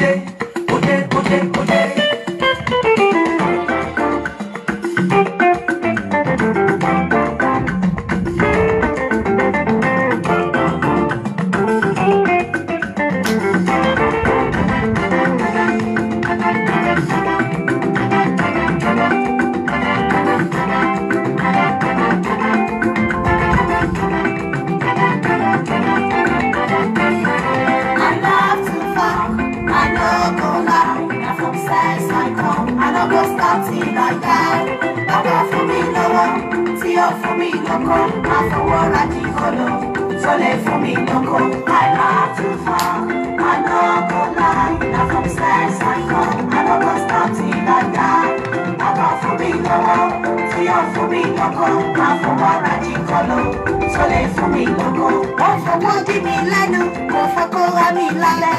Oye, oye, oye, oye. kọ́lé fún mi lọ́kàn. Wọ́n fọwọ́ dí mi lẹ́nu, mo fọ́ wá mi lálẹ́.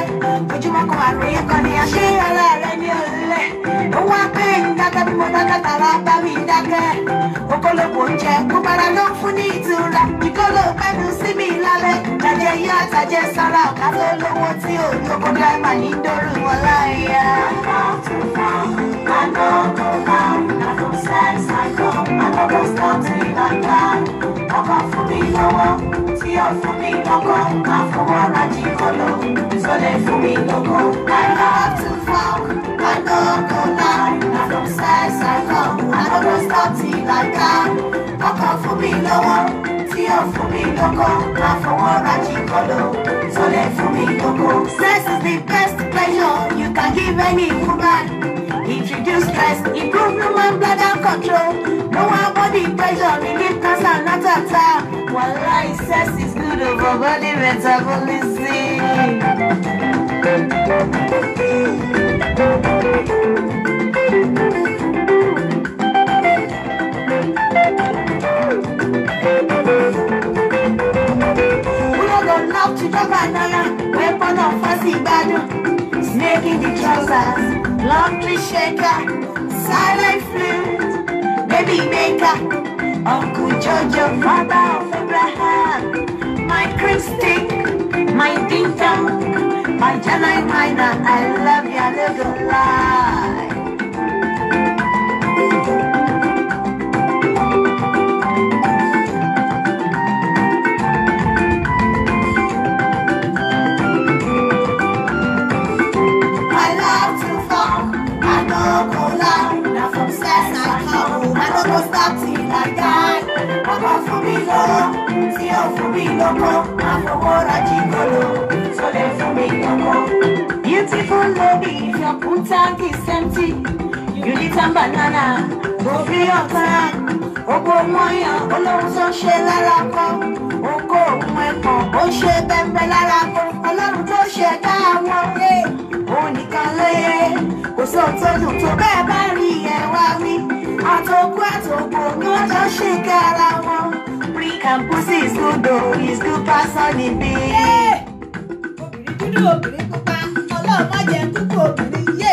Ojúmọ́ kan àgbẹ̀yẹ kan ni àṣé ara rẹ̀ ní òlẹ̀. Ó wá pẹ́ ìdákẹ́ bí mo dákẹ́ tààrà bá mi dákẹ́. Okòlòpọ̀ oúnjẹ, mo padà ló fún ní ìtura. Ìkóló pẹ́nu sí mi lálẹ́. Jàjẹ́ yá àtàjẹ́ sára kátó lówó tí ò lóko dírámà ní dórí wọn láyà. I don't I know, I know, I know, I know, I don't I know, I I know, ká fún mi lọ́wọ́ tí ó fún mi lọ́kọ́ ká fọwọ́ rajì kọ́lọ́ tó lè fún mi lọ́kọ́. I love to fuck, I go go lie, na from sex I love. I no go stop till I die. Ọkọ̀ fún mi lọ́wọ́ tí ó fún mi lọ́kọ́ ká fọwọ́ rajì kọ́lọ́ tó lè fún mi lọ́kọ́. Sex is the best pleasure you can give any woman. It reduce stress, improve human and control. No, Kawa body pressure, relief cancer, not a time. While life says it's good over body metabolism. love to the banana, weapon of fussy battle, snake in the trousers, laundry shaker, silent flu baby maker, Uncle Jojo, father of Abraham, my Christy, my Dinka, my Janai Minor, I love you, I love you, Sátìláyà ọkọ̀ fún mi lọ́rọ̀ tí ó fún mi lọ́kọ̀ àfọwọ́ra jígolo tó lè fún mi lọ́kọ̀. Beautiful lady if your puntak is empty you need some banana go be your plan. Ogo mọ́yàn olóhùn tó ṣe lára kan oko òun ẹ̀kan ó ṣe pẹ́pẹ́ lára kan ọlọ́run tó ṣe dá àwọn ọ̀rẹ́ òun nìkan lóye kò sóhun tó dùn tó bẹ́ẹ̀ bá rí ẹ̀ wá wí àtòkú àtòkò ni wọ́n jọ ṣe ká ara wọn. pre campus is good o is good person níbí. obìnrin dúdú obìnrin pupa ọlọ́run má jẹ́ kúkú obìnrin yé.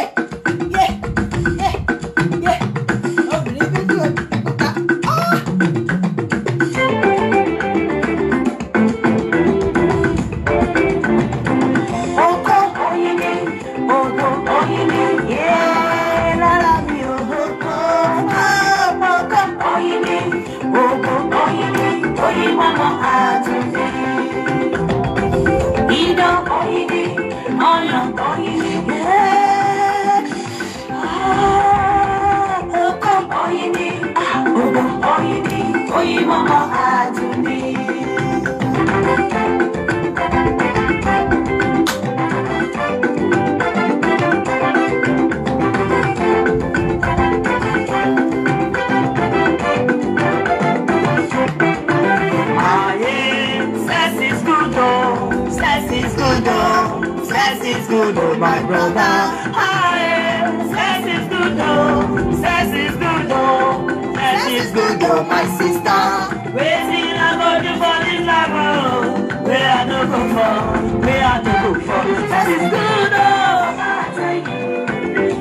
my brother. I sex is good though, sex is good though, sex is good though, my sister. Waiting I go to for this lover, where I no go for, where I no go for. Sex is good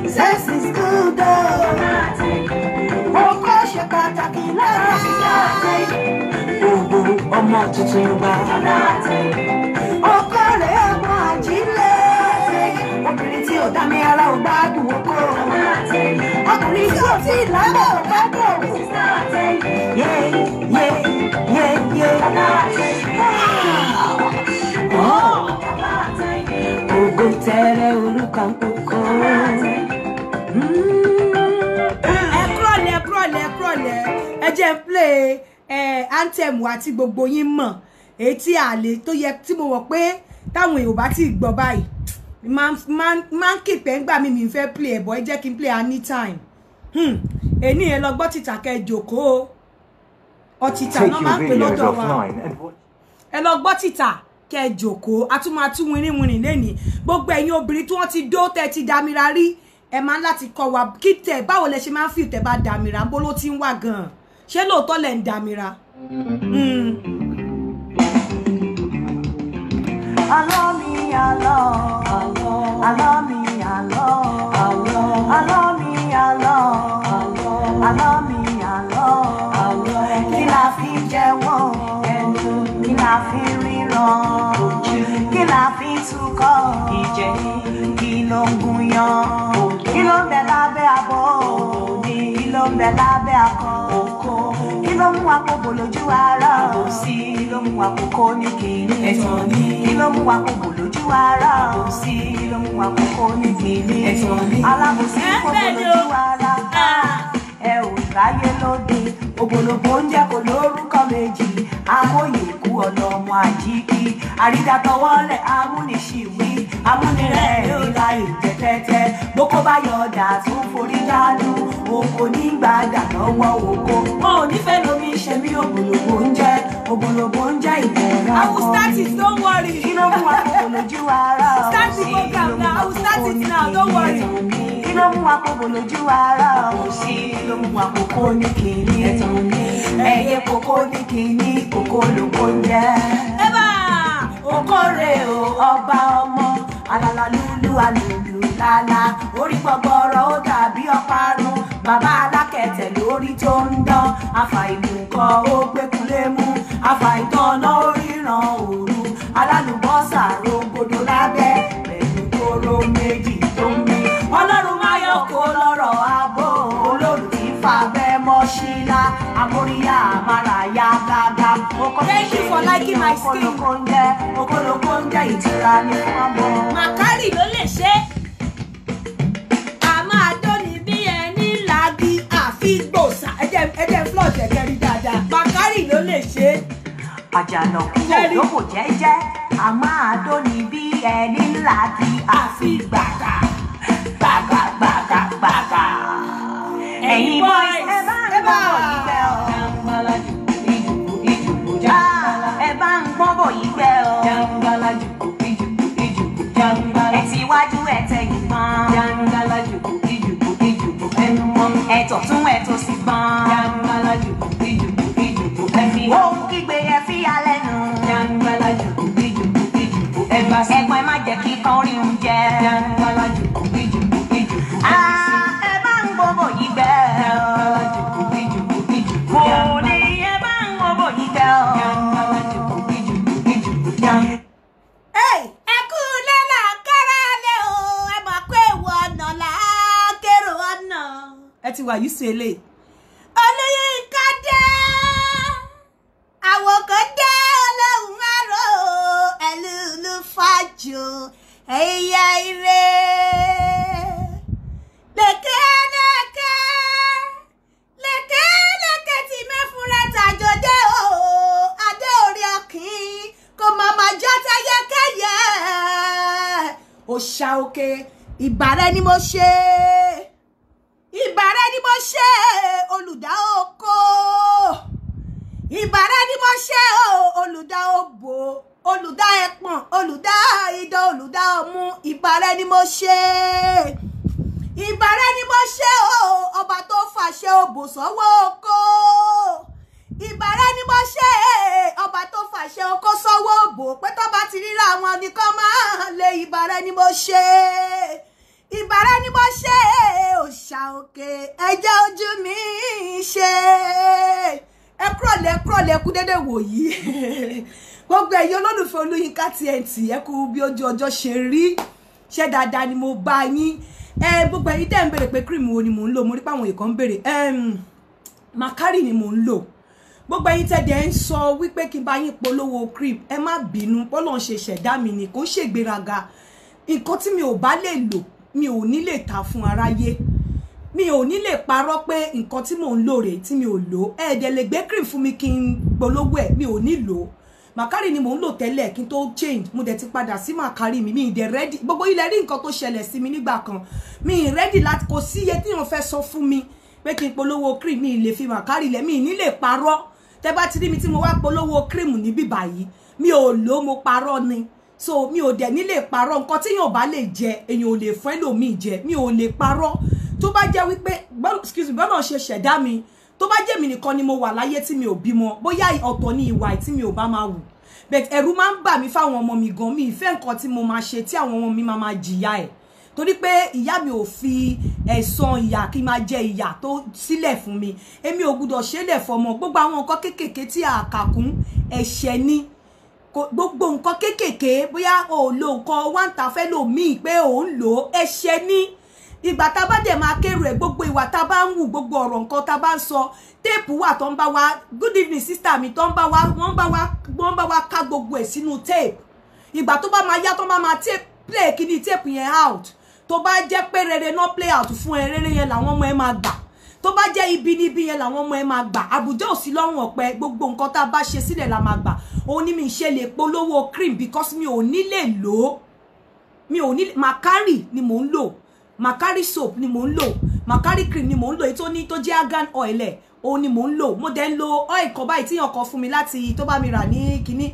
though, sex is good though. Oh gosh, you're pàtàkì lára. Gbogbo ọmọ tuntun wa. dùn ó kó. ọkùnrin tí ò tí ì lábọ̀ bá bọ̀ wò. yé yé yé yé. Ah! Oh! ògo tẹrẹ olùkàn kókó. Hmm. ẹ kúrọ̀lẹ́ ẹ kúrọ̀lẹ́ ẹ kúrọ̀lẹ́ ẹ jẹ́ n play anthem wa tí gbogbo yín mọ̀ èyí tí a lè tó yẹ tí mo wọ̀ pé táwọn èèyàn bá ti gbọ́ báyìí máa ń kìpẹ́ ńgbà mi mi ń fẹ́ play ẹ̀bọ̀ ẹ jẹ́ kí n play anytime èní hmm. yẹn lọ gbọ́ títà kẹ́ jòkóó ọtítà náà máa ń pè lọ́dọ̀ wa ẹ lọ gbọ́ títà kẹ́ jòkóó a tún lẹ́nìí gbogbo ẹ̀yin obìnrin tí wọ́n ti dó tẹ́ ti damira rí ẹ máa ń láti kọ́ wa kí tẹ̀ báwo lẹ ṣe máa ń fi tẹ̀ bá damira bó ló ti ń wà gan-an ṣé lóòótọ́ lẹ̀ ń damira. alọ́ mi àlọ́ àlọ́ mi àlọ́ àlọ́ mi àlọ́ àlọ́ mi àlọ́ kí la fi jẹ́wọ́ kí la fi ríran kí la fi túkọ̀ kí ló ń gúnyán. wa kókò lójú ara. àbòsí ló mú wa kókò ní kìíní. ẹ̀sán ní. kí ló mú wa kókò lójú ara. àbòsí ló mú wa kókò ní kìíní. ẹ̀sán ní. alábòsí kókò lójú ara. ẹ ò ráyé lóde ògbólógbò ń jẹ́ kó lórúkọ méjì amóyèkú ọlọ́mọ àjíkí àrídàtọwọ́lẹ̀ amúnisìwí amúnirẹ̀ ló la ìjẹ́tẹ́tẹ́ bókó bá yọ tún forí dánú oko nígbà dàgbà wọ oko. wọn ò nífẹ̀ẹ́ lomi ṣe mí ògbólógbò ń jẹ́ ògbólógbò ń jẹ́ ìbọ̀rọ̀ ọkọ mi. I will start it don't worry. mú akókò lójú ara ọkọ mi. start the program now I will start it now don't worry. mú akókò lójú ara ọkọ mi. mú akókò ní kìíní. ẹyẹ kókó ní kìíní kókó lóko ń jẹ́. ẹ bá òkórè o ọba ọmọ alala lulu alulu lala orí gbọgbọrọ ó dàbí ọparun bàbá alákẹ̀tẹ̀ lórí tó ń dán afa ìlú nǹkan ó gbẹkulé mú afa ìtọ́nà ó ríran òru alálùbọ́sà rògbòdo lábẹ́ pẹ̀lú kóró méjì tó ń mí ọlọ́run máyọ̀ kó lọ́rọ̀ abó olórí fàbẹ́ mọ́ṣílá amóríyá àmàlà gágá òkò for liking my skin. Ògbólógbó ń jẹ́ ìtura ní fún ọmọ. Màkárì ló lè ṣe é. A máa dóni bí ẹni lági àfi gbòòsà. Ẹ̀jẹ̀ flọ́ọ̀tì ẹ̀kẹ́ rí dáadáa. Màkárì ló lè ṣe é. Àjànà kúrò lóko jẹ́jẹ́, a máa dóni bí ẹni lági àfi gbàgà. Gbàgà gbàgà gbàgà. Ẹ̀yin bọ́ ẹ bá ń bọ̀ ìgbẹ́ ọ̀gá. Ìjùkú ìjùkú ìjùkú já ẹ bá ń gbọ́n bọ̀ yìí pẹ́ o. jangala jùkú ìjùkú ìjùkú jangala. ẹ ti wájú ẹ tẹ̀yìn gbọ́n. jangala jùkú ìjùkú ìjùkú ẹnu mọ́. ẹ tọ̀tún ẹ tòsì gbọ́n. jangala jùkú ìjùkú ìjùkú ẹ fi hàn. ohun kígbe ẹ fi alẹ́ nù. jangala jùkú ìjùkú ìjùkú ẹ bá sí. ẹ̀gbọ́n ẹ má jẹ́ kí kan rí oúnjẹ. jangala ti wà yìí sí eléyìí olóyè nǹkan dé àwòkọ́ dé ọlọ́run àrò ẹlúlú fàájò ẹ̀yà ire lẹ́kẹ́lẹ́kẹ́ lẹ́kẹ́lẹ́kẹ́ ti mẹ́fúnra tàjọ dé o adé orí ọkìn kò mọ̀mọ́ jọ tẹ́yẹkẹ́yẹ òṣà òkè ìbàrẹ́ ni mo ṣe é olùdá oko ìbàrá ni mo ṣe o olùdá òbò olùdá ẹpọ̀n olùdá idán olùdá ọmú ìbàrá ni mo ṣe ìbàrá ni mo ṣe o ọba tó fàṣẹ òbò sọ́wọ́ oko ìbàrá ni mo ṣe ọba tó fàṣẹ oko sọ́wọ́ òbò pé tó bá ti ríra wọn nìkan máa lè ìbàrá ìbára ni mo ṣe òòṣà òkè ẹ̀jẹ̀ ojú mi ṣe ẹ kúrọ̀lẹ́ kúrọ̀lẹ́ kú dédé wòyí gbogbo ẹ̀yin olólùfẹ́ olóyinka TNT ẹ kú bí ojú ọjọ́ ṣe rí ṣé dáadáa ni mo bá yín ẹ gbogbo ẹ̀yin tẹ́ ń béèrè pé cream wo ni mò ń lò mo rí páwọn èèkàn ń béèrè makari ni mò ń lò gbogbo ẹ̀yin tẹ́ dẹ̀ ń sọ wípé kí n bá yín polówó cream ẹ má bínú bọ́lọ̀ ṣe ṣẹ̀dá mi ni kò ń ṣègbéraga nǹkan tí mi ò bá lè lò mi ò ní lè ta fún aráyé mi ò ní lè parọ́ pé nǹkan tí mò ń lò rèé tí mi ò lò ẹ̀ẹ́dẹ̀ lè gbé cream fún mi kí n polówó ẹ̀ mi ò ní lò màkárì ni mò ń lò tẹ́lẹ̀ kí n tó change mo dẹ̀ ti padà sí màkárì mi mi ì dẹ̀ ready gbogbo ilẹ̀ rí nǹkan tó ṣẹlẹ̀ sí mi nígbà kan mi ì ready láti kò sí iye tí wọ́n fẹ́ sọ fún mi pé kí n polówó cream mi ì lè fi màkárì lẹ̀ mi ì ní lè parọ́ tẹ́ bá ti rí mi tí mo wá polówó cream níbí báyìí mi ò lò ó mo parọ́ ni so mi ò dẹ̀ nílè parọ́ nǹkan tí èèyàn ò bá lè jẹ èèyàn ò lè fún ẹlòmíì jẹ mi ò lè parọ́ tó bá jẹ́ wípé excuse me bọ́nà ṣe ṣẹ̀dá mi tó bá jẹ́ mi nìkan ni mo wà láyé tí mi ò bímọ bóyá ọ̀tọ̀ ni ìwà tí mi ò bá máa wù but ẹ̀rù máa ń bà mí fáwọn ọmọ mi gan mi ìfẹ́ nǹkan tí mo máa ṣe tí àwọn ọmọ mi máa máa jìyà ẹ̀ torí pé ìyá mi ò fi ẹ̀san ìyà kí máa jẹ ìyà tó sílẹ̀ fún mi èmi ò gbúdọ̀ ṣẹlẹ̀ fọmọ gbogbo àwọn nǹkan kéékèèké tí àkàkùn ẹ̀ṣẹ̀ ni gbogbo nǹkan kéékèèké bóyá o lo nǹkan wá fẹ́ lò míì pé ò ń lò ó ẹ̀ṣẹ̀ ní ìgbà tá a bá dẹ̀ máa kérò ẹ̀ gbogbo ìwà tá a bá ń wù gbogbo ọ̀rọ̀ nǹkan tá a bá ń sọ téèpù wà tó ń bá wa good evening sister mi tó ń bá wa wọ́n bá wa wọ́n bá wa ká gbogbo ẹ̀ sínú téèpù ìgbà tó bá máa yá tó bá máa téèpù play kíní téèpù yẹn out tó bá jẹ́ pé rere náà play out fún ẹ rere yẹn làwọn ọmọ ẹ máa gbà tó bá jẹ́ ibi níbi yẹn làwọn ọmọ ẹ máa gbà àbùjá òsì lọ́rùn ọ̀pẹ gbogbo nǹkan tá a bá ṣe sílẹ̀ la máa gbà ó ní mi ṣe lè polówó cream because mi ò ní lè lò ó mi ò ní Makari ni mò ń lò Makari soap ni mò ń lò Makari cream ni mò ń lò èyí tó ní tó jẹ́ argan oil ẹ̀ òun ni mò ń lò mo dẹ̀ ń lo oil kan báyìí tíyàn kan fún mi láti tó bá mi rà ní kínní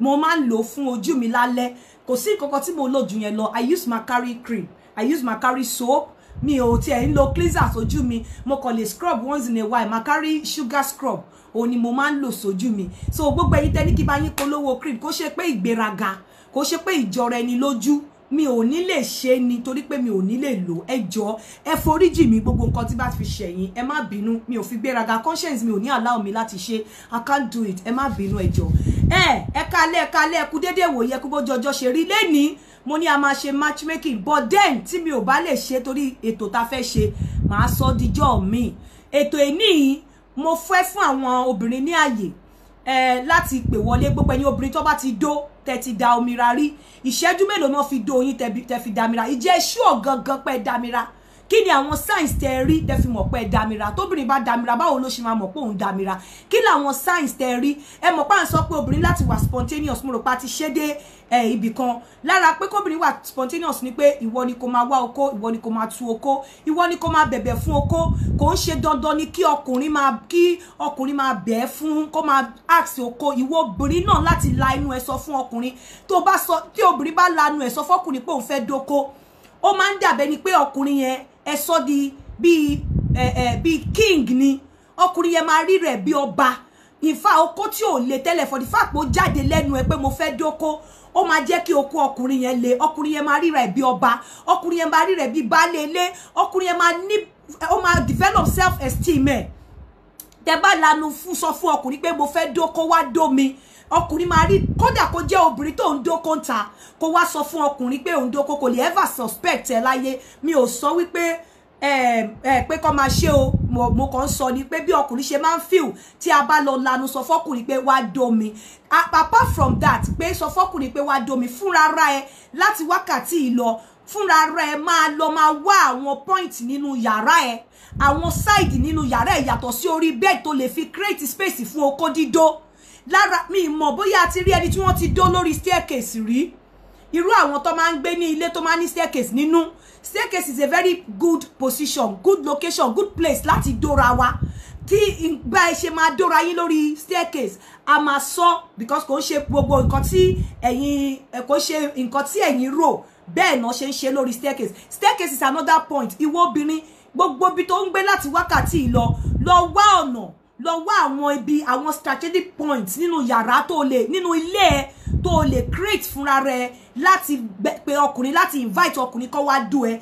mo máa ń lò fún ojú mi lálẹ́ kò sí kankan tí mo lò jù yẹn lọ I use Makari cream I use Makari soap mi ò tiẹ̀ ń lo cleanser sójú mi mo kàn lè scrub once in a while Makari sugar scrub òun ni mo máa ń lò mi so gbogbo ẹ̀yin tẹ́ ní kí bá yín polówó cream ko ṣe pé ìgbéraga kó ṣe pé ìjọra ẹni lójú mi ò ní lè ṣe ni tori pé mi ò ní lè lò ẹ jọ ẹ mi gbogbo nǹkan tí bá fi ṣẹ̀yìn ẹ má bínú mi ò fi gbéraga conscience mi ò ní allow mi lati ṣe i can't do it ẹ má bínú ẹ jọ ẹ ẹ kalẹ ẹ kalẹ ẹ kú dédé wòye ẹ kú bó jọjọ ṣe rí mo ní a máa ṣe matchmaking but then tí mi ò bá lè ṣe torí ètò ta fẹ́ ṣe màá sọ díjọ́ mi eto èní yìí mo fẹ́ fún àwọn obìnrin ní àyè eh, láti pè wọlé gbogbo ẹ̀yin obìnrin tó bá ti dó tẹ ti da omira rí ìṣẹ́jú mélòó náà fi dó yín tẹ fi damira ìjẹ́ ṣúọ̀ gangan pẹ́ damira kí ni àwọn signs tẹ rí tẹ fi mọ̀ pé damira tóbìnrin bá damira báwo ló ṣe máa mọ̀ pé òun damira kí ni àwọn signs tẹ rí ẹ mọ̀ pé à ń sọ pé obìnrin láti wà spontaneous mo rò pa ti ṣe dé ẹ ibì kan lára pé kóbìnrin wà spontaneous ni pé ìwọ ni kò máa wá oko ìwọ ni kò máa tu oko ìwọ ni kò máa bẹ̀bẹ̀ fún oko kò ń ṣe dandan ni kí ọkùnrin máa kí ọkùnrin máa bẹ̀ ẹ́ fún kó máa ask oko ìwọ obìnrin náà láti la inú ẹ sọ fún ọkùnrin tó bá sọ tí obìnrin bá lanu ẹ sọ fọkùnrin pé òun fẹ́ doko ó máa ń dàbẹ́ ni pé ọkùnrin yẹn ẹ sọ di bíi ẹ ẹ bíi king ni ọkùnrin yẹn máa rí rẹ̀ bí ọba ìfà okó tí ò le tẹ́lẹ̀ for the jáde lẹ́nu ẹ pé mo fẹ́ dóko ó máa jẹ́ kí okó ọkùnrin yẹn le ọkùnrin yẹn máa rí rẹ̀ bí ọba ọkùnrin yẹn máa rí rẹ̀ bí baálé ilé ọkùnrin yẹn máa ní ó máa develop self esteem ẹ̀ tẹ́ bá lanu fún sọ fún ọkùnrin pé mo fẹ́ dóko wá dó mi ọkùnrin máa rí kódà kó jẹ́ obìnrin tó ń dóko ń ta kó wá sọ fún ọkùnrin pé òun dóko kò lè ever suspect ẹ láyé mi ò sọ wípé ẹ eh, ẹ eh, pé kọ́ máa ṣe o mo, mo kàn ń sọ ni pé bí ọkùnrin ṣe máa ń feel tí a bá lọ lanu sọ fọkùnrin pé wá domi apart from that pé sọ fọkùnrin pé wá domi fúnra ra ẹ láti wákàtí ìlọ fúnra ra ẹ máa lọ máa wá àwọn point nínú yàrá ẹ àwọn side nínú yàrá ẹ yàtọ̀ sí orí bed tó lè fi create space fún okó dídó lára mi mọ̀ bóyá a ti rí ẹni tí wọ́n ti dó lórí staircase rí irú àwọn tó máa ń gbé ní ilé tó máa ní staircase nínú staircase is a very good position good location good place láti dóra wa tí ìgbà ẹ ṣe máa dóra yín lórí staircase a máa sọ because kò ń ṣe gbogbo nǹkan tí ẹ̀yin kò ń ṣe nǹkan tí ẹ̀yin rò bẹ́ẹ̀ náà ṣe ń ṣe lórí staircase staircase is another point ìwọ obìnrin gbogbo ibi tó ń gbé láti wákàtí lọ lọ wá ọ̀nà lọ wá àwọn ibi àwọn strategic points nínú yàrá tó lè nínú ilé ẹ tó lè create fúnra rẹ láti pe ọkùnrin láti invite ọkùnrin kó wá dùn ẹ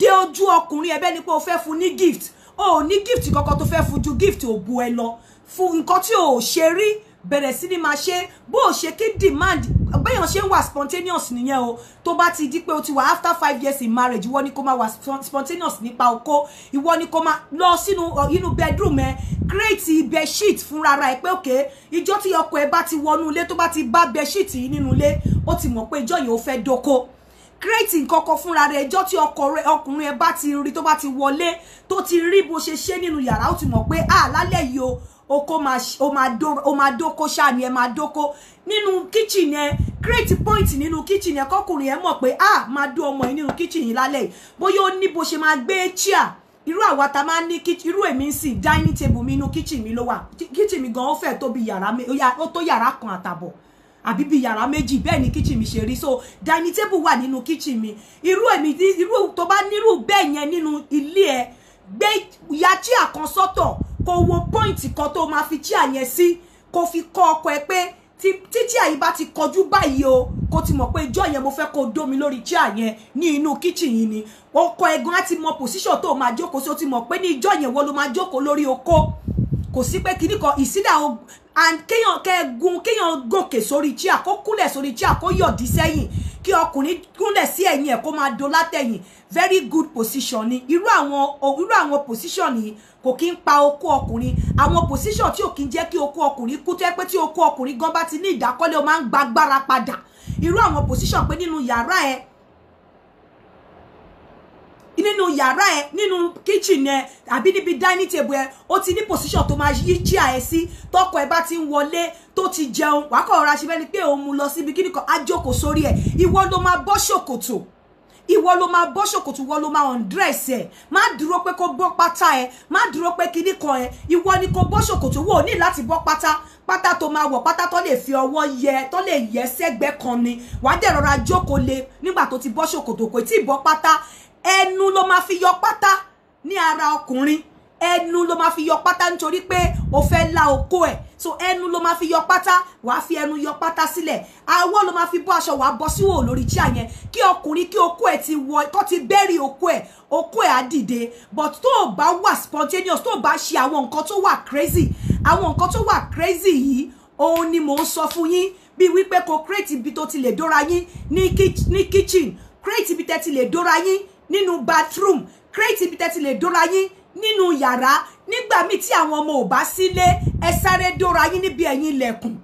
dé ojú ọkùnrin ẹ ni pé o fẹ́ fún ní gift o ò ní gift kankan tó fẹ́ fún ju gift òbu ẹ lọ fún nǹkan tí o ṣe rí bẹ̀rẹ̀ sí ni máa ṣe bó o ṣe kí demand béèyàn ṣe ń wà spontaneous nìyẹn o tó bá ti di pé o ti wà after five years in marriage ìwọ ni kó máa wà spontaneous nípa oko ìwọ ni kó máa lọ sínú inú bedroom ẹ create bed sheet fúnra ẹ pé òkè ìjọ tí ọkọ ẹ bá ti wọnú ilé tó bá ti bá bed sheet yìí nínú ilé ó ti mọ̀ pé ìjọ yìí ó fẹ́ dóko create nǹkan kan fúnra rẹ ẹjọ́ tí ọkùnrin ẹ bá ti rí tó bá ti wọlé tó ti rí bó ṣe ṣe nínú yàrá ó ti mọ̀ pé à lálẹ́ yìí o oko ó máa dóko ṣáà ni ẹ e máa dóko nínú kitchen yẹn create point ninu kitchen yẹn kọkùnrin yẹn mọ̀ pé ah máa dó ọmọ yìí nínú kitchen yìí lálẹ́ yìí bóyá ó ní bó ṣe máa chair irú àwa ta máa ń ní irú èmi ń dining table mi inú kitchen mi ló wà kitchen mi gan ó fẹ́ tó bí yàrá ó tó yàrá kan àtàbọ̀ àbí bí yàrá méjì bẹ́ẹ̀ ni kitchen mi ṣe rí so dining table wa nínú kitchen mi irú èmi irú tó bá nírú bẹ́ẹ̀ yẹn nínú ilé ẹ gbé ya chair kan sọ́tọ̀ kó wo pọ́ìntì kan tó máa fi chíà yẹn sí kó fi kọ́ ọkọ ẹ pé tí chíà yìí bá ti kọjú báyìí o kó ti mọ̀ pé ijọ́ yẹn mo fẹ́ kó dómi lórí chíà yẹn ní inú kíchìn yìí ni ọkọ ẹ̀gbọ́n á ti mọ pòsíṣọ̀ tó máa jókòó sí ó ti mọ̀ pé ní ijọ́ yẹn wo ló máa jókòó lórí oko kò sí pé kíní kan ìsídà and kéèyàn kẹ́gun kéèyàn gòkè sórí chia kó kúnlẹ̀ sórí chia kó yọ̀dí sẹ́yìn kí ọkùnrin kúnlẹ̀ sí ẹ̀yìn ẹ̀ kó máa do látẹ̀yìn very good position ni irú àwọn irú àwọn position yìí kò kí ń pa okó ọkùnrin àwọn position tí ò kí ń jẹ́ kí okó ọkùnrin kú tó yẹ pé tí okó ọkùnrin gan bá ti ní ìdákọ́lé ó máa ń gbàgbára padà irú àwọn position pé nínú yàrá ẹ nínú yàrá ẹ nínú kitchen ẹ àbí níbi dining table ẹ ó ti ní position tó máa yí chair ẹ sí tọkọ ẹ bá ti ń wọlé tó ti jẹun wákọ̀ ọ̀rá ṣe ni pé òun mu lọ síbi kíníkan á jókòó sórí ẹ ìwọ ló máa bọ́ ṣòkòtò ìwọ ló máa bọ́ ṣòkòtò ìwọ ló máa undress ẹ̀ má dúró pé kó bọ́ pátá ẹ̀ má dúró pé kinní kan ẹ̀ ìwọ ni kó bọ́ ṣòkòtò wò ní láti bọ́ pátá pátá tó máa wọ̀ pátá tó lè fi ọwọ́ yẹ tó lè yẹ sẹ́gbẹ́ kan ni wàá dẹ̀ rọra jókòó le nígbà tó ti bọ́ ṣòkòtò kò tí ì bọ́ pátá ẹnu ló máa fi yọ pátá ní ara ọkùnrin ẹnu ló ma fi yọ pátá nítorí pé o fẹ́ la okó ẹ̀ so ẹnu ló ma fi yọ pátá wàá fi ẹnu yọ pátá sílẹ̀ awọ́ ló máa fi bọ́ aṣọ wàá bọ́ síwò lórí chíà yẹn kí ọkùnrin kí okó ẹ̀ ti wọ tó ti bẹ́rì okó ẹ̀ okó ẹ̀ á dìde but tó o bá wà spontaneous tó o bá ṣe àwọn nǹkan tó wà crazy àwọn nǹkan tó wà crazy yìí òun ni mò ń sọ fún yín bí wípé kò create ibi tó ti lè dóra yín ní kitchen create ibi tẹ́ ti lè dóra yín nínú bathroom create ibi tẹ́ ti lè dóra yín nínú yàrá nígbà míì tí àwọn ọmọ ò bá sílé ẹ sáré dóra yín níbi ẹ̀yìn ilẹ̀kùn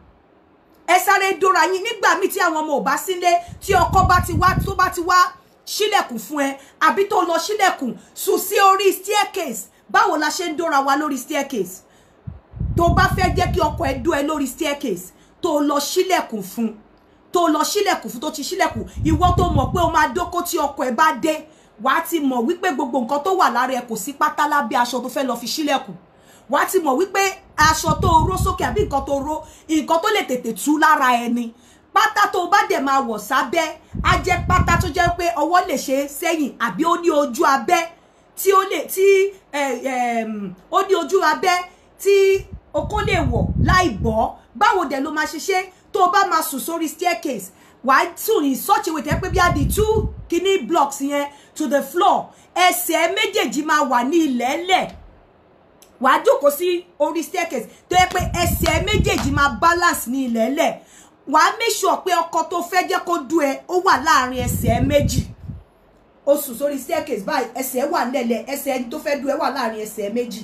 ẹ sáré dóra yín nígbà míì tí àwọn ọmọ ò bá sílé tí ọkọ bá ti wá tó bá ti wá sílẹ̀kùn fún ẹ àbí tó lọ sílẹ̀kùn sùn sí orí staircase báwo la ṣe ń dóra wa lórí staircase tó bá fẹ́ jẹ́ kí ọkọ ẹ dó ẹ lórí staircase tó lọ sílẹ̀kùn fún tó lọ sílẹ̀kùn fún tó ti sílẹ̀kùn ìwọ tó mọ̀ pé o máa dóko tí ọkọ ẹ bá dé wàá ti mọ̀ wípé gbogbo nǹkan tó wà lára ẹ kò sí pátá lábẹ́ aṣọ tó fẹ́ lọ fi sílẹ̀kùn wàá ti mọ̀ wípé aṣọ tó ró sókè àbí nǹkan tó ró nǹkan tó lè tètè tú lára ẹni pátá tó bá dẹ̀ máa wọ̀ sábẹ́ á jẹ́ pátá tó jẹ́ pé ọwọ́ lè ṣe sẹ́yìn àbí ó ní ojú abẹ́ tí ó lè tí ó ní ojú abẹ́ tí okó lè wọ̀ láì bọ́ báwo dẹ̀ ló máa ṣe ṣe tó bá máa sùn sórí staircase wàá tún ní sọ́ọ̀tì wètẹ́ pé bí a di two Kini blocks yẹn to the floor ẹsẹ̀ méjèèjì máa wà ní ilẹ̀ ẹlẹ̀ wàá jókòó sí orí staircase tó yẹ pé ẹsẹ̀ méjèèjì máa balance ní ilẹ̀ ẹlẹ̀ wàá make sure pé ọkọ tó fẹ́ jẹ́ kó dú ẹ ó wà láàrin ẹsẹ̀ méjì ó sùn sórí staircase báyìí ẹsẹ̀ wà nílẹ̀ ẹsẹ̀ ẹni tó fẹ́ dú ẹ wà láàrin ẹsẹ̀ méjì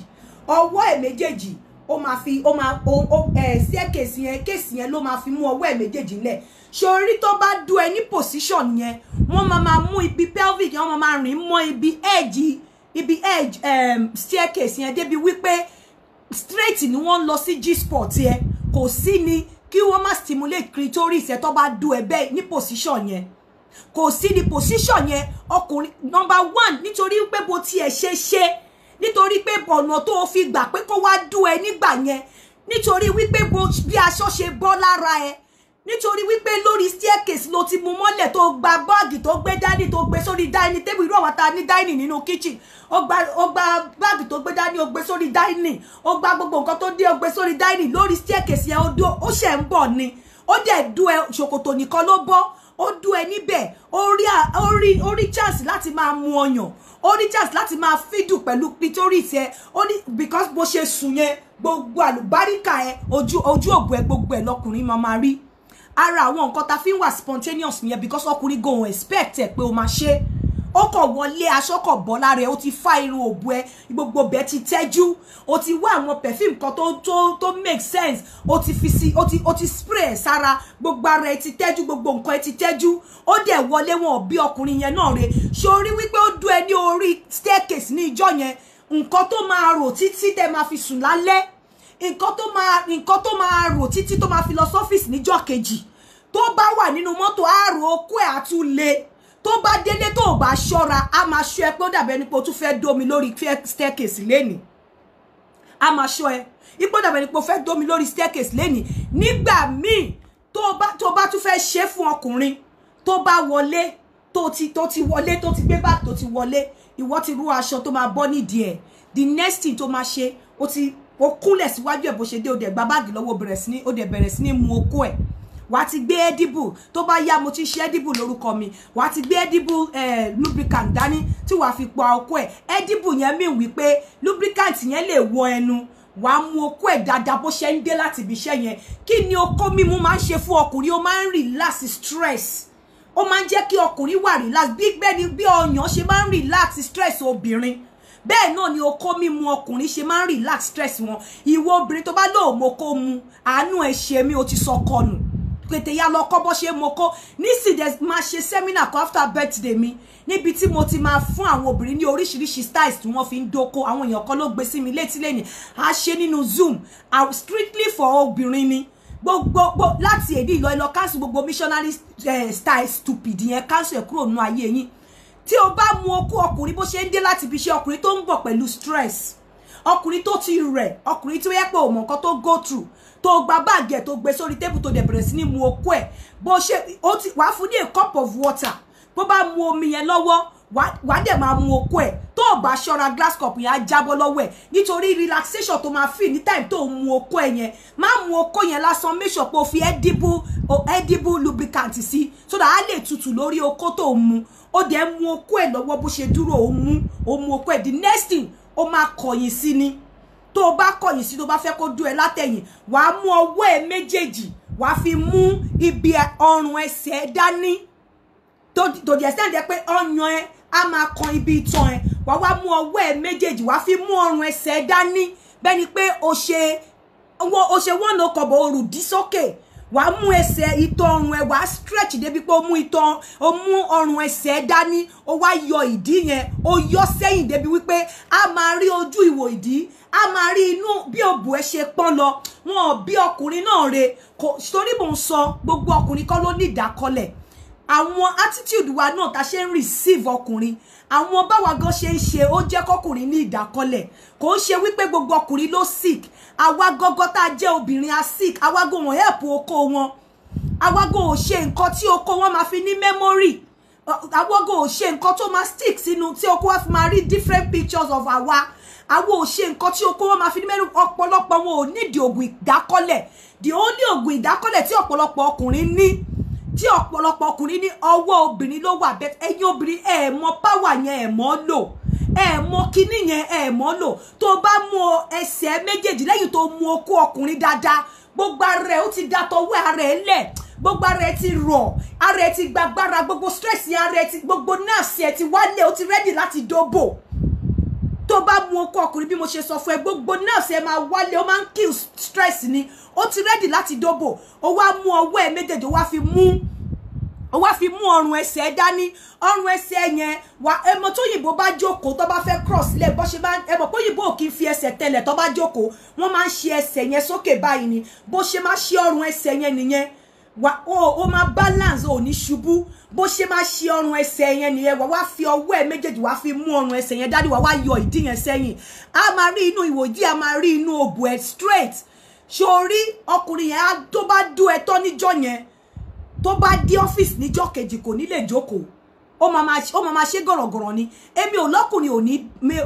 ọwọ́ ẹ̀ O ma máa O ó máa ó ẹ̀ staircase yẹn kéèsì yẹn ló máa fi mú ọwọ́ ẹ̀ méjèèjì nílẹ̀ ṣorí tó bá dú ẹ position yẹn wọ́n máa máa mú ibi pelvic yẹn wọ́n máa máa rìn mọ́ ibi edge ibi edge um, staircase yẹn débi wípé straight ni wọ́n lọ sí G-spot yẹn kò sí ni kí wọ́n má stimulate clitoris ẹ tó bá dú ẹ bẹ́ẹ̀ ní position yẹn kò sí ní position yẹn ọkùnrin number one nítorí pé bó tiẹ̀ ṣe ṣe nítorí pé ọ̀nà tó o fi gbà pé kó wá dú ẹ nígbà yẹn nítorí wípé bó bí aṣọ ṣe bọ́ lára ẹ nítorí wípé lórí staircase ló ti mú mọ́lẹ̀ tó gba báàgì tó gbé dání tó gbé sórí dání tébù irú àwọn ta ní dání nínú kitchen ó gba ó gba báàgì tó gbé dání ó gbé sórí dání ó gba gbogbo nǹkan tó dé ó gbé sórí dání lórí staircase yẹn ó dó ó ṣẹ̀ ń bọ̀ ni ó dẹ̀ dú ẹ ṣòkòtò nìkan ló bọ́ ó dú ẹ níbẹ̀ ó rí chance láti máa mu ọyàn ó ní chance láti máa fídùn pẹ̀lú nítorí ìtẹ́ ó ní because bó ṣe sùn yẹn gbogbo àlùbáríkà ẹ ojú ojú òbò ẹ gbogbo ẹ lọkùnrin máa máa rí ara àwọn nǹkan ta fi ń wà spontaneous nìyẹn because ọkùnrin gan expect ẹ pé o máa ṣe ó kàn wọlé aṣọ kàn bọ́ lára ẹ ó ti fá irun òbu ẹ gbogbo bẹ́ẹ̀ ti tẹ́jú ó ti wá àwọn perfume kan tó tó tó make sense ó ti fi sí ó ti ó ti spray ẹ sára gbogbo ara ẹ ti tẹ́jú gbogbo nǹkan ẹ ti tẹ́jú ó dẹ̀ wọlé wọn ò bí ọkùnrin yẹn náà re sórí wípé ó dún ẹ ní orí staircase ní ìjọ yẹn nǹkan tó máa rò títí tẹ máa fi sùn lálẹ́ nǹkan tó máa nǹkan tó máa rò títí tó máa fi lọ sọ́fíìsì níjọ́ kejì tó bá wà nínú mọ́tò àárò okú ẹ̀ àtúnlé tó bá délé tó bá ṣọ́ra a máa ṣọ́ ẹ pé ó dàbẹ́ nípa o tún fẹ́ dómi lórí staircase lẹ́nìí a máa ṣọ́ ẹ ipò dàbẹ́ nípa o fẹ́ dómi lórí staircase lẹ́nìí nígbà míì tó bá tó bá tún fẹ́ ṣe fún ọkùnrin tó bá wọlé tó ti tó ti wọlé tó ti gbé báàgì tó ti wọlé ìwọ ti rú aṣọ tó máa bọ́ nídìí ẹ̀ the next thing tó máa ṣe ó ti O kúnlẹ̀ síwájú ẹ̀ bó ṣe dé ó dẹ̀ gba báàgì lọ́wọ́ bẹ̀rẹ̀ sí ní ó dẹ̀ bẹ̀rẹ̀ sí ní mu okó ẹ̀ wàá ti gbé ẹ́díbù tó bá yá mo ti ṣe ẹ́díbù lórúkọ mi wàá ti gbé ẹ́díbù eh, lubricant dání tí wàá fi pa okó ẹ̀ ẹ́díbù yẹn mí wípé lubricant yẹn lè wọ ẹnu wà á mú okó ẹ̀ dáadáa bó ṣe ń dé láti ibi iṣẹ́ yẹn kí ni okó mímu máa ń ṣe fún relax stress o máa ń jẹ́ kí ọkùnrin wà relax bí gbẹ́ni bí ọyàn ṣe máa ń relax stress obìnrin bẹ́ẹ̀ náà ni okó mímu ọkùnrin ṣe máa ń relax stress wọn ìwọ obìnrin tó bá lóò Moko mu àánú ẹ̀ ṣe mí o ti sọ kọnù pètè ya lọ kọ́ bọ́ ṣe mokó nísìnyẹ máa ṣe seminar kan after birthday mi níbi tí mo ti máa fún àwọn obìnrin ní oríṣiríṣi styles tí wọ́n fi ń doko àwọn èèyàn kan ló gbé sí mi létí lẹ́yìn a ṣe nínú zoom strictly for obìnrin ni gbogbo láti èdè ìlọ ìlọ káàsù gbogbo missionary eh, style stupid yẹn káàsù ẹ̀ kúrò nínú ayé yín tí o bá mu okó ọkùnrin bó ṣe ń dé láti ibi iṣẹ́ ọkùnrin tó ń stress ọkùnrin tó ti rẹ̀ ọkùnrin tí ó yẹ pé ò mọ̀ nǹkan tó go through tó gba báàgì ẹ̀ tó gbé sórí tébù tó dẹ̀ bẹ̀rẹ̀ sí ní mu okó ẹ̀ bó ṣe ó ti wàá fún ní a cup of water bó bá mu omi yẹn lọ́wọ́ wàá dẹ̀ máa mu okó ẹ̀ tó o bá glass cup yẹn á jábọ́ lọ́wọ́ ẹ̀ nítorí relaxation to máa feel ní time tó mu okó ẹ̀ yẹn má mu okó yẹn lásán make sure pé o fi edible edible lubricant sí so that á le tutù lórí okó tó mu O dẹ̀ mú okó ẹ̀ lọ́wọ́ bó ṣe dúró ó mú ó mú okó ẹ̀ the next thing o ma kọ̀yìn sí ni tó o bá kọ̀yìn sí tó o bá fẹ́ kó dún ẹ látẹ̀yìn wàá mú ọwọ́ ẹ fi mú ibi ọrùn ẹsẹ̀ dání tó di ẹsẹ̀ jẹ́ pé ọyàn ẹ á máa kan ibi itan ẹ wàá wá mú owo ẹ méjèèjì wàá fi mú ọrùn ẹsẹ̀ dání bẹ́ẹ̀ ni pé o ṣe o ṣe wọ́n lókọ̀ bọ̀ orù dí sókè wà á mú ẹsẹ̀ ìtọ̀ ọrùn ẹ wà á stretch débi pé ó mú ìtọ̀ ó mú ọrùn ẹsẹ̀ dání ó wá yọ ìdí yẹn ó yọ sẹ́yìn débi wípé a máa rí ojú ìwò ìdí a máa rí inú bí òbò ẹ ṣe pọ́n lọ wọn ò bí ọkùnrin náà re kò torí mò ń sọ gbogbo ọkùnrin kọ́ ló ní ìdákọ́lẹ̀ àwọn attitude wa náà ta ṣe ń receive ọkùnrin àwọn báwa gan ṣe ń ṣe ó jẹ́ kọkùnrin ní ìdákọ́lẹ̀ kò ń ṣe wípé gbogbo ọkùnrin ló sick àwa gọgọ tá a jẹ́ obìnrin a sick àwa go wọn help oko wọn àwa go ò ṣe nǹkan tí oko wọn máa fi ní memory àwa go ò ṣe nǹkan tó máa stick sínú tí oko wa fi máa rí different pictures of àwa àwa ò ṣe nǹkan tí oko wọn máa fi ní memory ọ̀pọ̀lọpọ̀ wọn ò nídìí oògùn ìdákọ́lẹ̀ the only oògùn ìdákọ́lẹ̀ Ti ọ̀pọ̀lọpọ̀ ọkùnrin ní tí ọ̀pọ̀lọpọ̀ ọkùnrin ní ọwọ́ obìnrin ló wà Bet. ẹ̀yin obìnrin ẹ̀ mọ power yẹn ẹ̀ mọ́ lò ẹ mọ kinní yẹn ẹ mọ lò tó bá mú ẹsẹ̀ méjèèjì lẹ́yìn tó mú okó ọkùnrin dáadáa gbogbo ara ẹ ó ti da tọwọ́ ara ẹ lẹ̀ gbogbo ara ẹ ti rọ̀ ara ẹ ti gbàgbára gbogbo stress yẹn ara ẹ ti gbogbo nerves ẹ ti wálẹ̀ ó ti ready láti dóbò tó bá mú okó ọkùnrin bí mo ṣe sọ fún ẹ gbogbo nerves ẹ máa wálẹ̀ ó máa ń kill stress ni ó ti ready láti dóbò ó wá mú ọwọ́ ẹ méjèèjì ó wá fi mú ó wá fi mú ọrùn ẹsẹ̀ ẹ dání ọrùn ẹsẹ̀ yẹn wà ẹmọ tó yìnbó bá jókòó tó bá fẹ́ cross le bó ṣe bá ẹmọ pé yìnbó ò kì í fi ẹsẹ̀ tẹlẹ̀ tó bá jókòó wọ́n máa ń ṣe ẹsẹ̀ yẹn sókè ni bó ṣe máa ṣe ọrùn ẹsẹ̀ yẹn nìyẹn wà ó ó máa balance ò ní ṣubú bó ṣe se ṣe ọrùn ẹsẹ̀ yẹn nìyẹn wà wá fi ọwọ́ ẹ méjèèjì wá fi mú ọrùn ẹsẹ̀ yẹn dání wà wá yọ ìdí yẹn sẹ́yìn a máa rí inú ìwòjì a máa rí inú òbò ẹ straight ṣe orí ọkùnrin yẹn tó bá dú ẹ tọ́ níjọ́ yẹn tó bá dé ọ́fíìsì níjọ́ kejì kò ní lè jókòó ó máa máa ṣe gọ̀rọ̀gọ̀rọ̀ ni èmi ò lọ́kùnrin ò ní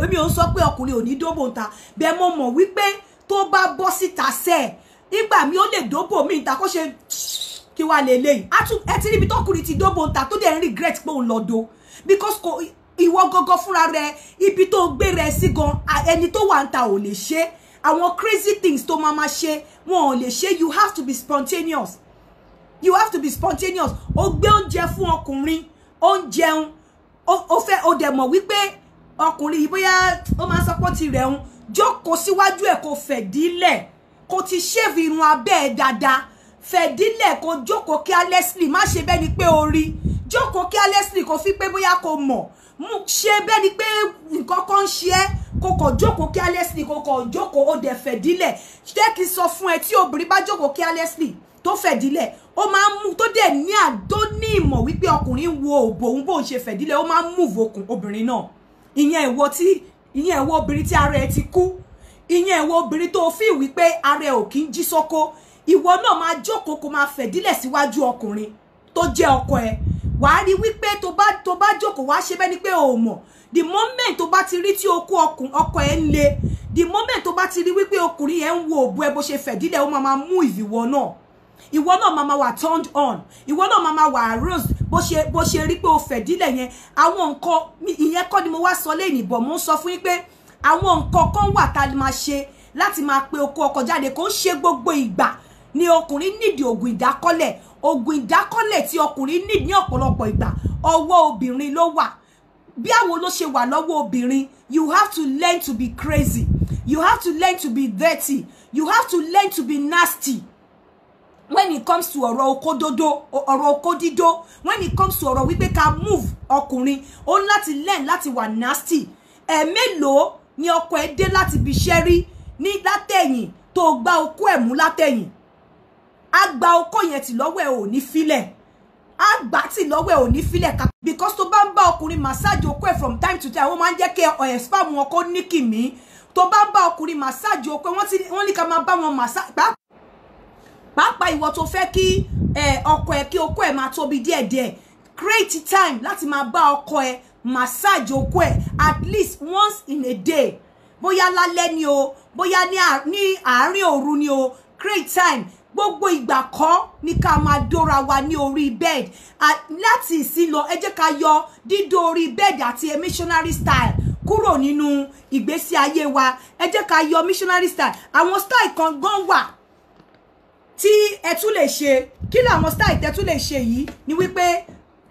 èmi ò ń sọ pé ọkùnrin ò ní dóbò ń ta bẹ́ẹ̀ mo mọ̀ wípé tó bá bọ́ síta sẹ́ẹ̀ nígbà mi ó lè dóbò mi ń ta kó ṣe kí wàá lè léyìí ẹ ti ríbi tọkùnrin ti dóbò ń ta tó dẹ̀ ń regret pé òun lọ do because kò ìwọ gọgọ fúnra rẹ ibi tó gbé rẹ sí gan ẹni tó wà ń ta ò lè ṣe àwọn crazy things tó máa máa ṣe wọn ò lè ṣe you have to be spontaneous you have to be spontaneous o gbé oúnjẹ fún ọkùnrin ó ń jẹun ó fẹ́ ó dẹ̀ mọ̀ wípé ọkùnrin yìí bóyá ó máa ń Joko si rẹ̀ ń jókòó síwájú ẹ̀ kó fẹ̀dílẹ̀ kó ti ṣèfì irun abẹ́ ẹ̀ dáadáa fẹ̀dílẹ̀ kó joko carelessly má ṣe bẹ́ẹ̀ ni pé o rí jókòó carelessly kó fi pé bóyá kó mọ̀ ṣe bẹ́ẹ̀ ni pé nǹkan kan ń ṣe joko kó kàn carelessly kó kàn jókòó ó dẹ̀ fẹ̀dílẹ̀ ṣé kí n sọ fún ẹ tí obìnrin bá carelessly tó fẹ̀dílẹ̀ ó máa ń mú tó dẹ̀ ní àdó ní ìmọ̀ wípé ọkùnrin wo òbò òun bóun ṣe fẹ̀dílẹ̀ ó máa ń múùvù okùn obìnrin náà ìyẹn ìwọ tí ìyẹn ìwọ obìnrin tí ara ẹ ti kú ìyẹn ìwọ obìnrin tó fi wípé ara ẹ ò kí ń jí sóko ìwọ náà máa jókòó kó máa fẹ̀dílẹ̀ síwájú ọkùnrin tó jẹ́ ọkọ ẹ wàá rí wípé tó bá tó bá jókòó wàá ṣe bẹ́ẹ̀ pé o mọ̀ the moment tó bá ti rí tí okú ọkọ ẹ ń le the moment tó bá ti rí wípé ọkùnrin yẹn ń wo òbú ẹ bó ṣe fẹ̀dílẹ̀ ó máa máa mú ìwọ náà ìwọ náà mama wa turned on ìwọ náà mama wa wà aroused bó ṣe bó ṣe rí pé o fẹ̀dílẹ̀ yẹn àwọn nǹkan ìyẹn kọ́ ni mo wá sọ lẹ́yìn ìbọ̀ mo ń sọ fún yín pé àwọn nǹkan kan wà tá a máa pe oko ọkọ jáde kò ń ṣe gbogbo ìgbà ni ọkùnrin nídìí ògùn ìdákọ́lẹ̀ ògùn ìdákọ́lẹ̀ tí ọkùnrin nídìí ní ọ̀pọ̀lọpọ̀ ìgbà ọwọ́ obìnrin ló wà bí àwo ló ṣe wà lọ́wọ́ obìnrin you have to learn to be crazy you have to learn to be dirty you have to learn to be nasty when it comes to ọ̀rọ̀ oko dodo ọ̀rọ̀ oko when it comes to ọ̀rọ̀ wípé ká move ọkùnrin ó ń láti learn láti wà nasty ẹ̀ mélòó ni ọkọ ẹ dé láti ibi iṣẹ́ rí ní látẹ̀yìn tó gba okó ẹ̀ mú látẹ̀yìn á gba okó yẹn tì lọ́wọ́ ẹ̀ ò ní filẹ̀ á gbà tì lọ́wọ́ ẹ̀ ò ní filẹ̀ ká. because tó bá ń bá ọkùnrin massage okó ẹ̀ from time to time wọ́n máa ń jẹ́ kí ẹ̀ spam wọn kó ní kìmí tó bá ń bá ọkùnrin massage okó ẹ̀ wọ́n ní ká máa bá wọn massage pàápàá ìwọ tó fẹ́ kí ọkọ ẹ kí okó ẹ máa tóbi díẹ̀díẹ̀ create time láti máa bá ọkọ ẹ massage okó ẹ at least once in a day bóyá lálẹ́ ni o bóyá ní àárín òru ni o create time gbogbo ìgbà kọ́ ni ká máa dóra wa ní orí bed láti ìsín lọ ẹ jẹ́ ká yọ dídó orí bed àti missionary style kúrò nínú ìgbésí ayé wa ẹ jẹ́ ká yọ missionary style àwọn style kan gan wà tí ẹ tún lè ṣe kí làwọn style tẹ tún lè ṣe yìí ni wípé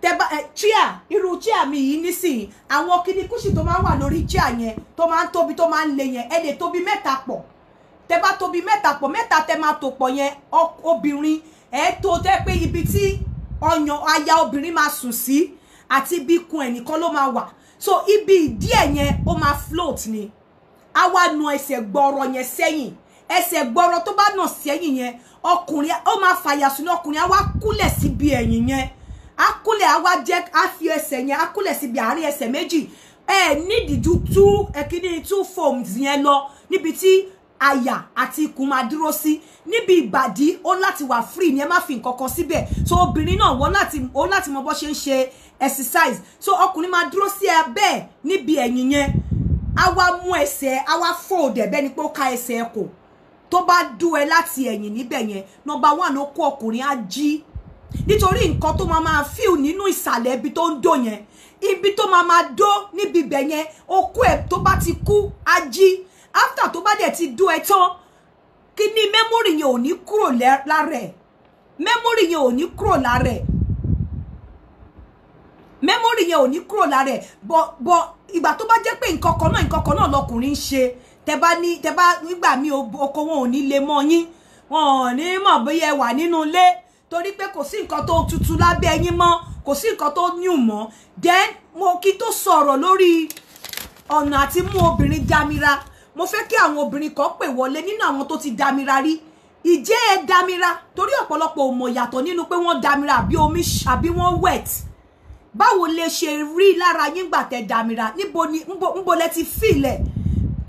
tẹ́bá ẹ chia irú chia mi yìí nísìnyí àwọn kíni kùsì tó máa ń wà lórí chia yẹn tó máa ń tóbi tó máa ń le yẹn ẹ lè tóbi mẹ́ta pọ̀ tẹ́bá tóbi mẹ́ta pọ̀ mẹ́ta tẹ́ máa tò pọ̀ yẹn obìnrin ẹ tó tẹ́ pé ibi tí ọyàn aya obìnrin máa sùn sí àti ibi ikùn ẹ̀ nìkan ló máa wà so ibi ìdí ẹ̀ yẹn ó máa float ni a wá nu ẹsẹ̀ gbọ́rọ̀ yẹn sẹ́yìn ẹsẹ̀ gbọ́rọ̀ tó bá nà sẹ́yìn yẹn ọkùnrin ó máa fàyà sínú ọkùnrin á wá kúlẹ̀ síbi ẹ̀yìn yẹn á kúlẹ̀ á wá jẹ́ á fi ẹsẹ̀ yẹn á kúlẹ̀ síbi àárín ẹsẹ̀ méjì ẹ nídìí ju two ẹ̀kíní two foams yẹn lọ níbi tí àyà àti ikùn máa dúró sí níbi ìbàdí ó láti wà free ni ẹ má fi nǹkan kan síbẹ̀ so obìnrin náà wọ́n láti ó láti mọ bó ṣe ń ṣe exercise so ọkùnrin máa dúró sí ẹ bẹ́ẹ̀ níbi ẹ̀yìn yẹn á wá mú ẹsẹ̀ á fold ẹ̀ bẹ́ẹ̀ ni pé ó ka ẹsẹ̀ ẹ kò tó bá dú ẹ láti ẹ̀yìn níbẹ̀ yẹn nọmba one ó kó ọkùnrin á jí nítorí nǹkan tó máa máa fíù nínú ìsàlẹ̀ ibi tó ń dò yẹn ibi tó máa máa dó níbi ibẹ̀ yẹn okú ẹ̀ tó bá ti kú á jí after tó bá dẹ̀ ti dú ẹ tán kí ni mẹ́mórì yẹn ò ní kúrò lára ẹ̀ mẹ́mórì yẹn ò ní kúrò lára ẹ̀ Bo bo ò ní kúrò lára ẹ̀ bọ̀ bọ̀ ìgbà tó bá kan náà nǹkan kan náà lọkùnrin ń tẹ bá ní tẹ bá nígbà míì oko wọn ò ní mo mọ yín wọn ò ní mọ̀ bóyá ẹ wà nínú ilé torí pé kò sí nǹkan tó tutù lábẹ́ yín mọ́ kò sí nǹkan then mo kí tó sọ̀rọ̀ lórí ọ̀nà àti mú obìnrin damira mo fẹ́ kí àwọn obìnrin kan pè wọlé nínú àwọn tó ti damira rí ìjẹ́ ẹ damira torí ọ̀pọ̀lọpọ̀ ò mọ̀ yàtọ̀ nínú pé damira àbí omi àbí wọ́n wet báwo lè ṣe rí lára yín gbà tẹ́ damira níbo ni níbo lẹ ti fìlẹ̀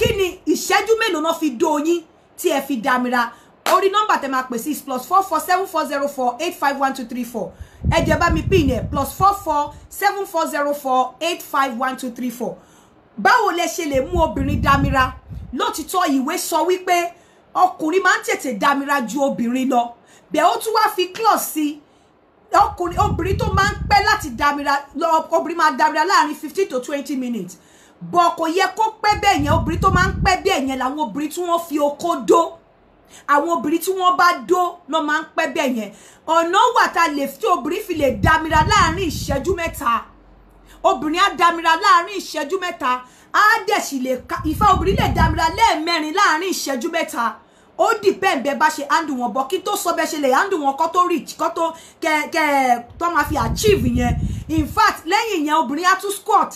kí ni ìṣẹ́jú mélòó náà fi dó yín tí ẹ fi dàmíra orí nọ́mbà tẹ máa pè sí plus four four seven four zero four eight five one two three four ẹ jẹ́ bá mi pín yẹn plus four four seven four zero four eight five one two three four báwo lẹ ṣe lè mú obìnrin dàmíra lótìtọ́ ìwé sọ wípé ọkùnrin máa ń tètè dàmíra ju obìnrin lọ bẹ́ẹ̀ ó tún wá fi clause sí i ọkùnrin obìnrin tó máa ń pẹ́ láti dàmíra obìnrin máa dàmíra láàrin fifteen to twenty minutes bọ̀ kò yẹ kó pẹ́ bẹ́ẹ̀ yẹn obìnrin tó máa ń pẹ́ bẹ́ẹ̀ yẹn làwọn obìnrin tí wọ́n fi okó dó àwọn obìnrin tí wọ́n bá dó ló máa ń pẹ́ bẹ́ẹ̀ yẹn ọ̀nà wà a lè tí obìnrin fi lè damira láàrin ìṣẹ́jú mẹ́ta obìnrin á damira láàrin ìṣẹ́jú mẹ́ta á dẹ̀ sì lè ka ìfẹ́ obìnrin lè damira lẹ́ẹ̀mẹ́rin láàrin ìṣẹ́jú mẹ́ta ó depend bẹ́ẹ̀ bá ṣe handle wọn bọ̀ kí tó sọ bẹ́ẹ̀ ṣe lè handle wọn kó tó reach kó tó kẹ tó máa fi achieve yẹn in fact lẹ́yìn yẹn obìnrin á tún squat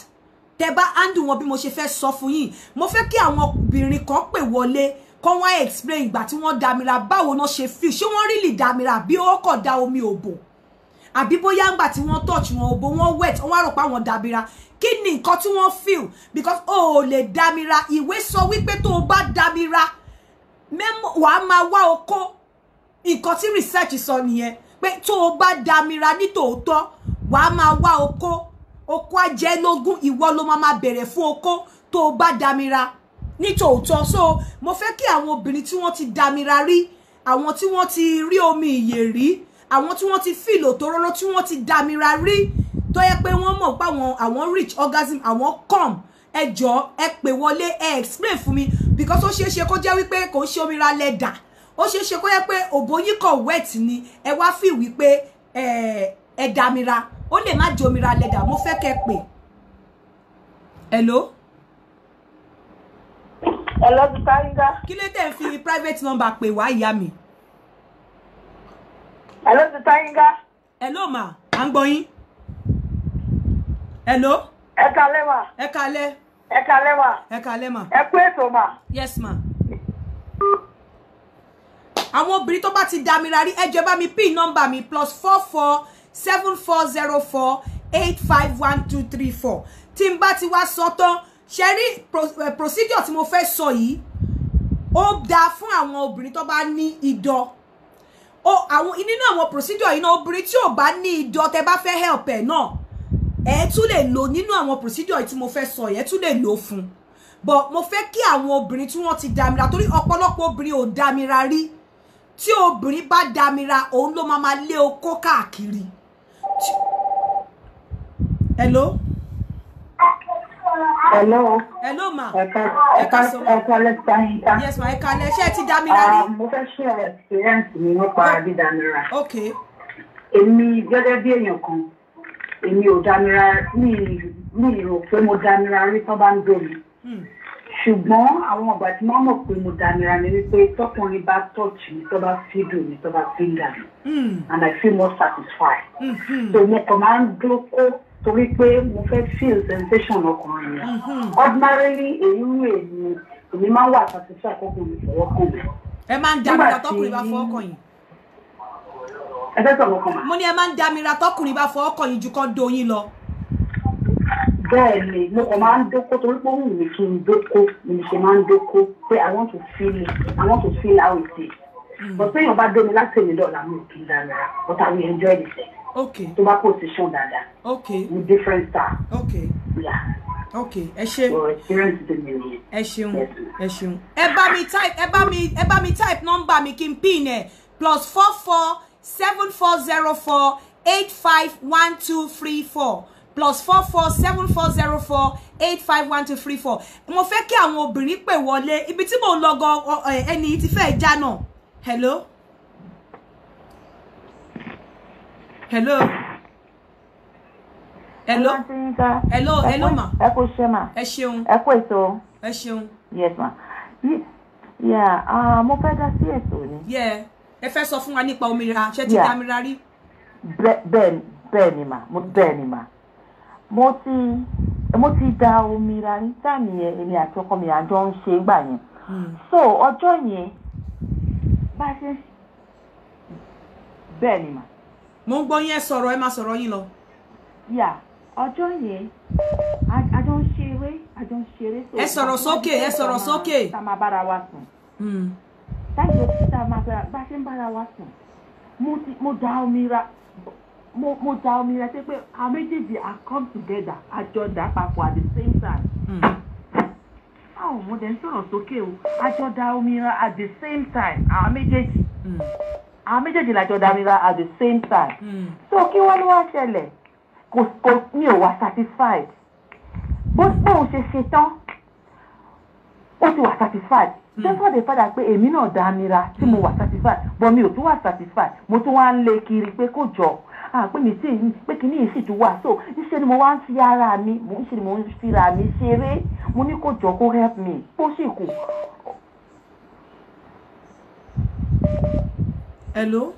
tẹ bá handle wọn bí mo ṣe fẹ́ sọ fún yín mo fẹ́ kí àwọn obìnrin kan pè wọlé kọ́ wọ́n explain ìgbà tí wọ́n damira báwo náà ṣe feel ṣé wọ́n really damira bí ó kọ̀ da omi òbò àbí bóyá ńgbà tí wọ́n touch wọn obo wọ́n wet wọ́n wá rò pé àwọn damira kí ni nǹkan tí wọ́n feel because o ò lè damira ìwé sọ wípé tó o bá damira wa ma wa oko nǹkan tí research sọ nìyẹn pé tó o bá damira nítòótọ́ wa ma wa oko oko ajẹlógún ìwọ ló máa máa bẹ̀rẹ̀ fún oko tó o bá damira ní tòótọ́ so mo fẹ́ kí àwọn obìnrin tí wọ́n ti damira rí àwọn tí wọ́n ti rí omi ìyè rí àwọn tí wọ́n ti fìlò tóróró tí wọ́n ti damira rí tó yẹ pé wọ́n mọ̀ pé àwọn àwọn reach orgasm àwọn come ẹ jọ̀ọ́ ẹ pè wọlé explain fún mi because ó ṣeé ṣe kó jẹ́ wípé kò ń ṣe omira lẹ́dà ó ṣeé ṣe kó yẹ pé òbó yìí wet ni ẹ wá fi wípé eh, ẹ damira ó lè má jomira lẹ́dà mo fẹ́ kẹ́ pè hello. hello Bukayinka. kí ló tẹ̀ ń fi private number pè wá ìyá mi. hello Bukayinka. hello ma à ń gbọ́ yín. hello. ẹ kalẹ́ ma. ẹ kalẹ́. ẹ kalẹ́ ma. ẹ kalẹ́ ma. ẹ kú ètò ma. yes ma àwọn obìnrin tó bá ti dàmí rárí ẹ jẹ́ bá mi pín nọ́mbà mi plus four four seven four zero four eight five one two three four tí n bá ti wá sọ tán ṣe rí eh, procedure tí mo fẹ́ sọ yìí ó dáa fún àwọn obìnrin tó bá ní idọ̀ o àwọn nínú àwọn procedure yìí náà obìnrin tí ò bá ní idọ̀ tẹ bá fẹ́ help ẹ̀ náà ẹ tún lè lò nínú àwọn procedure yìí tí mo fẹ́ sọ yẹn tún lè lò fún un but mo fẹ́ kí àwọn obìnrin tí wọ́n ti damira torí ọ̀pọ̀lọpọ̀ obìnrin ò damira rí tí obìnrin bá damira òun ló máa máa lé okó káàkiri hello. hello. hello ma. ẹ̀ka ẹ̀ka ẹ̀ka lẹ́sà yín ká. yes ma ẹ̀ka lẹ́sẹ̀ ẹ̀ ti dá mi rárí. Ah, mo fẹ́ ṣe experience mi nípa dídámira. ok. èmi gẹ́gẹ́ bí èèyàn kan èmi ò dámira mi mi rò pé mo dámira rí tó bá ń dò mí ṣùgbọ́n àwọn ọ̀gbà tí wọ́n mọ̀ pé mo dánira ni wípé tọkùnrin bá tọ́ọ̀tì mi tó bá fídò mi tó bá fíńgà mi hmm. and I feel more satisfied hmm. so mo kàn máa ń dókó torí pé mo fẹ́ feel sensation ọkùnrin yẹn hmm. ordinarily èyí ń rè mí èmi máa ń wà satisfied kọkùnrin fọwọ́ kàn mi. ẹ máa ń dámira tọkùnrin bá fọwọ́ kàn yín. ẹ fẹ́ sọ̀rọ̀ kan mà. mo ní ẹ máa ń dámira tọkùnrin bá fọwọ́ kàn yín ju kan doyin lọ bẹ́ẹ̀ ni mo kàn máa ń dóko torí pé òun mi kì í dóko mi ṣe máa ń dóko pé i want to feel i want to feel how it is hmm. but pé èèyàn bá dómi láti èmi dọ̀la mi ò kì í dára but i will enjoy the sex okay tó bá position Dada. okay with different star. okay yeah ok ẹ ṣe ẹ ṣeun ẹ ṣeun ẹ bá mi type ẹ bá mi ẹ bá mi type nọ́mbà mi kí n pin ẹ plus four four seven four zero four eight five one two three four plus four four seven four zero four eight five one two three four mo fẹ́ kí àwọn obìnrin pè wọlé ibi tí mò ń lọ gan ẹni tí fẹ́ já náà hello hello hello hello hello ma ẹ kò ṣe ma ẹ ṣeun ẹ kò ètò ẹ ṣeun yes ma yeah uh, mo fẹ́ dá sí ètò ni. yeah ẹ fẹ́ sọ fún wa nípa òmìnira ṣé ti dá mi rárí. bẹ́ẹ̀ ni mà bẹ́ẹ̀ ni mà mo ti mo ti da omi ra ní táìmì yẹn èmi àti ọkọ mi àjọ ń ṣe gbà yẹn hmm. so ọjọ́ yẹn bá ṣe bẹ́ẹ̀ ni mà. mo ń gbọ́ yín ẹ sọ̀rọ̀ ẹ máa sọ̀rọ̀ yín lọ. yà ọjọ́ yẹn àjọ ń ṣeré àjọ ń ṣeré. ẹ sọ̀rọ̀ sókè ẹ sọ̀rọ̀ sókè. tá a máa bára wa sùn. Hmm. táyọ̀ tí tá a máa bá ṣe ń bára wa sùn mo da omi ra mo mo da omi rẹ pé our méjèèjì are come together àjọdá papọ̀ at the same time. àwọn hmm. ọmọdé ń sọ̀rọ̀ sókè o àjọdá omi ra at the same time àwọn méjèèjì hmm. àwọn méjèèjì làjọdá omi ra at the same time. Hmm. so kí wọ́n ló wá ṣẹlẹ̀ kò kò mi ò wá satisfied bó bóun ṣe ṣe tán ó ti wà satisfied therefore the father pé èmi náà dá mi ra tí mo wà satisfied but mi ò tún wà satisfied mo tún wá ń lé kiri pé kò jọ àpè mi sí èyí pé kí ní sì tún wà so níṣẹ́ ni mo wá ń fi ara mi mo ń ṣe ni mo ń fi ara mi ṣeré mo ní kó jọ kó help me bó sì kù. hello.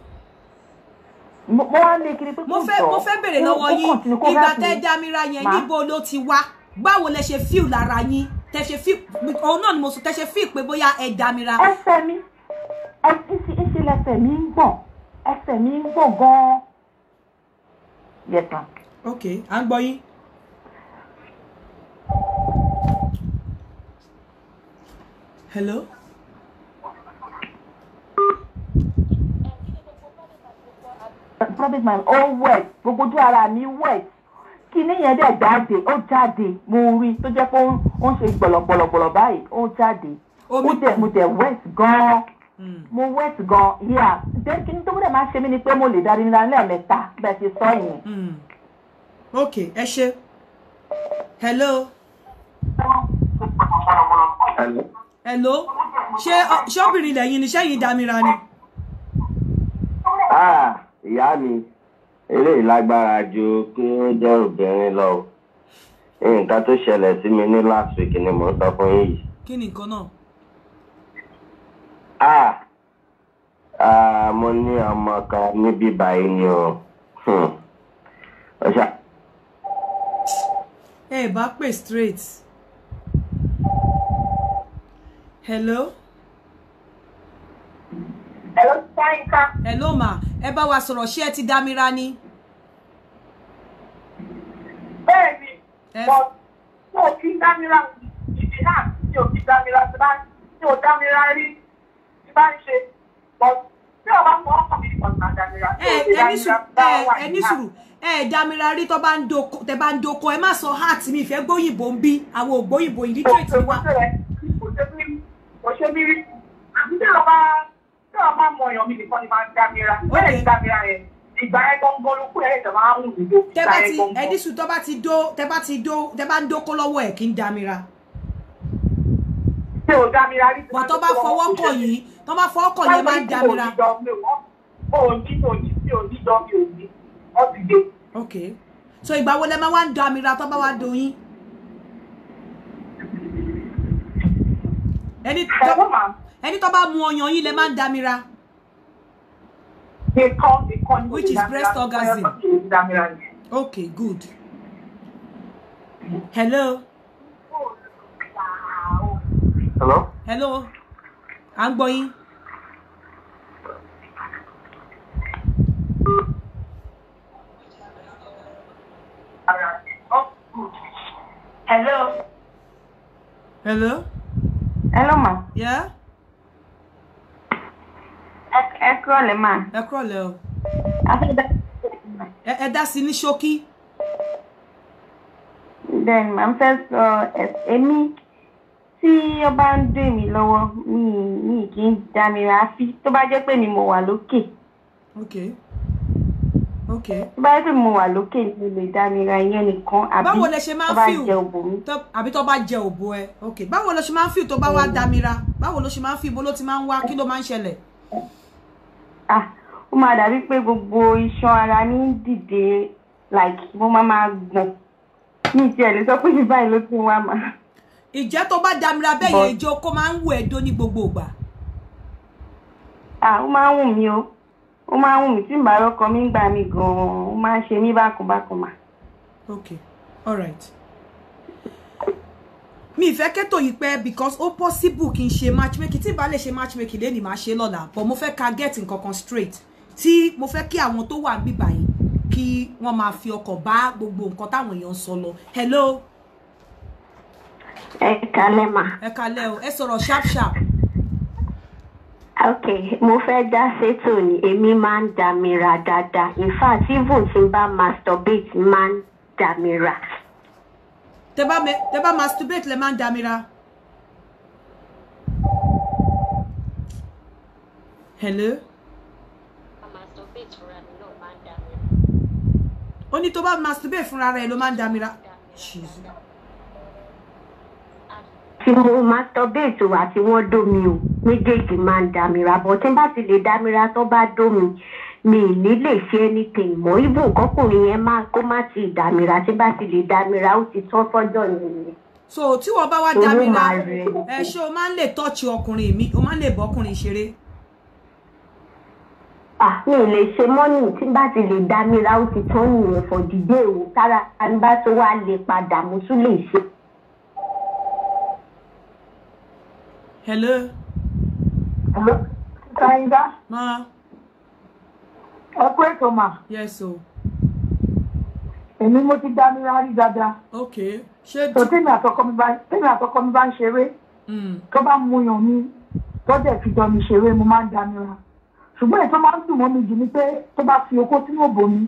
mo wá lé kiri pé kó jọ mo fẹ́ bèrè lọ́wọ́ yín ìgbà tẹ́ Jamira yẹn níbo ló ti wá báwo lẹ ṣe fíìl lára yín tẹ ṣe fíìl òun náà ni mo sọ tẹ ṣe fíìl pé bóyá ẹ Jamira. ẹsẹ̀ mi ẹsẹ̀ mi ń gbọ̀n ẹsẹ̀ mi ń gbọ̀n gan-an yes ok à ń gbọ́ yín. hello. prophet man ó wet gbogbo ojú ara mi wet kíní yẹn dẹ̀ jáde ó jáde mo rí tó jẹ́ pé ó ń ṣe gbọ̀lọ̀gbọ̀lọ̀ báyìí ó jáde ó dẹ̀ mo dẹ̀ wet gan-an. Mm. mo wet gan yíyà jẹ́ kí n tó bẹ́ẹ̀ máa ṣe mí ni pé mo lè darí nílá lẹ́ẹ̀mẹ́ta bẹ́ẹ̀ ti sọ ìyẹn. Mm. ok ẹ ṣe hello. hello ṣé ṣọ́bìnrin lẹ́yìn níṣẹ́ yìí dámira ni. Ah, ìyá mi eré ìlágbára ju kí ó jẹ́ obìnrin lọ nǹkan tó ṣẹlẹ̀ sí mi ní last week ni mo ń sọ fún yín yìí. kí ni nǹkan náà ah ah mo ní ọmọ kan níbí báyìí ni o ọṣà. Hmm. ẹ bá pè straight. hello. hello sáyínká. hello ma ẹ bá wa sọ̀rọ̀ ṣé ẹ ti dá mi rá ni. bẹ́ẹ̀ ni mo mo kí dámírà ìdí náà mi ò kí dámírà tí ó dámírà rí bá ń ṣe tí ọba fọ ọkọ mi ọ̀sán àdàmìrà tó ṣe bá ń gbà wà damira rí tó bá ń doko tẹ bá ń doko ẹ má sọ heart mi ìfẹ́ gbóyìnbó ń bí àwọn ògbóyìnbó illiterate wa. kò ṣe mí rí tí ọba tí ọba mọ èèyàn mi nìkan ni máa ń damira bẹ́ẹ̀ ni damira yẹn ìgbà ẹ gbọ́ngbọ́n ló kú ẹ̀ẹ́dẹ̀ máa ń wù mí ló. tẹ bá ti ẹni sùn tó bá ti dó tẹ bá ti dó tẹ bá ń doko lọ́wọ́ ẹ̀ kí ń damira ṣé dámira rí. bọ̀ tó bá fọwọ́ kọ̀ yìí tó bá fọwọ́ kọ̀ yẹn máa ń dámira. ok so ìgbà wo lẹ máa wá ń dámira tó bá wá doyin. ẹni tó bá mu ọyàn yín lẹ máa ń dámira. which is breast orgasm. ok good. hello hello. hello I'm going. hello. hello. hello ma. yeah. ẹ kúrọ̀lẹ́ ma. ẹ kúrọ̀lẹ́ o. a fẹ́ dá ẹ dá sí ní ṣókí. bẹ́ẹ̀ni màá fẹ́ sọ èmi tí ó bá ń dè mí lọ́wọ́ mi mi kì í dá mi ra fi tó bá jẹ́ pé mi mo wà lókè. okay okay. tó bá jẹ́ pé mo wà lókè ni mo lè dá mi ra iyán nìkan àbí báwo lẹ ṣe máa ń fíw tó bá jẹ òbò mi. àbí tó bá jẹ òbò ẹ okay báwo lọ ṣe máa ń fíw tó bá wá dá mi ra báwo ló ṣe máa ń fíw bó ló ti máa ń wá kí ló máa ń ṣẹlẹ̀. ah ó máa dàbí pé gbogbo iṣan ara mi dìde like mo máa máa gbọ̀n mi ìjẹ́ ẹ̀ lè sọ pé mi báyìí ló ti wá máa ìjẹ́ tó bá damira bẹ́ẹ̀ yẹn ìjẹ́ oko máa ń wù ẹ̀dọ́ ní gbogbo ìgbà. à ah, ó máa ń wù mí o ó máa ń wù mí tí màá rọkọ mi ń gbà mí gan-an ó máa ń ṣe mí bákùnbákùn mà. ok all mi fẹ́ kẹ́tò yìí pẹ́ because ó possible kí n ṣe matchmaking tí ìbá lè ṣe matchmaking lẹ́nu màá ṣe lọ́la but mo fẹ́ ka get nǹkan kan straight tí mo fẹ́ kí àwọn tó wà níbàyìí kí wọ́n máa fi ọkọ̀ bá gbogbo nǹkan táwọn èèyàn ń sọ lọ hello ẹ kalẹ ma. ẹ kalẹ o ẹ sọ̀rọ̀ sharp sharp. ok mo fẹ́ dá sétò ni èmi máa ń dà mí ra dáadáa in fact even tí n bá masturbate máa ń dà mí ra. tẹ bá masturbate lẹ máa ń dà mí ra. hello. ó ní tó bá masturbate fúnra rẹ̀ ló máa ń dà mí ra. Jesus tí mo masturbate o àti wọ́n dó mi o méjèèjì máa ń dá mi ra bọ̀ tí n bá ti lè dá mi ra tó bá dó mi mi ì ní lè ṣe anything mọ́ ibù kọkùnrin yẹn máa kó má ti dá mi ra tí n bá ti lè dá mi ra ó ti tọ́ sọ́jọ́ yẹn. so tí wọn bá wá dá mi ra ẹ ṣé o máa ń lè tọ́ọ̀chì ọkùnrin mi o máa ń lè bọ́ ọkùnrin ṣeré. Ah, mi lè ṣe mọ́nì tí bá ti lè dá mi ra ó ti tán nìyẹn fọ̀dídé o tára bá tó wá lè padà mo tún lè ṣe Hello. Hello. Taiba. Ma. Ẹ kú Yes o. Èmi mo ti dá mi rárí dáadáa. Ok. Ṣé. Tó tèmi àtọkọ mi bá tèmi àtọkọ mi bá ń ṣeré. Hmm. Tó bá mu yàn mi tọ́jà fi jọ mi ṣeré mo máa ń dá mi ra. Ṣùgbọ́n ètò máa ń dùn mọ́ mi jù ni pé tó bá fi okó sínú òbò mi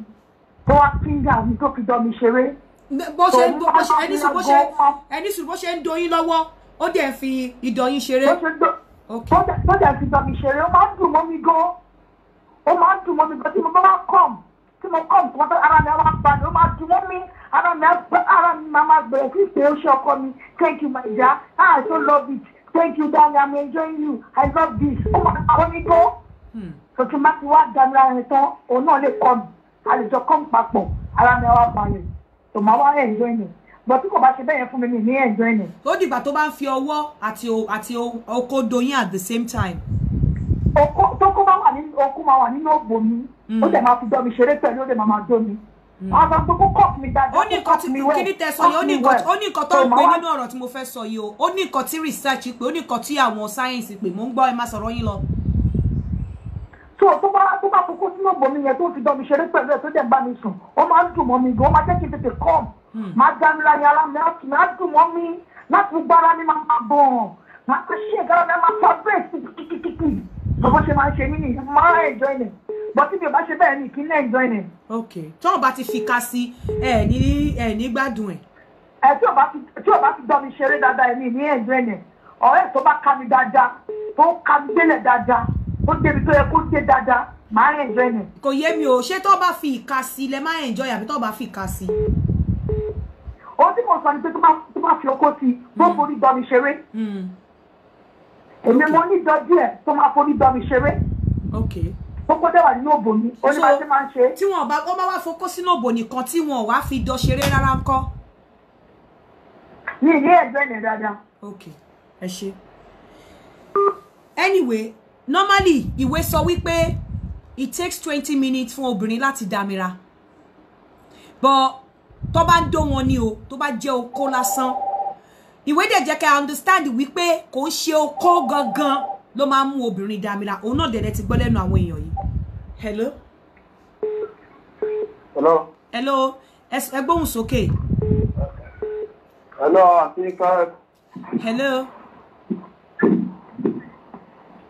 tó wá fíńgà mi tó fi jọ mi ṣeré. Bó ṣe ń do ẹni sùn bó ṣe ń doyin lọ́wọ́ ó dẹ̀ fi ìdọ̀ yín ṣeré. ó dẹ̀ fi ìdọ̀ mi ṣeré ó máa ń dùn mọ́ mi gan ó máa ń dùn mọ́ mi gan tí mo bá wá kọ́m tí mo kọ́m kọ́ ara mi á wá balẹ̀ ó máa dùn mọ́ mi ara mi ara mi máa máa bẹ̀rẹ̀ sí pé ó ṣe ọkọ mi thank you my dear ah I so love it thank you darling I'm enjoying you I love this ó máa kọ́ mi gan hmm. tuntun má ti wá dámira ẹni tán òun náà lè kọ́ mi àlejò kọ́ mi papọ̀ ara mi á wá balẹ̀ tòun máa wá enjoy mi. But you kò bá ṣe bẹ́ẹ̀ yẹn fún mi mi ní at your at your dìgbà tó at the same time. okó tó kó máa wà nínú okó máa wà nínú ògbó mi mm. ó dẹ̀ máa fi dọ́ mi ṣeré pẹ̀lú ó dẹ̀ máa máa dó mi. Mm. àwọn àgbà kó kọ́ mi dáadáa kó kọ́ mi wẹ̀ kí ni tẹ sọ yìí ó ní nǹkan tó ń pè nínú ọ̀rọ̀ tí mo fẹ́ sọ yìí o ó research pé ó ní nǹkan tí àwọn sáyẹ́ǹsì pé mò ń gbọ́ ẹ má sọ̀rọ̀ yín lọ tó tó bá tó bá kókó sínú ògbó mi yẹn tó fi dọ́ mi ṣeré pẹ̀lú ẹ̀ tó dẹ̀ bá mi sùn ó máa ń dùn mọ́ mi gan ó máa jẹ́ kí n máa dánú láyé ara mi láti máa dùn mọ́ mi láti gbọ́ ara mi máa máa bọ̀ máa pẹ́ ṣe ìgbára mi máa sọ bẹ́ẹ̀ sí kíkíkíkí bọ́bọ́ ṣe máa ṣe mí nìyẹn máa enjoy it bọ́tí mi ò bá ṣe bẹ́ẹ̀ ni kí n enjoy it. ok tí wọn bá ti fi ka sí ẹ ní ẹ ní gbádùn ẹ. ẹ tí ò bá ti dán mi ṣeré dáadáa ẹni ní enjoy it ọ̀rẹ́ tó bá ká mi dáadáa tó ká mi délẹ̀ dáadáa ó débi tó yẹ kó dé dáadáa máa enjoy it. kò yé mi o ṣé tó bá fi ìka sí lẹ máa enjoy àbí tó bá fi ìka sí ohun tí mo ni pé tó bá fi okó sí bó hmm. forí gbọ́ mi ṣeré hmm. èmi mo ní dọ́jú ẹ̀ tó máa forí gbọ́ mi ṣeré kókó dẹ́wà nínú òbò mi ó ní bá ṣe máa ń ṣe. tí wọn bá wọn bá wá fokó sínú òbò nìkan tí wọn ò wá fi dọ ṣeré rárá ń kọ́. ní ilé ẹgbẹ́ yẹn dáadáa. ok ẹ ṣe. anyway normally ìwé sọ wípé it takes twenty minutes fún obìnrin láti dàmíra but tó bá ń dó ni o tó bá jẹ́ okó lásán ìwé dẹ̀ jẹ́ ká understand wípé kò ń ṣe okó gangan ló máa ń mú obìnrin dàmìlà òun náà dẹ̀dẹ̀ ti gbọ́ lẹ́nu àwọn èèyàn yìí hello. hello. hello ẹ gbóhùn sókè. hello àti hello.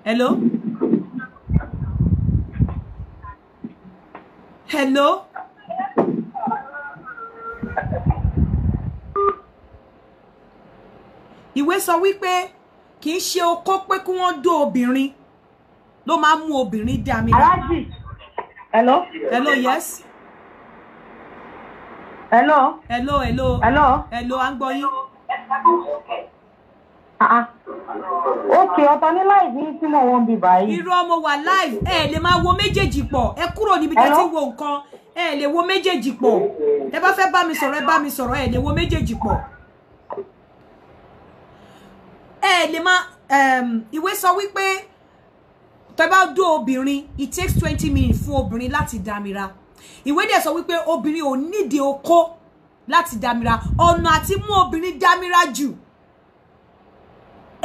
hello. hello. ìwé sọ wípé kì í ṣe okó pé kí wọ́n dó obìnrin ló máa mú obìnrin dá mi. aláàjì hello. hello yes. hello. hello hello. hello. hello à ń gbọ́ yín. Ókè ah, ah. ọ̀tọ̀ ní láìsí tí mo wọ́n bí báyìí. Irọ́ mo wà live ẹ lè máa wo méjèèjì pọ̀ ẹ kúrò níbi tẹ́ ti wo nǹkan ẹ lè wo méjèèjì pọ̀ ẹ bá fẹ́ bá mi sọ̀rọ̀ ẹ bá mi sọ̀rọ̀ ẹ lè wo méjèèjì pọ̀ ẹ lè máa ìwé so wípé To bá do obìnrin it takes twenty minutes fún obìnrin láti dámira ìwé dẹ̀ sọ wípé obìnrin ò nídìí okó láti dámira ọ̀nà àti mú obìnrin dámira jù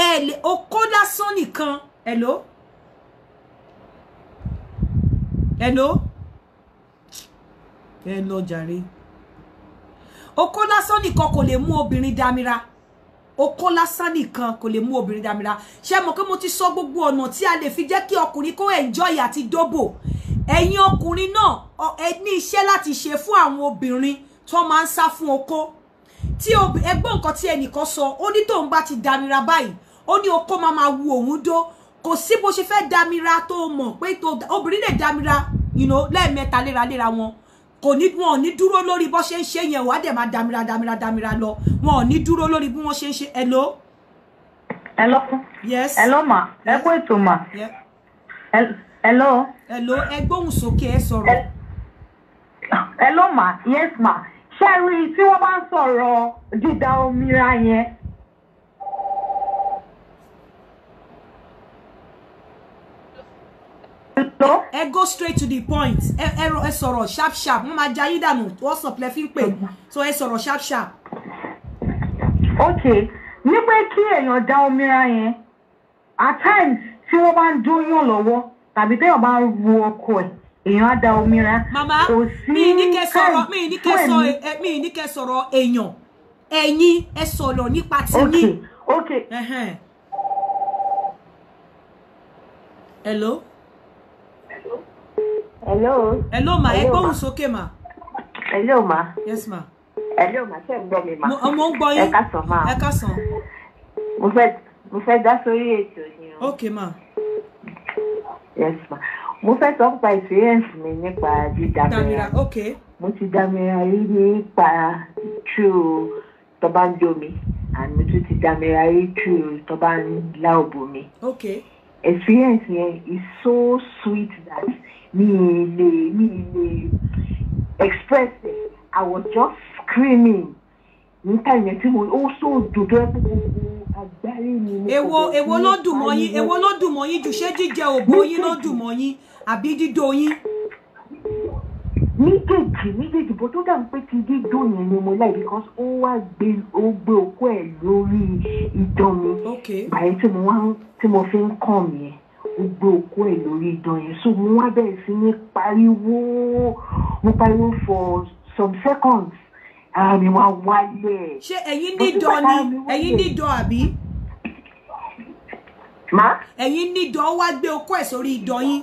ẹ lè okó lásán nìkan hello hello ẹ lọ jàre okó lásán nìkan kò lè mú obìnrin dámira Oko lásán nìkan kò lè mú obìnrin dámira ṣé mọ̀ pé mo ti sọ gbogbo ọ̀nà tí a lè fi jẹ́ kí ọkùnrin kó enjoy ati dobo. ẹ̀yin ọkùnrin náà ẹ ní iṣẹ́ láti ṣe fún àwọn obìnrin tó máa ń sá fún okó tí ẹgbọ́n nǹkan tí ẹnìkan sọ ó ní tóun bá ti dámira báyìí ó ní okó máa máa wu òun dó kò sí bó ṣe fẹ́ dámira tó mọ̀ pé obìnrin lè dámira you know lẹ́ẹ̀mẹ́ta léraléra wọn kò ní wọn ò ní dúró lórí bó ṣe ń ṣe yẹn wàá dẹ̀ máa damira damira damira lọ wọn ò ní dúró lórí bí wọ́n ṣe ń ṣe hello. hello. yes. hello ma ẹ kú ètò ma. hello. hello ẹ gbóhùn sókè ẹ sọ̀rọ̀. hello ma yes ma ṣé ẹ rí i tí wọ́n bá ń sọ̀rọ̀ dídá omira yẹn Hello? ẹ go straight to the point ẹ ẹ ẹ sọ̀rọ̀ sharp sharp wọ́n máa jẹ ayé dànù WhatsApp lẹ fi ń pè so ẹ sọ̀rọ̀ sharp sharp. ok ní pé kí èèyàn dá omira yẹn at times tí wọ́n bá ń dóyàn lọ́wọ́ tàbí téèyàn bá ń ru ọkọ ẹ̀ èèyàn á dá omira kò sí káì fún ẹ̀mí. mi ì ní kẹ́ sọ̀rọ̀ èèyàn ẹ̀yin ẹ sọ̀rọ̀ nípa ti yín. ok ok. Uh -huh. hello hello. hello ma ẹ gbóhùn sókè ma. hello ma. yes ma. hello ma ṣe ń gbọ́ mi ma. mo ń gbọ́ yín ẹ ká sàn ma. ẹ ká sàn. mo fẹ́ mo fẹ́ dá sórí ètò yìí o. ok ma. yes ma mo fẹ́ sọ nípa experience mi nípa dídámẹ́ra mo ti dámẹ́ra rí nípa through tó bá ń jó mi and mo tún ti dámẹ́ra rí through tó bá ń lá òbò mi. experience yẹn is so sweet that mi lè mi express it i was just screaming níta ìyẹn tí mo ó so dùdú ẹ gbogbo agbárí mi. èwo èwo ló dùn mọ́ yín èwo ló dùn mọ́ yín jù ṣé jíjẹ òbó yín ló dùn mọ́ yín àbí dídó yín méjèèjì méjèèjì bó tó dà ń pé ti dídò yẹn ni mo láì because ó wá gbé ó gbé òkú ẹ lórí ìdán mi báyìí tí mo wá tí mo fi ń kàn mí yẹn ó gbé okó ẹ̀ lórí idan yẹn so mo wá bẹ̀rẹ̀ sí ní pariwo mo pariwo for some seconds ara mi wá wálẹ̀. ṣé ẹ̀yin nídọ̀ ni ẹ̀yin nídọ̀ àbí. má. ẹ̀yin nídọ̀ wá gbé okó ẹ̀ sórí idan yín.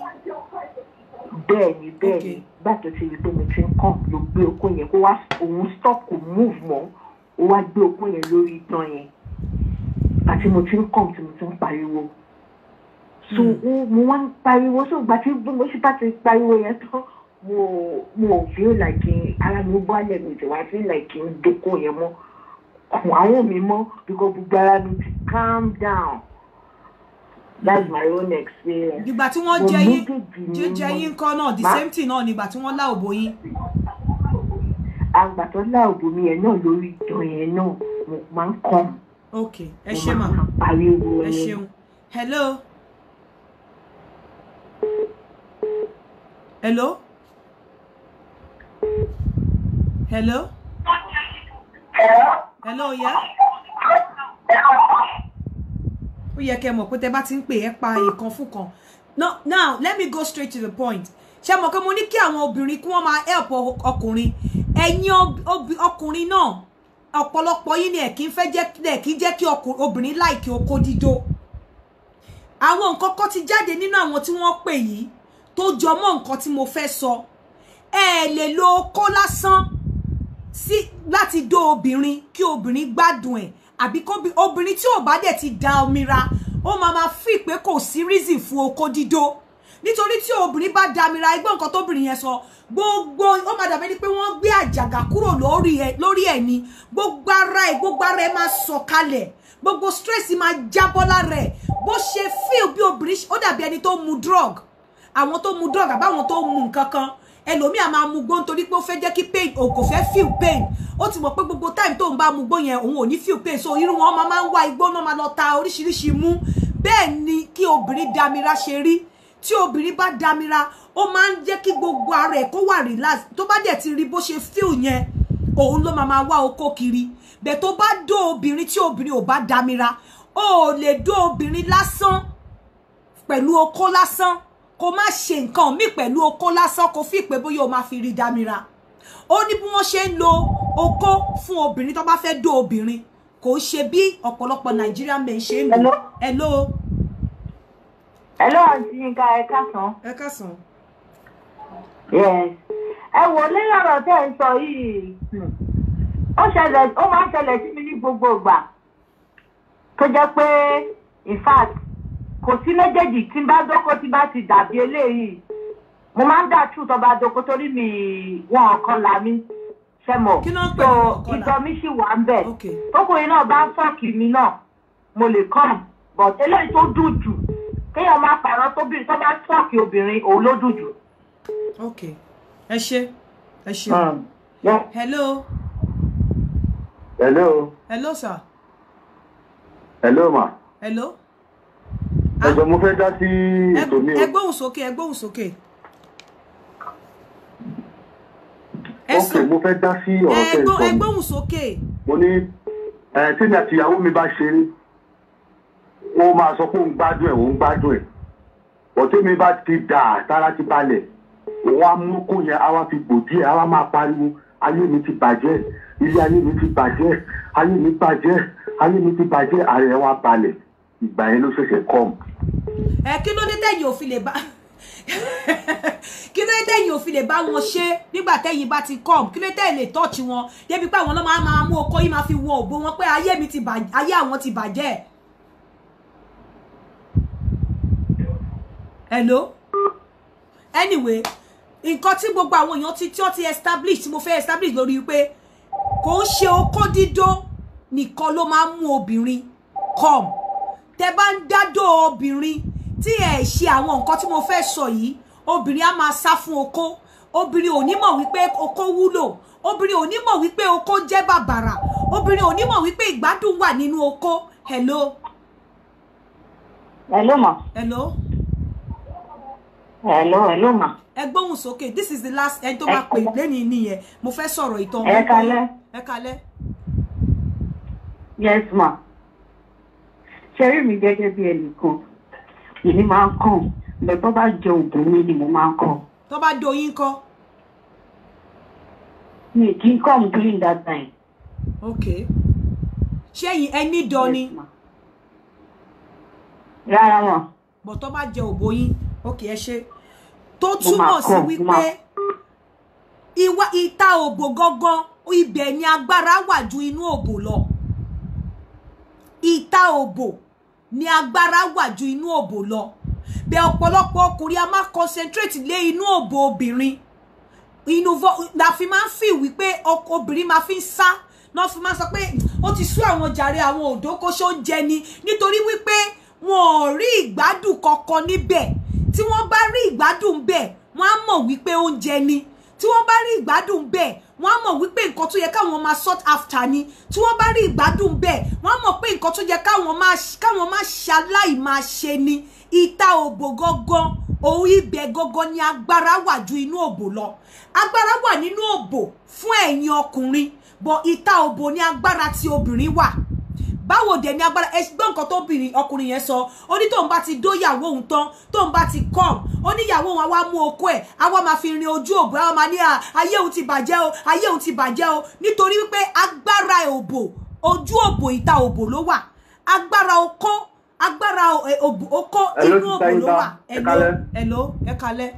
bẹ́ẹ̀ni bẹ́ẹ̀ni bàtọ ti rí pé mo ti ń kàn ló gbé okó yẹn kó wá òun stop kò move mọ́ ó wá gbé okó yẹn lórí idan yẹn àti mo ti ń kàn tí mo ti ń pariwo so mo wá ń pariwo so ìgbà tí mo ṣe bá ti pariwo yẹn tán mo mo feel like ara mi bọ́ alẹ́ mi ti feel like n doko yẹn mọ́ kùn àwọn mi mọ́ because gbogbo ara mi ti calm down that's my own experience. ìgbà tí wọ́n jẹ yín jíjẹ yín kọ́ náà the same thing náà nígbà tí wọ́n lá òbò yín. àgbà tó lá òbò mi yẹn náà lórí ìtàn yẹn náà mo máa ń kọ́. ok ẹ ṣe mà ẹ ṣeun hello. hello hello hello Hello, yeah. yẹ kẹ́ mọ̀ pé tẹ́ bá ti ń pè é pa ìkan fún now let me go straight to the point ṣe mọ̀ pé mo ní kí àwọn obìnrin kí wọ́n máa help ọkùnrin ẹ̀yin ọkùnrin náà ọ̀pọ̀lọpọ̀ yín ni ẹ̀ kí ń fẹ́ jẹ́ ẹ̀ kí ń like yo kodi do. oko dídó àwọn nǹkan kan ti jáde nínú àwọn tí wọ́n pè yìí tó jọ mọ́ nǹkan tí mo fẹ́ so, ẹ lè lo si lati do láti ki obìnrin kí obìnrin gbádùn ẹ̀ àbí obìnrin tí ò bá dẹ̀ ti da omira ó máa ma fi pé kò sí reason fún okó dídó nítorí tí obìnrin bá damira ẹgbọ́n nǹkan tóbìnrin yẹn sọ gbogbo ó máa dàbí ni pé wọ́n gbé lori e lórí ẹ̀ ni gbogbo ara ẹ̀ gbogbo ara ẹ̀ máa sọ̀kalẹ̀ gbogbo stress máa jábọ́ lára ẹ̀ bó ṣe feel bi obìnrin ó dàbí ẹni tó mu drug àwọn tó mu drug àbáwọn tó mu nǹkan kan ẹlòmíà máa mu gbó nítorí pé ó fẹ́ jẹ́ kí pain o kò fẹ́ feel pain ó ti mọ̀ pé gbogbo time tóun bá mu gbó yẹn òun ò ní feel pain so irú wọn máa ń wá igbó náà máa lọ ta oríṣiríṣi mú bẹ́ẹ̀ ni kí obìnrin damira ṣe rí tí obìnrin bá damira ó máa ń jẹ́ kí gbogbo ara ẹ̀ kó wà relax tó bá dẹ̀ ti rí bó ṣe feel yẹn òun ló máa máa wá okó kiri bẹ́ẹ̀ tó bá dó obìnrin tí obìnrin ò bá damira ó lè dó obìnrin lásán pẹ̀lú okó lásán kó má ṣe nǹkan míì pẹ̀lú okó lásán kó fi pé bóyá o máa fi rí dámira ó ní bí wọ́n ṣe ń lo okó fún obìnrin tó bá fẹ́ dó obìnrin kò ṣe bí ọ̀pọ̀lọpọ̀ Nigerian men ṣe ń lò hello. hello àǹtí Yinka ẹ káàsán. ẹ káàsán. ẹ wò lẹ́yìn ọ̀rọ̀ tẹ́ ẹ sọ yìí ó ṣẹlẹ̀ ó máa ń ṣẹlẹ̀ sí mi ní gbogbo ìgbà tó jẹ́ pé in fact kò sí méjèèjì tí n bá dóko tí bá ti dàbí eléyìí mo máa ń dà tù tó bá dóko torí mi wọn ọ̀kan là mí ṣe mọ̀ so ìtọ́ mi sì wà ń bẹ̀ tókùnrin náà bá ń fọ́ọ̀kì mi náà mo lè kàn but eléyìí tó dùn jù kéèyàn máa pààrọ̀ tóbìnrin tó bá fọ́ọ̀kì obìnrin òun ló dùn jù. ok ẹ ṣe ẹ ṣe. Um, hello. hello. hello sir. hello ma. hello. Ah. ẹ̀gbọ́n mo fẹ́ dá sí ètò mi o. ẹ gbóhùn sókè ẹ ok mo fẹ́ dá sí ọ̀rọ̀ tẹ̀ sọ ẹ gbóhùn sókè. mo ní tí mi àti ìyàwó mi bá ṣeré ó máa sọ pé òun gbádùn ẹ̀ òun gbádùn ẹ̀ ọ̀tí mi bá ti dà tára ti balẹ̀ òun á mú kó yẹn á wá fi gbòdì ẹ̀ á wá máa pariwo ayé mi ti bàjẹ́ ilé ayé mi ti bàjẹ́ ayé mi bàjẹ́ ayé mi ti bàjẹ́ ààrẹ wa balẹ̀ ìgbà yẹn ló ṣẹ̀ṣẹ̀ come. ẹ kí ló dé tẹ̀yìn ò fi lè bá kí ló dé tẹ̀yìn ò fi lè bá wọn ṣe nígbà tẹ̀yìn bá ti come kí ló dé tẹ̀yìn lè tọ́ọ̀chì wọn débi pé àwọn ọlọ́mọ á máa mú okó yìí máa fi wọ òbó wọn pé ayé mi ti bàjẹ́ ayé àwọn ti bàjẹ́. hello anyway nǹkan tí gbogbo àwọn èèyàn ti tí ó ti establish tí mo fẹ́ establish lórí pé kò ń ṣe okó dídó nìkan ló máa ń mú obìnrin come tẹ́ bá ń dádó obìnrin tí ẹ ṣe àwọn nǹkan tí mo fẹ́ sọ yìí obìnrin á máa sá fún okó obìnrin ò ní mọ̀ wípé okó wúlò obìnrin ò ní mọ̀ wípé okó jẹ́ bàbàrà obìnrin ò ní mọ̀ wípé ìgbádùn wà nínú okó hello. hello ma. hello. hello hello ma. ẹ gbóhùn this is the last ẹni tó bá pè lẹ́yìn nìyẹn mo fe sọ̀rọ̀ ìtàn. ẹ kalẹ́. ẹ kalẹ́. yes ma ṣe rí mi gẹ́gẹ́ bí ẹnìkan èmi máa ń kàn bẹ́ẹ̀ tó bá jẹ oògùn mi ni mo máa ń kọ́. tó bá doyin kọ́. mi kì í come during that time. ok ṣé ẹ̀yin ẹni dán ni. rárá wọn. bọ̀ tó bá jẹ òbò yín ok ẹ ṣe tó túmọ̀ sí wípé ìwà ìta òbò gangan ibẹ̀ ni agbára wà ju inú obo. lọ ìta òbò ni agbára wà ju inú òbò lọ bẹ ọ̀pọ̀lọpọ̀ ọkùnrin a máa concentrate lé inú òbò obìnrin inú vo la fi máa ń fi wípé obìnrin máa fi ń sá náà fi máa sọ pé ó ti sú àwọn jàre àwọn òdókóṣó ń jẹ ni nítorí wípé wọn ò rí ìgbádùn kankan níbẹ̀ tí wọ́n bá rí ìgbádùn bẹ́ẹ̀ wọ́n á mọ̀ wípé oúnjẹ ni tí wọ́n bá rí ìgbádùn bẹ́ẹ̀ wọ́n á mọ̀ wípé nǹkan tó yẹ káwọn máa sought after ni tí wọ́n bá rí ìgbádùn bẹ́ẹ̀ wọ́n á mọ̀ pé nǹkan tó yẹ káwọn máa káwọn máa ṣaláì máa ṣe ni ìta òbò gangan òun ibẹ̀ gangan ni agbára wà ju inú òbò lọ agbára wà nínú òbò fún ẹ̀yin ọkùnrin bọ̀ ìta òbò ni agbára ti obìnrin wà báwo dẹ̀ ni agbára ẹ gbọ́ nǹkan tó bìnrin ọkùnrin yẹn sọ ó ní tóun bá ti dó ìyàwó òun tán tóun bá ti kọ́ ó ní ìyàwó òun àwa mú okó ẹ̀ àwa máa fi rin ojú òbò àwa máa ní ayé òun ti bàjẹ́ o ayé òun ti bàjẹ́ o nítorí wípé agbára òbò ojú òbò ìta òbò ló wà agbára okó agbára eh, okó inú òbò ló wà ẹ̀ló ẹ̀kalẹ́.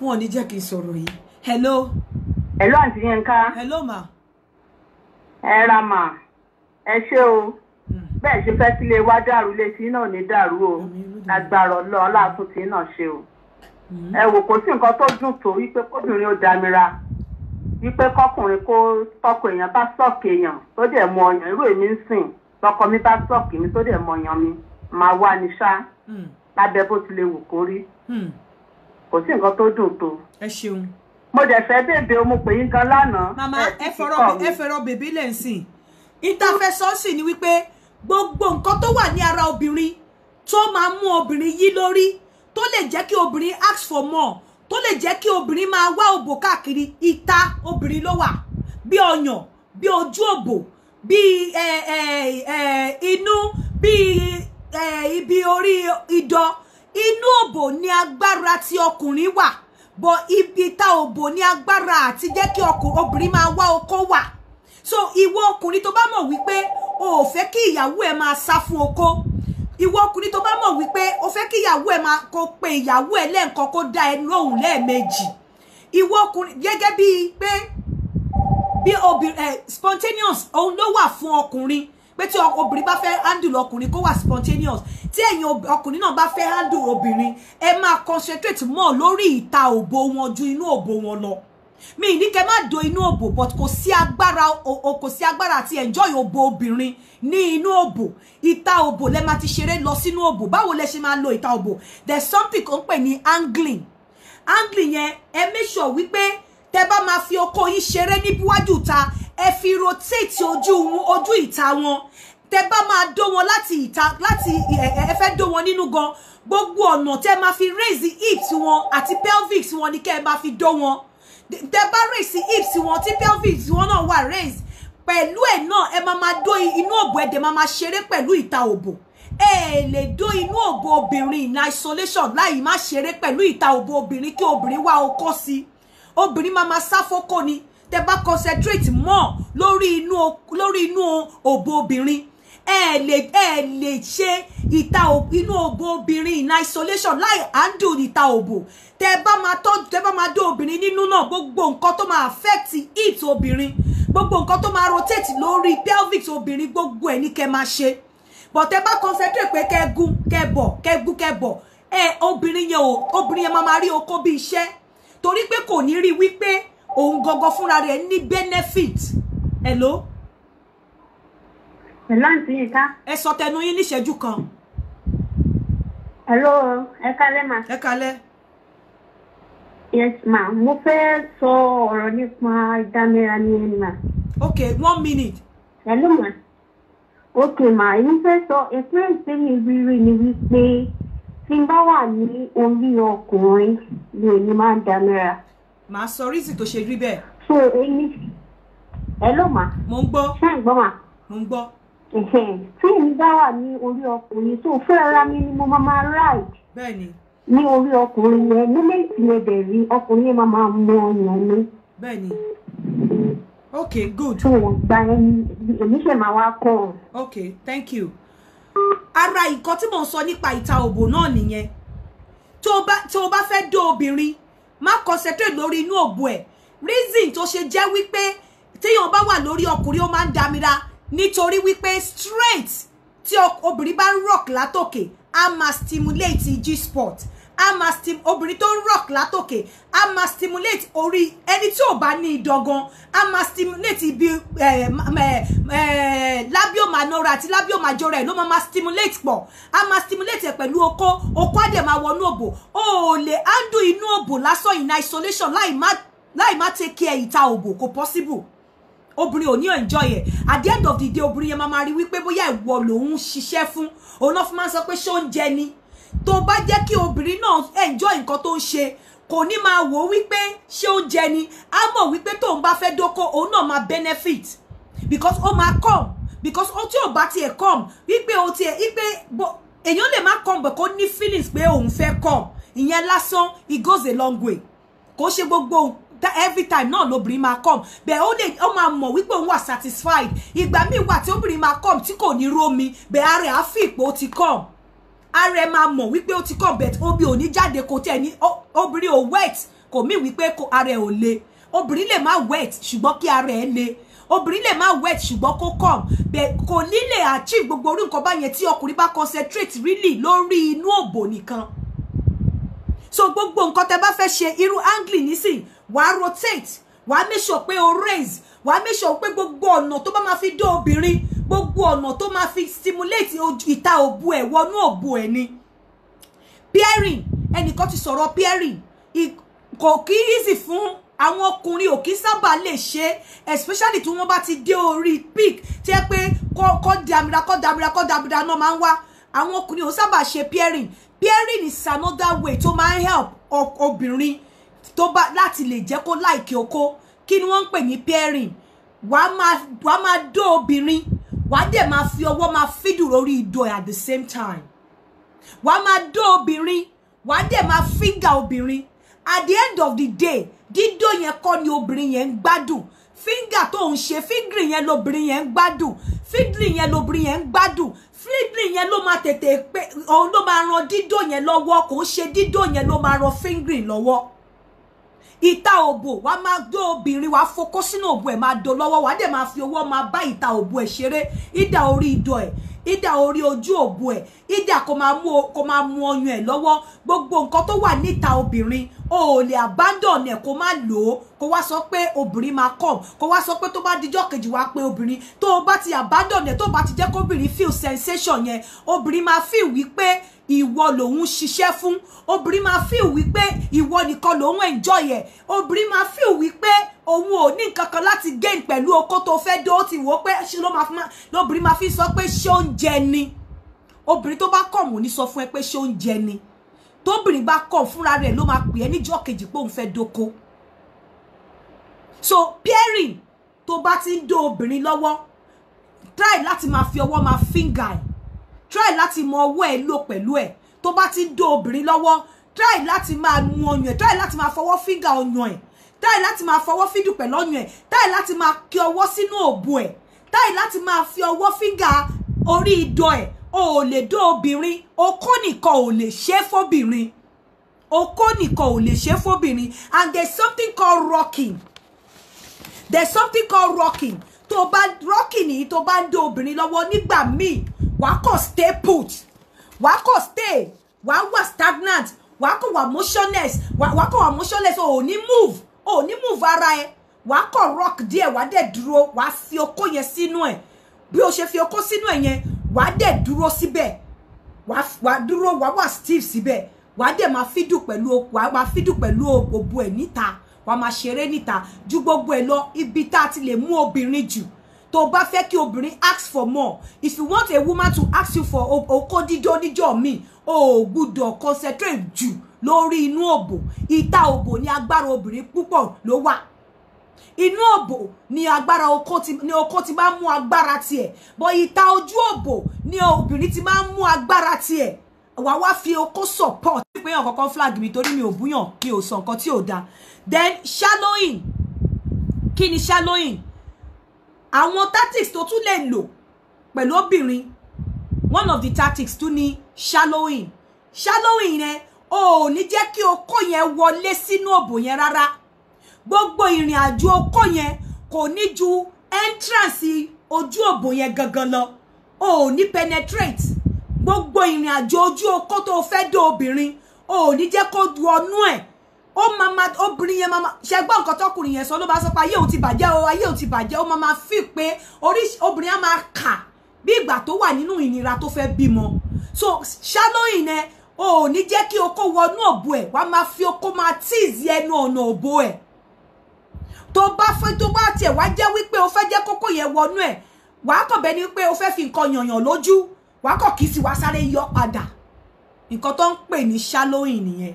wọn ò ní jẹ́ kí n sọ̀rọ̀ yìí hello. hello? hello? hello? hello àǹtí Yínká. hello ma. ẹ ra mà ẹ ṣé o hmm. bẹ́ẹ̀ ṣe fẹ́ sílé wa dàrú létí náà ní dàrú o lágbára ọlọ́ aláàtún tí náà ṣe o. Hmm. ẹ wò kó sí nǹkan tó dùn tó wípé kóbìnrin ó damira wípé kọkùnrin kó tọkọ èèyàn bá sọ̀kì èèyàn tó dẹ̀ mọ ọyàn irú èmi ń sìn tọkọ mi bá sọ̀kì mi tó dẹ̀ mọ ọyàn mi máa wá ní ṣá hmm. lábẹ́ bó ti lè kó rí kò sí nǹkan tó dùn tó. ẹ ṣeun mo dẹ̀ fẹ́ bèbè o mo pè yín kan lánàá. màmá ẹ fọ̀rọ̀ ẹ fẹ̀rọ̀ bèbí lẹ̀ ń sìn ìtafẹsọ́sì ni wípé gbogbo nǹkan tó wà ní ara obìnrin tó máa mú obìnrin yí lórí tó lè jẹ́ kí obìnrin ask for more tó lè jẹ́ kí obìnrin máa wá òbò káàkiri ìta obìnrin ló wà bí ọyàn bí ojú òbò bí inú bí ibi orí idọ inú òbò ni agbára ti ọkùnrin wà bọ̀ ibi tá ò bò ní agbára àti jẹ́ kí ọkùnrin obìnrin máa wá okó wà so ìwọ ọkùnrin tó bá mọ̀ wípé o ò fẹ́ kí ìyàwó ẹ máa sá fún okó ìwọ ọkùnrin tó bá mọ̀ wípé o fẹ́ kí ìyàwó ẹ máa kó pe ìyàwó ẹ lẹ́ẹ̀kan kó dá ẹ lóhùn lẹ́ẹ̀mejì ìwọ ọkùnrin gẹ́gẹ́ bíi pé bí obìnrin eh, spontaneous òun ló wa fun ọkùnrin pé tí obìnrin bá fẹ́ handle ọkùnrin kó wà spontaneous tí ẹ̀yin ọkùnrin náà bá fẹ́ handle obìnrin ẹ máa concentrate mọ́ lórí ìta òbò wọn ju inú òbò wọn lọ mi ní kẹ́ má do inú òbò but kò sí agbára o kò sí agbára àti enjoy òbò obìnrin ní inú òbò ìta òbò lẹ máa ti ṣeré lọ sínú òbò báwo lẹ ṣe máa lo ìta òbò there's something kan pè ní angling angling yẹn ẹ make sure wípé tẹ bá máa fi okó yín ṣeré níwájú ta ẹ fi rotate ojú ojú ìta wọn tẹ bá máa dó wọn láti ìta láti ẹ fẹ́ dó wọn nínú gan gbogbo ọ̀nà tẹ máa fi raise hips wọn àti pelvics wọn ni kẹ́ ẹ máa fi dó wọn tẹ bá raise hips wọn tí pelvics wọn náà wà raise pẹ̀lú ẹ̀ náà ẹ máa máa dó inú òbò ẹ̀dẹ̀ máa máa ṣeré pẹ̀lú ìta òbò ẹ lè dó inú òbò obìnrin in isolation láì má ṣeré pẹ̀lú ìta òbò obìnrin kí obìnrin wá okó sí obìnrin máa máa sáfókó ni tẹ bá concentrate more lórí inú lórí inú òbò obìnrin ẹ lè ẹ lè ṣe ìta inú òbò obìnrin in isolation láì handle ìta òbò tẹ bá máa tọ́jú tẹ bá máa dé obìnrin nínú náà gbogbo nǹkan tó máa affect it obìnrin gbogbo nǹkan tó máa rotate lórí pelvic obìnrin gbogbo ẹ̀ ní kẹ́ máa ṣe but tẹ bá concentrate pé kẹ́ gún kẹ́ bọ̀ kẹ́ gún kẹ́ bọ̀ ẹ obìnrin yẹn o obìnrin yẹn máa máa rí okó bí iṣẹ́ torí pé kò ní rí wípé òun gangan fúnra rẹ̀ ní benefit hello pẹ̀lú àǹtí yìí ká. ẹ sọ tẹnu yín níṣẹ́jú kan. hello ẹ kálẹ́ ma. ẹ kálẹ́. yes ma mo fẹ́ sọ ọ̀rọ̀ nípa ìdámẹ́ra ní ẹni ma. ok one minute. hello ma ok ma èmi fẹ́ sọ ẹ̀fẹ́ ìsẹ́yìn rírí ni wípé tí n bá wà ní orí ọkùnrin ni èmi máa ń dámẹ́ra. màá sọ rísì tó ṣe rí bẹ́ẹ̀. so èmi hello ma. mo ń gbọ́. ṣé ń gbọ́ ma. mo ń gbọ́. tí èmi bá wà ní orí ọkùnrin tó fẹ́ ra mi ni mo máa máa ride. ní orí ọkùnrin yẹn mílíọ̀tì yẹn dẹ̀ rí ọkùnrin yẹn máa máa mọ ọyàn mi. bẹ́ẹ̀ni. ok good. tó o gba ẹni èmi ṣe máa wá kọ́ ọ. ok thank you. ara nǹkan tí mò ń sọ nípa ìta òbò náà nìyẹn tó o bá fẹ́ dó obìnrin má concentrate lórí inú òbò ẹ̀ reason tó ṣe jẹ́ wípé téèyàn bá wà lórí ọkùnrin ó máa ń damira nítorí wípé straight tí obìnrin bá ń rock látòkè a máa stimulate G-spot a máa stim obìnrin tó ń rock látòkè a máa stimulate orí ẹni tí ò bá ní ìdọ̀gan a máa stimulate ibi eh, eh, eh labiomanoral àti labiomajora ẹ̀ ló máa máa stimulate pọ̀ a máa stimulate ẹ̀ pẹ̀lú okó okó àdè máa wọnú òbò o ò lè handle inú òbò lásán in isolation láì má láì má take care ìta òbò kò possible obìnrin ò ní enjoy ẹ̀ at the end of the day obìnrin yẹn máa máa rí wípé bóyá ìwọ lòun ṣiṣẹ́ fún òun náà fi máa ń sọ pé ṣó ń jẹ ni tó bá jẹ́ kí obìnrin náà enjoy nǹkan tó ń ṣe kò ní máa wò wípé ṣé ó jẹ ni á mọ̀ wípé tóun bá fẹ́ dóko òun náà máa benefit because ó máa come because ó tí ò bá tiẹ̀ come wípé ó tiẹ̀ wípé èèyàn lè má come but kó ní feelings pé òun fẹ́ come ìyẹn lásán it goes a long way kò ṣe gbogbo That every time náà lobìnrin máa come bẹ́ẹ̀ ó lè ó máa mọ̀ wípé òun wà satisfied ìgbà míì wà tí obìnrin máa come tí kò ní rómi bẹ́ẹ̀ ara ẹ̀ á fi ìpò ó ti come ara ẹ̀ máa mọ̀ wípé ó ti come bẹ́ẹ̀ obi ò ní jáde kò tẹ̀ ní obìnrin ò wet kò mí wípé ara ẹ̀ ò le obìnrin lè má wet ṣùgbọ́n kí ara ẹ̀ le obìnrin lè má wet ṣùgbọ́n kó come bẹ́ẹ̀ kò ní achieve gbogbo orí nǹkan báyẹn tí ọkùnrin bá concentrate really lórí inú òbò nìkan so gbogbo nǹkan tẹ bá fẹ́ ṣe irú angling nísìn wàá rotate wàá make sure pé o raise wàá make sure pé gbogbo ọ̀nà tó bá máa fi dé obìnrin gbogbo ọ̀nà tó máa fi stimulate ìta òbu ẹ̀ wọnú òbu ẹ̀ ni pairing ẹnìkan ti sọ̀rọ̀ pairing kò kí easy fun, àwọn ọkùnrin ò kí sábà lè ṣe especially tí wọ́n bá ti dé orí peak tí ẹ pé kọ́ dàmìrà kọ́ dàmìrà kọ́ dàmìrà náà máa ń wá àwọn ọkùnrin ò sábà ṣe pairing pairing is another way to my ń help obìnrin tó bá láti lè jẹ́ kó láìkè oko kí ni wọ́n ń pè ní pairing wàá máa wàá máa dó obìnrin wàá dẹ̀ máa fi ọwọ́ máa fídùn lórí ìdò at the same time wàá ma do obìnrin wàá dẹ̀ máa finger obìnrin at the end of the day dídó yẹn kọ́ ni obìnrin yẹn ń gbádùn fíngà tó ń finger fíngìrì yẹn lobìnrin yẹn ń Finger fíngìrì yẹn lobìnrin yẹn ń Finger fíngìrì yẹn ló máa tètè pé òun ló máa ran dídó yẹn lọ́wọ́ kò ń ṣe dídó yẹn ló máa ran fíngìrì lọ́wọ́ ìta òbò wa máa dó obìnrin wàá fokó sínú òbò ẹ̀ máa dó lọ́wọ́ wàá dẹ̀ máa fi owó máa bá ìta òbò ẹ̀ ṣeré ìdá orí ìdọ̀ ẹ̀ ìdá orí ojú òbò ẹ̀ ìdá kò máa mú kò máa mú ọyàn ẹ̀ lọ́wọ́ gbogbo nǹkan tó wà níta obìnrin o ò lè abandon ẹ̀ kó má lò ó kó wá sọ pé obìnrin máa come kó wá sọ pé tó bá dijọ́ kejì wá pé obìnrin tó o bá ti abandon ẹ̀ tó o bá ti jẹ́ kóbìnrin feel sensation yẹn obìnrin máa feel wípé ìwọ lòun ṣiṣẹ́ fún obìnrin máa feel wípé ìwọ nìkan lòun enjoy ẹ̀ obìnrin máa feel wípé òun ò ní nǹkan kan láti gain pẹ̀lú okó tó fẹ́ dé ó ti wò ó pé ṣe ló máa fi máa lóbìnrin máa fi sọ pé ṣé oúnjẹ ni obìnrin tó bá kọ̀ mù ní sọ fún ẹ pé ṣé oúnjẹ ni tóbìnrin bá kọ̀ fúnra rẹ̀ ló máa pè é níjọ́ kejì pé òun fẹ́ doko so pairing tó bá ti ń dó obìnrin lọ́wọ́ try láti máa fi ọwọ́ máa finger try láti mọ ọwọ́ ẹ lò pẹ̀lú ẹ tó bá ti ń dó obìnrin lọ́wọ́ try láti máa nu ọyàn ẹ try láti máa fọwọ́ fíńgà ọyàn ẹ try láti máa fọwọ́ fídù pẹ̀lú ẹ try láti máa kí ọwọ́ sínú òbu ẹ try láti máa fi ọwọ́ fíńgà orí idọ̀ ẹ o ò lè dó obìnrin okó nìkan ò lè ṣe é fóbìnrin okó nìkan ò lè ṣe é fóbìnrin and there is something called rocking there is something called rocking tó bá rocking yìí tó bá ń dó obìnrin lọ́wọ́ nígbà míì wàá kàn stay put wàá kàn stay wàá wà stagnant wàá kàn wà motionless wàá kàn wà motionless o ò ní move o ò ní move ara ẹ wàá kàn rock díẹ̀ wàá dẹ̀ dúró wàá fi okó yẹn sínú ẹ̀ bí o ṣe fi okó sínú ẹ̀ yẹn wàá dẹ̀ dúró síbẹ̀ wàá dúró wàá wà stiff síbẹ̀ wàá dẹ̀ máa fídù pẹ̀lú wàá máa fídù pẹ̀lú òbò ẹ̀ níta wàá máa ṣeré níta ju gbogbo ẹ̀ lọ ibi tá a ti lè mú obìnrin jù tó bá fẹ́ kí obìnrin ask for more if you want a woman to ask you for okó dídó níjọ́ mi o ò gbúdọ̀ concentrate jù lórí inú òbò ìta òbò ni agbára obìnrin púpọ̀ ló wà inú òbò ni agbára okó ti ni okó ti máa ń mú agbára tiẹ̀ bọ́ ìta ojú òbò ni obìnrin ti máa ń mú agbára tiẹ̀ wà wá fi oko support tí pé èèyàn kankan flag mi torí mi ò búyàn mi ò sọ nǹkan tí ò dáa then shallowing kí ni shallowing àwọn tactics tó tún lè lò pẹ̀lú obìnrin one of the tactics tún ni shallowing shallowing yẹn o ò ní jẹ́ kí okó yẹn wọlé sínú òbò yẹn rárá gbogbo ìrìn àjò okó yẹn kò ní ju entrance ojú òbò yẹn gangan lọ o ò ní penetrate gbogbo ìrìn àjò ojú okó tó fẹ́ dé obìnrin o ò ní jẹ́ kó du ọnú ẹ̀ ó máa ma obìnrin yẹn máa ma ṣe gbọ́ nǹkan tọkùnrin yẹn sọ ló bá sọ pé ayé òun ti bàjẹ́ o ayé òun ti bàjẹ́ ó máa ma fi pé orí obìnrin á máa kà bí ìgbà tó wà nínú ìnira tó fẹ́ bímọ so ṣálóyìn yẹn o ò ní jẹ́ kí okó wọnú òbò ẹ̀ wàá máa fi okó máa tíìzì ẹnu ọ̀nà òbò ẹ̀ tó bá fẹ́ tó bá tiẹ̀ wá jẹ́ wípé o fẹ́ jẹ́ kókó yẹn wọnú ẹ̀ wàá kàn bẹ́ẹ̀ wípé o fẹ́ fi nǹkan yànyàn lójú wàá kàn kí sí wàá sáré yọ padà nǹkan tó ń pè ní ṣálóyìn nìyẹn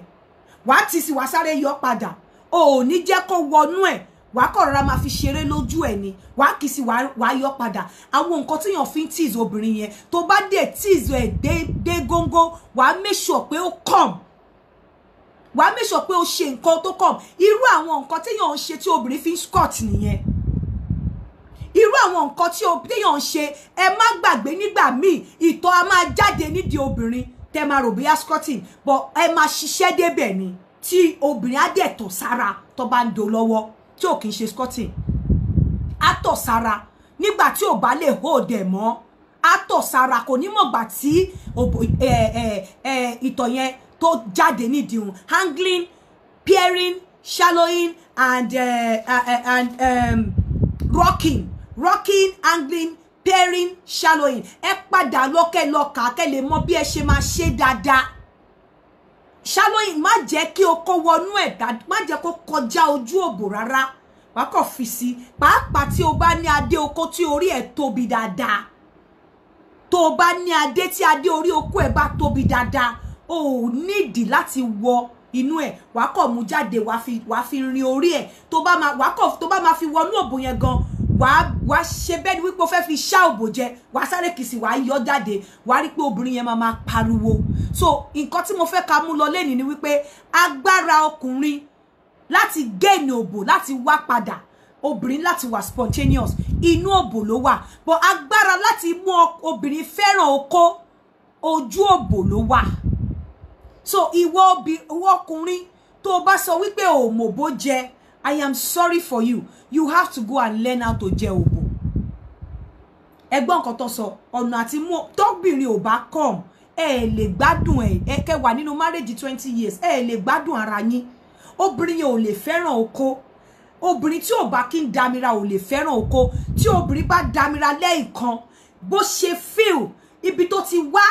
wàá ti sì wàá sáré yọ padà o ò ní jẹ́ kó wọnú ẹ̀ wàá kọ̀ rárá máa fi ṣeré lójú ẹ̀ ni wàá kì í sì wàá yọ padà àwọn nǹkan tíyàn fi ń tíìzì obìnrin yẹn tó bá dẹ̀ tíìzì ẹ̀ dé góńgó wàá make sure pé ó come wàá make sure pé ó ṣe nǹkan to come irú àwọn nǹkan tíyàn ń ṣe tí obìnrin fi ń scott nìyẹn irú àwọn nǹkan tí téèyàn ń ṣe ẹ má gbàgbé nígbà míì ìtọ̀ a máa jáde nídìí obìnrin tẹ́ máa rò bóyá squatting but ẹ máa ṣiṣẹ́ débẹ̀ ni tí obìnrin to dẹ̀ to sára tó bá ń do lọ́wọ́ tí ò kì í ṣe squatting á tọ̀ sára nígbà tí ò bá lè hold ẹ̀ mọ́ á tọ̀ sára kò ní eh eh ìtọ̀ yẹn to jáde nídìí òun angling peering shallowing and, uh, uh, uh, and um, rocking rocking angling pairing shallowing ẹ padà lọ́kẹ́ lọ́ka kẹ́ lè mọ bí ẹ ṣe máa ṣe dáadáa shallowing má jẹ́ kí o kó wọnú ẹ̀ má jẹ́ kó kọjá ojú òbò rárá wàá kàn fi sí pàápàá tí o bá ní adé okó tí orí ẹ̀ tóbi dáadáa tó o bá ní adé tí adé orí okó ẹ̀ bá tóbi dáadáa o ò nídìí láti wọ inú ẹ wàá kàn mú jáde wàá fi rin orí ẹ tó bá máa fi wọnú òbò yẹn gan wàá wàá ṣe bẹ́ẹ̀ ni wípé o fẹ́ fi ṣá òbò jẹ wàá sáré kìsì wàá yọ jáde wàá rí pé obìnrin yẹn máa máa pariwo so nǹkan tí mo fẹ́ ka mú lọ lẹ́nìí ni wípé agbára ọkùnrin láti gẹ́ẹ̀nì òbò láti wá padà obìnrin láti wà spontaneous inú òbò ló wà but agbára láti mú obìnrin fẹ́ràn okó ojú òbò ló wà so ìwọ ọkùnrin tó o bá sọ wípé òmòbó jẹ I am sorry for you. You have to go and learn how to jẹ òbò. Ẹgbọ́n nǹkan tó sọ, ọ̀nà àti mú tọ́gbìnrin ò bá come, ẹ lè gbádùn ẹ̀ ẹ kẹ́ wà nínú márèjì twenty years, ẹ lè gbádùn ara yín. Obìnrin yẹn ò lè fẹ́ràn oko. Obìnrin tí ò bá kí ń damira ò lè fẹ́ràn oko. Tí obìnrin bá damira lẹ́ẹ̀kan, bó ṣe feel ibi tó ti wá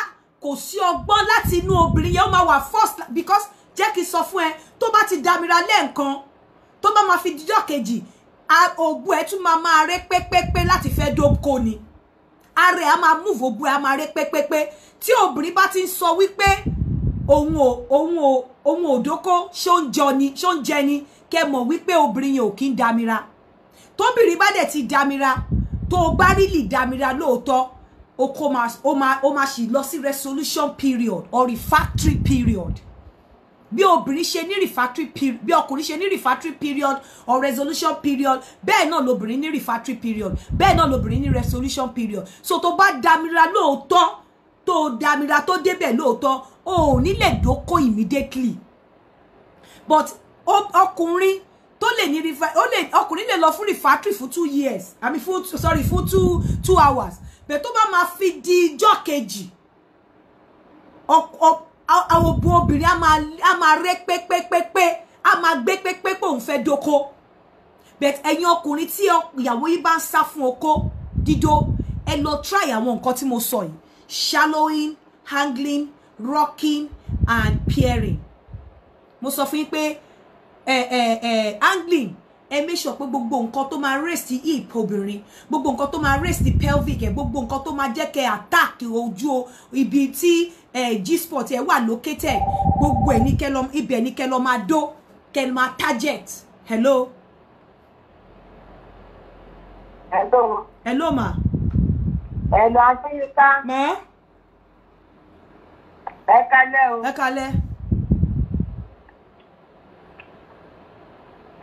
kò sí ọgbọ́n láti inú obìnrin yẹn ó máa wà first because jẹ́ kí n sọ fún ẹ tó bá ti damira lẹ́ẹ̀kan tó bá máa fi dídọ́ kejì ògùn ẹ̀ tún máa máa ré pépépé láti fẹ́ dóko ni ara A á máa múvò ògùn ẹ̀ a máa ré pépépé tí obìnrin bá ti ń sọ wípé òun ò òun ò òun ò dóko ṣó ń jẹ ni kẹ mọ̀ wípé obìnrin yẹn ò kí ń damira tóbìnrin bá dẹ̀ ti damira tó o bá rí lì damira lóòótọ́ o kò máa o máa o máa sì lọ sí resolution period or refactory period bí obìnrin ṣe ní refractory period bí ọkùnrin ṣe ní refractory period or resolution period bẹ́ẹ̀ náà lobìnrin ní refractory period bẹ́ẹ̀ náà lobìnrin ní resolution period so tó bá damira lóòótọ́ tó damira tó débẹ̀ lóòótọ́ o ò ní lè dóko immediately but ọkùnrin tó lè ní ọkùnrin lè lọ fún refractory fún two years i mean for sorry for two two hours bẹ́ẹ̀ tó bá máa fi di ijọ́ kejì ọkùnrin àwọn òbò obìnrin á máa ré pépépépé á máa gbé pépépé òun fẹ́ doko but ẹ̀yin ọkùnrin tí ìyàwó yìí bá ń sá fún oko dídó ẹ lọ try àwọn nǹkan tí mo sọ yìí shallowing angling rocking and peering mo sọ fún yín pé eh, eh, eh, angling ẹ make sure pé gbogbo nǹkan tó máa raise sí hip obìnrin gbogbo nǹkan tó máa raise sí pelvic ẹ gbogbo nǹkan tó máa jẹ́ kẹ́ attack ojú ibi tí eh, G-spot ẹ wà located gbogbo ẹ̀ ní kẹ́ lọ ibẹ̀ ní kẹ́ lọ máa dó kẹ́ lọ máa target hello. hello hello ma. hello àti yíká. mẹ́. ẹ kalẹ́ o. ẹ kalẹ́.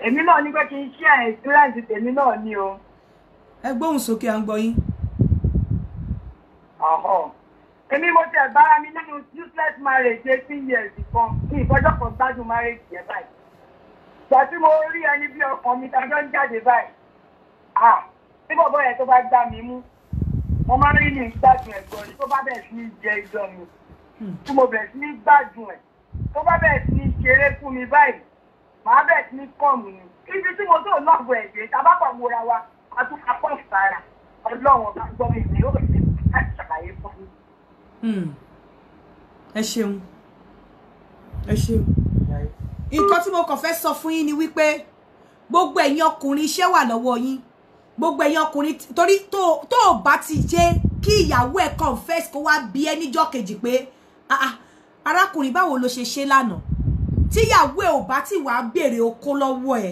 èmi náà ní pé kí n ṣí à experience tèmi náà ni o. ẹ gbóhùn sókè à ń gbọ́ yín. ọ̀họ́ èmi mo tẹ̀ bára mi nínú useless marriage eighteen years kan ní ìfọjọ́ kan gbádùn marriage yẹn báyìí. ìgbà tí mo rí ẹni bí ọkàn mi tàbí ọ̀n jáde báyìí tí bọ̀bọ̀ yẹn tó bá gbá mi mú mo máa ń rí ní gbádùn ẹ̀ gan ni tó bá bẹ̀rẹ̀ sí ní jẹ ìjọ mi hmm. tí mo bẹ̀rẹ̀ sí ní gbádùn ẹ̀ tó bá bẹ̀rẹ̀ sí ṣeré fún mi báyìí màá bẹ̀rẹ̀ sí ní kọ́ọ̀mù yẹn ibi tí mo tó lọ́ọ̀bù ẹ̀jẹ̀ tábà pàmòra wa a tún ká pọ̀ sára ọlọ́run ọba gbọ́ mi ìwé yóò ṣe láti ṣàlàyé fún mi. Hmm. ẹ ṣeun ẹ ṣeun nǹkan tí mo kàn fẹ́ sọ fún yín ni wípé gbogbo ẹ̀yin ọkùnrin iṣẹ́ wà lọ́wọ́ yín gbogbo ẹ̀yin ọkùnrin torí tó o bá ti jẹ́ kí ìyàwó ẹ̀ confess kó wá bí ẹ níjọ́ kejì pé ah, ah, arákùnrin báwo ló ṣe ṣe lánàá tíyàwó ẹ ò bá ti wàá béèrè okó lọ́wọ́ ẹ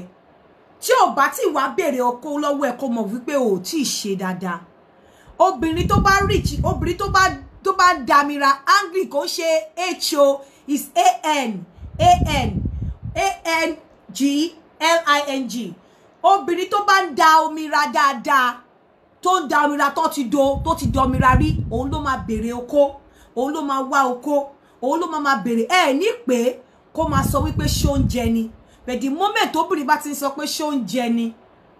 tí ò bá ti wàá béèrè okó lọ́wọ́ ẹ kó mọ̀ wípé ò tí ṣe dáadáa obìnrin tó bá rich obìnrin tó bá tó bá damira angry kò ṣe ho is an an an g ling obìnrin tó bá ń da omira dáadáa tó ń da omira tó ti do tó ti dọmira rí òun ló máa béèrè oko òun ló máa wá oko òun ló máa máa béèrè ẹ ní pé kó máa sọ wípé ṣé oúnjẹ ni but the moment obìnrin bá ti ń sọ pé ṣé oúnjẹ ni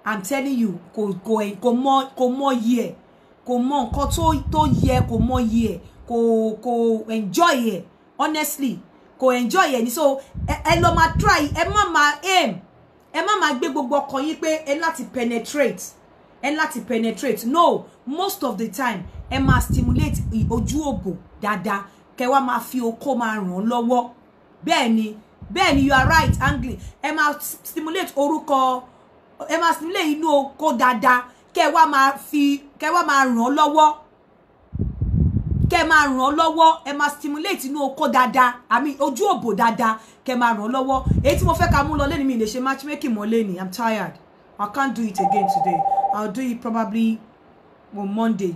i'm telling you kò kò kò mọ kò mọ yẹ kò mọ nǹkan tó tó yẹ kò mọ yẹ kò kò enjoy ẹ honestly kò enjoy ẹ ní so ẹ lọ máa try ẹ má máa aim ẹ má máa gbé gbogbo ọkàn yín pé ẹ láti penetrate ẹ láti penetrate no most of the time ẹ máa stimulate ojú òbò dáadáa kẹ wá máa fi okó máa ràn án lọ́wọ́ bẹ́ẹ̀ ni bẹ́ẹ̀ ni you are right Angry. ẹ máa stimulate orúkọ ẹ máa stimulate inú oko dáadáa kẹ wá máa fi kẹ wá máa ràn án lọ́wọ́ kẹ máa ràn án lọ́wọ́ ẹ máa stimulate inú oko dáadáa àmì ojú òbò dáadáa kẹ máa ràn án lọ́wọ́ èyí tí mo fẹ́ ká mú lọ lẹ́nu mi lè ṣe matchmaking mọ́ lẹ́nu i'm tired i can't do it again today i'll do it probably on monday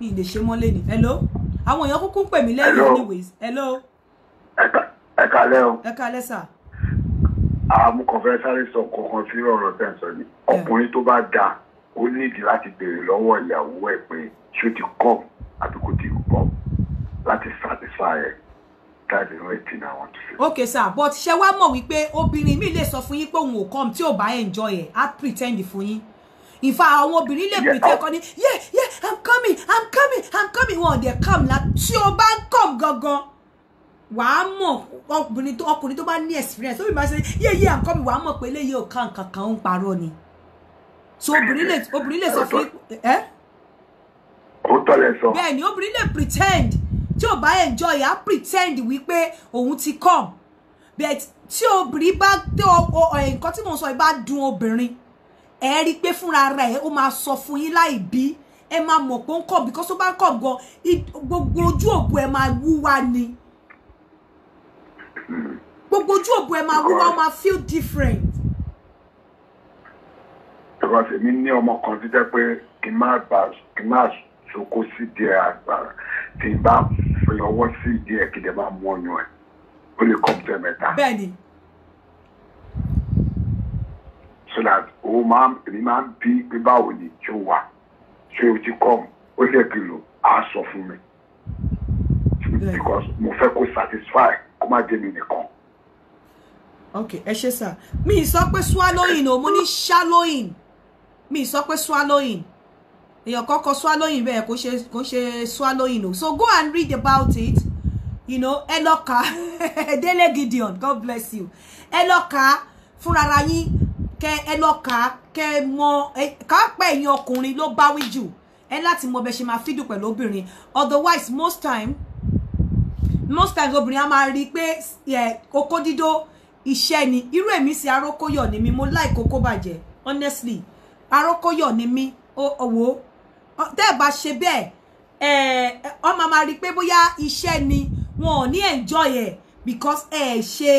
mi lè ṣe mọ́ lẹ́nu hello àwọn èèyàn kúkú ń pè mí lẹ́yìn anyways hello ẹ kalẹ́ o. ẹ kalẹ́ sà. àmú kọfẹ́sárì sọ kankan sí ọ̀rọ̀ tẹ̀sán ni ọkùnrin tó bá da ó nídìí láti béèrè lọ́wọ́ ìyàwó ẹ̀ pé ṣó ti kọ́ àbí kò ti kọ́ láti satisfy ẹ̀ láti rán ètí náà wọ́n ti fi. ok sir but ṣé wàá mọ̀ wípé obìnrin mi lè sọ fún yín pé òun ò kọ́m tí ò bá enjoy ẹ̀ á pretend fún yín ìfà àwọn obìnrin lè pretend oh. kọ́ ni yeah yeah i'm coming i'm coming i'm coming wọn ò dẹ̀ come la tí o bá ń come gangan wàá mọ̀ ọkùnrin tó ọkùnrin tó bá ní experience ó bí máa ṣe yé yé à ń kọ́ mi wàá mọ̀ pé eléyìí ò ká nǹkan kan ń parọ́ ni so obìnrin lè obìnrin lè sọ fún ẹ. ó tọ́lẹ̀ sọ. bẹ́ẹ̀ ni obìnrin lè pretend tí ò bá enjoy á pretend wípé òun ti come but tí obìnrin bá tẹ nǹkan tí mò ń sọ yìí bá dùn obìnrin ẹ rí i pé fúnra ara ẹ ó máa sọ fún yín láì bí ẹ máa mọ̀ pé ó ń kọ̀ bí kọ́sọ́ bá ń kọ̀ gan gbogbo ojú òbò ẹ máa wúwa ni gbogbo ojú òbò ẹ máa wúwa ó máa feel different. because èmi ní ọmọ kan tó jẹ́ pé kì í má bà kì í má soko sí díẹ̀ àgbàrá tí n bá fi ọwọ́ sí díẹ̀ kí lè máa mú ọyàn ẹ̀ ó lè kọ́ ọ̀tẹ̀ mẹ́ta. bẹ́ẹ̀ni. so that o máa èmi máa ń bí pé báwo ni jó wà ṣé o ti kọ́ ó lè kí lò á sọ fún mi because mo fẹ́ kó satisfy kó má jẹ́ mi nìkan ok ẹ ṣe sà mi ì sọ pé swallowing o mo ní shallowing mi ì sọ pé swallowing èèyàn kan kọ swallowing bẹ́ẹ̀ kò ṣe kò ṣe swallowing o so go and read about it you know ẹ lọ Dele Gideon God bless you ẹ lọ kà á fúnrara yín kẹ ẹ lọ kà á kẹ mọ kà á pẹ ẹ̀yin ọkùnrin ló bá wí jù ẹ láti mọ bẹ ṣe máa fídù pẹ̀lú obìnrin otherwise most time most times obìnrin a máa rí i pé okó dídó iṣẹ́ ni irú èmi sì arókóyọ̀ ni mi mo like kókó bàjẹ́ honestly arókóyọ̀ ni mi owó tẹ́ ẹ̀ bá ṣe bẹ́ẹ̀ ẹ̀ ọmọ máa rí i pé bóyá iṣẹ́ ni wọn ò ní enjoy ẹ̀ because ẹ̀ eh, ṣe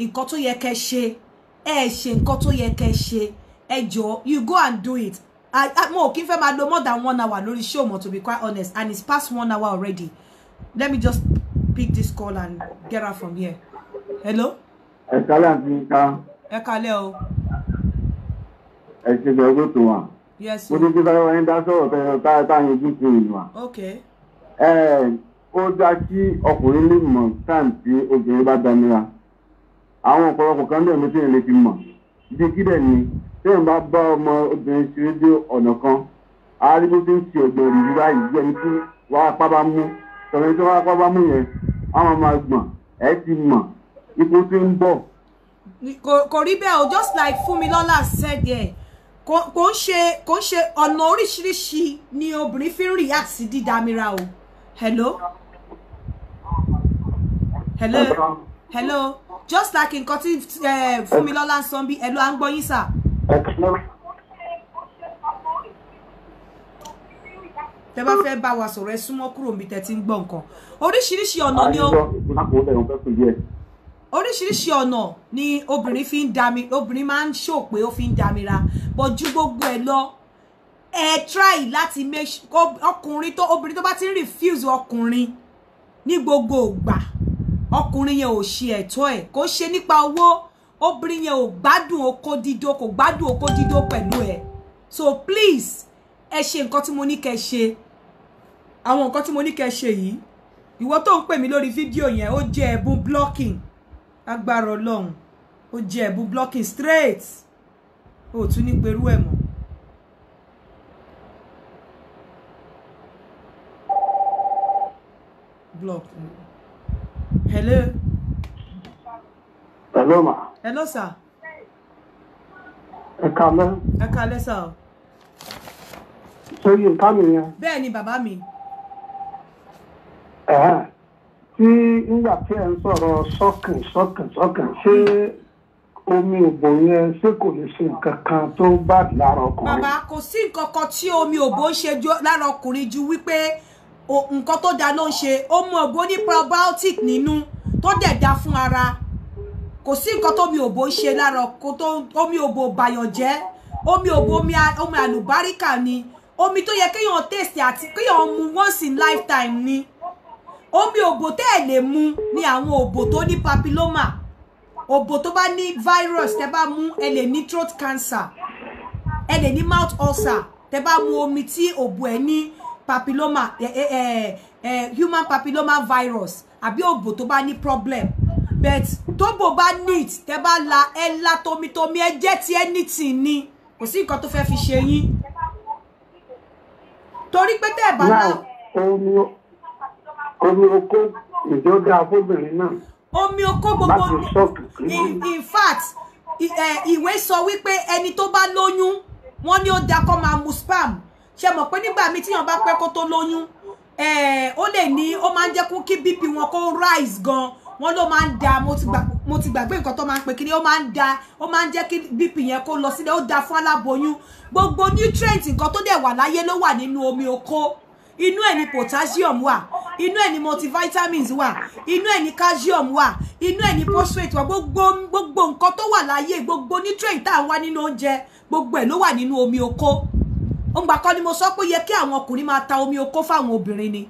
nǹkan tó yẹ kẹ́ ṣe ẹ̀ eh, ṣe nǹkan tó yẹ kẹ́ ṣe ẹ eh, jọ you go and do it mo ò kí n fẹ́ máa lo more than one hour lórí show mo to be quite honest and it's past one hour already let me just pick this call and get out from here hello ẹ kálẹ̀ àti nǹka. ẹ kálẹ̀ o. ẹ ṣe bẹ ọgọ́ tó wà. yes mo ní kí sáré wáyé dá sọ̀rọ̀ tẹ̀yọ̀ táyà táyà ojú ti rìn wá. ok. ẹ ó dá kí ọkùnrin lè mọ̀ táìm tí obìnrin bá dámira àwọn ọ̀pọ̀lọpọ̀ kan dẹ̀ ní lè fi mọ̀ bí kí dẹ̀ ni téèyàn bá bá ọmọ obìnrin ṣeré dé ọ̀nà kan arígbó tó ń ṣe ọ̀gbọ̀n ìlú báyìí bí ẹni tí wàá pábá mú tọ̀rọ̀ ẹni tó wàá pábá mú yẹn àwọn máa gbọ̀n ẹ ti mọ̀ ipò tí ń bọ̀. kò rí bẹ́ẹ̀ o just like Fúnmilọ́lá said there kò ń ṣe kò ń ṣe ọ̀nà oríṣiríṣi ni obìnrin fi ń react sí dídámira o hello hello hello just like nǹkan tí eh, Fúnmilọ́lá ń sọ Hello, ẹ̀ ló à ń gbọ́ yín sà. tẹ bá fẹ́ bá wa sọ̀rọ̀ ẹ súnmọ́ kúrò níbi tẹ ti ń gbọ́ nǹkan oríṣiríṣi ọ̀nà ni ó oríṣiríṣi ọ̀nà ni obìnrin fi ń dami obìnrin máa ń ṣò pé ó fi ń damira bọ́ ju gbogbo ẹ̀ lọ ẹ try láti make ọkùnrin tó obìnrin tó bá ti ń refuse ọkùnrin ní gbogbo ògbà ọkùnrin yẹn ò ṣe ẹ̀tọ́ ẹ̀ kó ṣe nípa owó obìnrin yẹn ò gbádùn okó dídó kò gbádùn okó dídó pẹ̀lú ẹ̀ so please ẹ ṣe nǹkan tí mo ní kẹ́ ṣe àwọn nǹkan tí mo ní kẹ́ ṣe yìí ìwọ tó ń pè mí lórí fídíò yẹn ó jẹ́ ẹ̀bùn blocking agbára ọlọ́run ó jẹ́ ẹ̀bù blocking straight ó tún ní pẹ̀lú ẹ̀ mọ́. hello. hello ma. hello sir. ẹ kalẹ́. ẹ kalẹ́ sir o. sórí nǹkan mi yẹn. bẹ́ẹ̀ ni bàbá mi. ẹ̀hán tí nígbà tí ẹ ń sọ̀rọ̀ sọ́kàn sọ́kàn sọ́kàn ṣé omi òbò yẹn ṣé kò lè ṣe nǹkan kan tó bá lára ọkùnrin. bàbá kò sí nǹkan kan tí omi òbò ń ṣe lára ọkùnrin ju wípé nǹkan tó dáa ló ń ṣe omi òbò ní probiotic nínú tó dẹ̀ dáa fún ara kò sí nǹkan tómi òbò ń ṣe lára omi òbò bàyànjẹ́ omi òbò omi àlùbáríkà ni omi tó yẹ kéèyàn tèsì àti kéèyàn mu once in lifetime ni omi òbò tẹ́ ẹ̀ lè mu ni àwọn òbò tó ní papilloma òbò tó bá ní virus tẹ́ bá mu ẹ lè ní throat cancer ẹ lè ní mouth ulcer tẹ́ bá mu omi tí òbò ẹ ní papilloma eh, eh, eh, human papilloma virus àbí òbò tó bá ní problem but tóbò bá neat tẹ́ bá la ẹ la tomitomi ẹ jẹ́ ti anything ni kò sí nǹkan tó fẹ́ fi ṣe yín torí pé tẹ́ ẹ̀ bá la omi okó ìjọba afọbìnrin náà. omi okó gbogbo in fact ìwé sọ wípé ẹni tó bá lóyún wọ́n ní ó da kó máa mu spam ṣe mọ̀ pé nígbà míì tíyàn bá pẹ́ kó tó lóyún ó lè ní ó máa ń jẹ́ kó kí bp wọn kó rise gan wọ́n ló máa ń da mo ti gbàgbé nǹkan tó máa ń pè kí ni ó máa ń da ó máa ń jẹ́ kí bp yẹn kó lọ sílẹ̀ ó da fún aláboyún gbogbo nutrient nǹkan tó dẹ̀ wà láyé ló wà nínú omi okó inú ẹ̀ ni potassium wà inú ẹ̀ ni multivitamins wà inú ẹ̀ ni calcium wà inú ẹ̀ ni phosphate wà gbogbo gbogbo nǹkan tó wà láyé gbogbo nutrient tá à ń wá nínú oúnjẹ gbogbo ẹ̀ ló wà nínú omi oko òǹgbà kan ni mo sọ pé yẹ kí àwọn ọkùnrin máa ta omi oko fáwọn obìnrin ni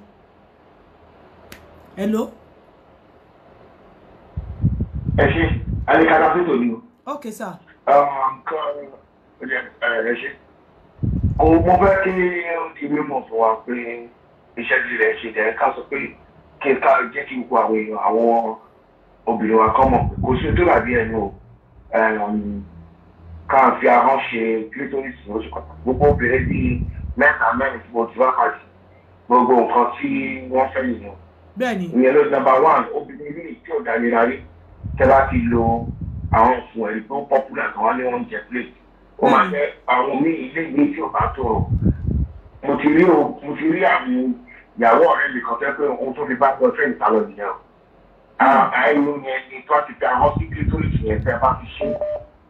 hello. ẹ ṣe alẹ́ fito fún tòní o. ok sir. ẹ ṣe kò mo fẹ́ kí ó di mímọ̀ fún wa pé iṣẹ́ ti rẹ̀ ṣe dẹ̀ ká sọ pé kí ká jẹ́ kí gbogbo àwọn èèyàn àwọn obìnrin wa kọ́ mọ̀ pé kò sí tó dàbí ẹnu o ká fi ahọ́n ṣe clitoris ní oṣù kan gbogbo obìnrin bíi mẹ́ta mẹ́rin tí mo ti bá pàdé gbogbo nǹkan tí wọ́n fẹ́ nìyẹn. bẹ́ẹ̀ni ìyẹn ló number one obìnrin yìí tí ò dánira rí tẹ́ bá ti lo àwọn oògùn ẹ̀rí tó popular kan wá ní oúnjẹ plate ó máa hmm. jẹ àwọn míì ilé ìgbé tí ò bá tòrò mo ti rí mo ti rí àwọn ìyàwó ọ̀rẹ́ mi kan tẹ́ pé òun tó fi bá gbọ́ fẹ́ ìta lọ nìyẹn àìní yẹn ni tó ti fi àwọn síkírítórìtì yẹn fẹ́ bá fi ṣe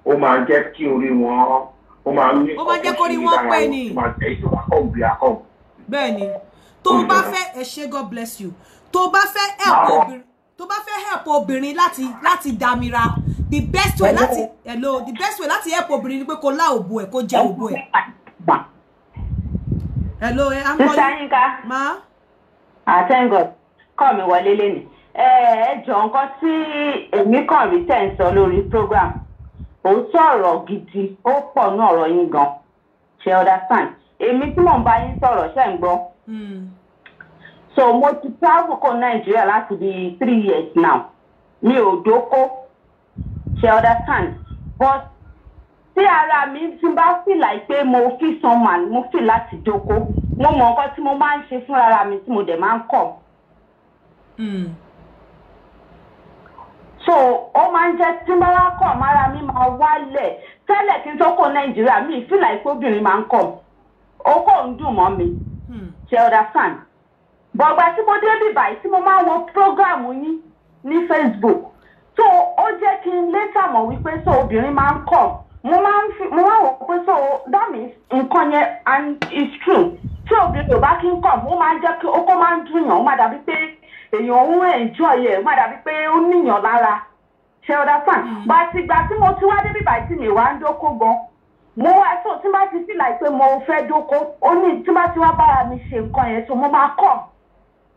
ó máa jẹ́ kí orí wọn ó máa ń ní ọkọ̀ sí ìdára wọn ó máa jẹ́ ìjọba kọ̀ọ̀ tó o bá fẹ́ ẹ ṣe god bless you tó o bá fẹ́ help obìnrin tó o bá fẹ́ help obìnrin láti dàmíra the best way láti hello the best way láti help obìnrin ni pé kó lá òbò ẹ̀ kó jẹ òbò ẹ̀. hello ẹ ń kọ́ yín ma. àtẹ́ǹgọ̀ kọ́ mi wọlé lẹ́nu ẹ jọ nǹkan tí èmi kàn rí tẹ̀ ń sọ lórí program òótọ́ ọ̀rọ̀ gidi ó pọ̀ ní ọ̀rọ̀ yín gan ṣe understand èmi tí mò ń bá yín sọ̀rọ̀ ṣe ń gbọ́ hmm. so mo ti travel kó nàìjíríà láti bíi three years now mi ò dóko ṣe understand but tí ara mi ti bá fìlà pé mo fi sanman mo fi lati jókòó mo mọ nǹkan tí mo máa ń ṣe fún ara mi tí mo de máa ń kọ̀. Hmm. so ó máa ń jẹ́ tí bá wá kọ̀ mára mi máa wálẹ̀ tẹ́lẹ̀ kí n tó kó nàìjíríà mi ìfìlà pé obìnrin máa ń kọ̀ ó kò ń dùn mọ́ mi ṣe hmm. understand bọ̀gbà tí mo dé bíbáyìí tí mo máa ń wo prógráàmù yín ní Facebook so ó jẹ́ kí n létà mọ̀ wípé so obìnrin máa ń kọ̀ mo máa ń fi so that means nǹkan yẹn and it's true tí obìnrin ò bá kí kọ̀ mo máa ń jẹ́ kí máa ń ó máa dàbí pé èèyàn ń enjoy ẹ̀ ó máa dàbí pé ó níyàn lára ṣe ọ̀dà fan ti tí mo ti wá débi bàtì mi wá ń dóko mo wá so tí bá ti sí láì pé mo fẹ́ dóko ó ní mi ṣe nǹkan yẹn so mo máa kọ̀.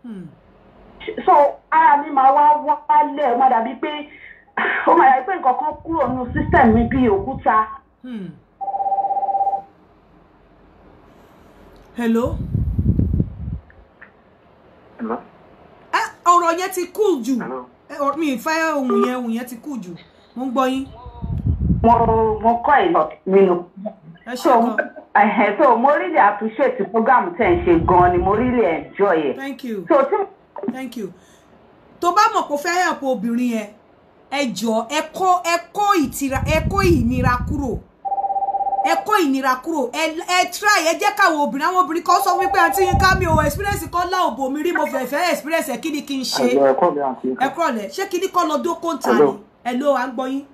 Hmm. so ara mi máa wá wálẹ̀ ó máa dàbí pé ó máa dàbí pé nǹkan kan kúrò nínú system mi bíi òkúta. Hmm. hello. hello. ah ọ̀rọ̀ yẹn ti cool jù mi ìfẹ́ ohun yẹn ohun yẹn ti cool jù mo ń gbọ́ yín. mo mo kọ́ ìlọ nínú. ẹ ṣe kan so mo really appreciate program tẹ̀ ń ṣe gan-an ni mo really enjoy it. thank you. so tí mo thank you tó bá mọ̀ kó fẹ́ help obìnrin yẹn ẹ jọ̀ọ́ ẹ kó ẹ kó ìtira ẹ kó ìnira kúrò ẹ kó ìnira kúrò ẹ ẹ try ẹ jẹ́ káwọn obìnrin àwọn obìnrin kan sọ fún mi pé àti yín ká mi ò experience kan lá òbò mi rí mo fẹ́ fẹ́ experience ẹ kí ni kí n ṣe ẹ kúrọ̀ lẹ̀ ṣé kí ni kọ́ lọ dókó ń ta ni ẹ ló à ń gbọ́ yín.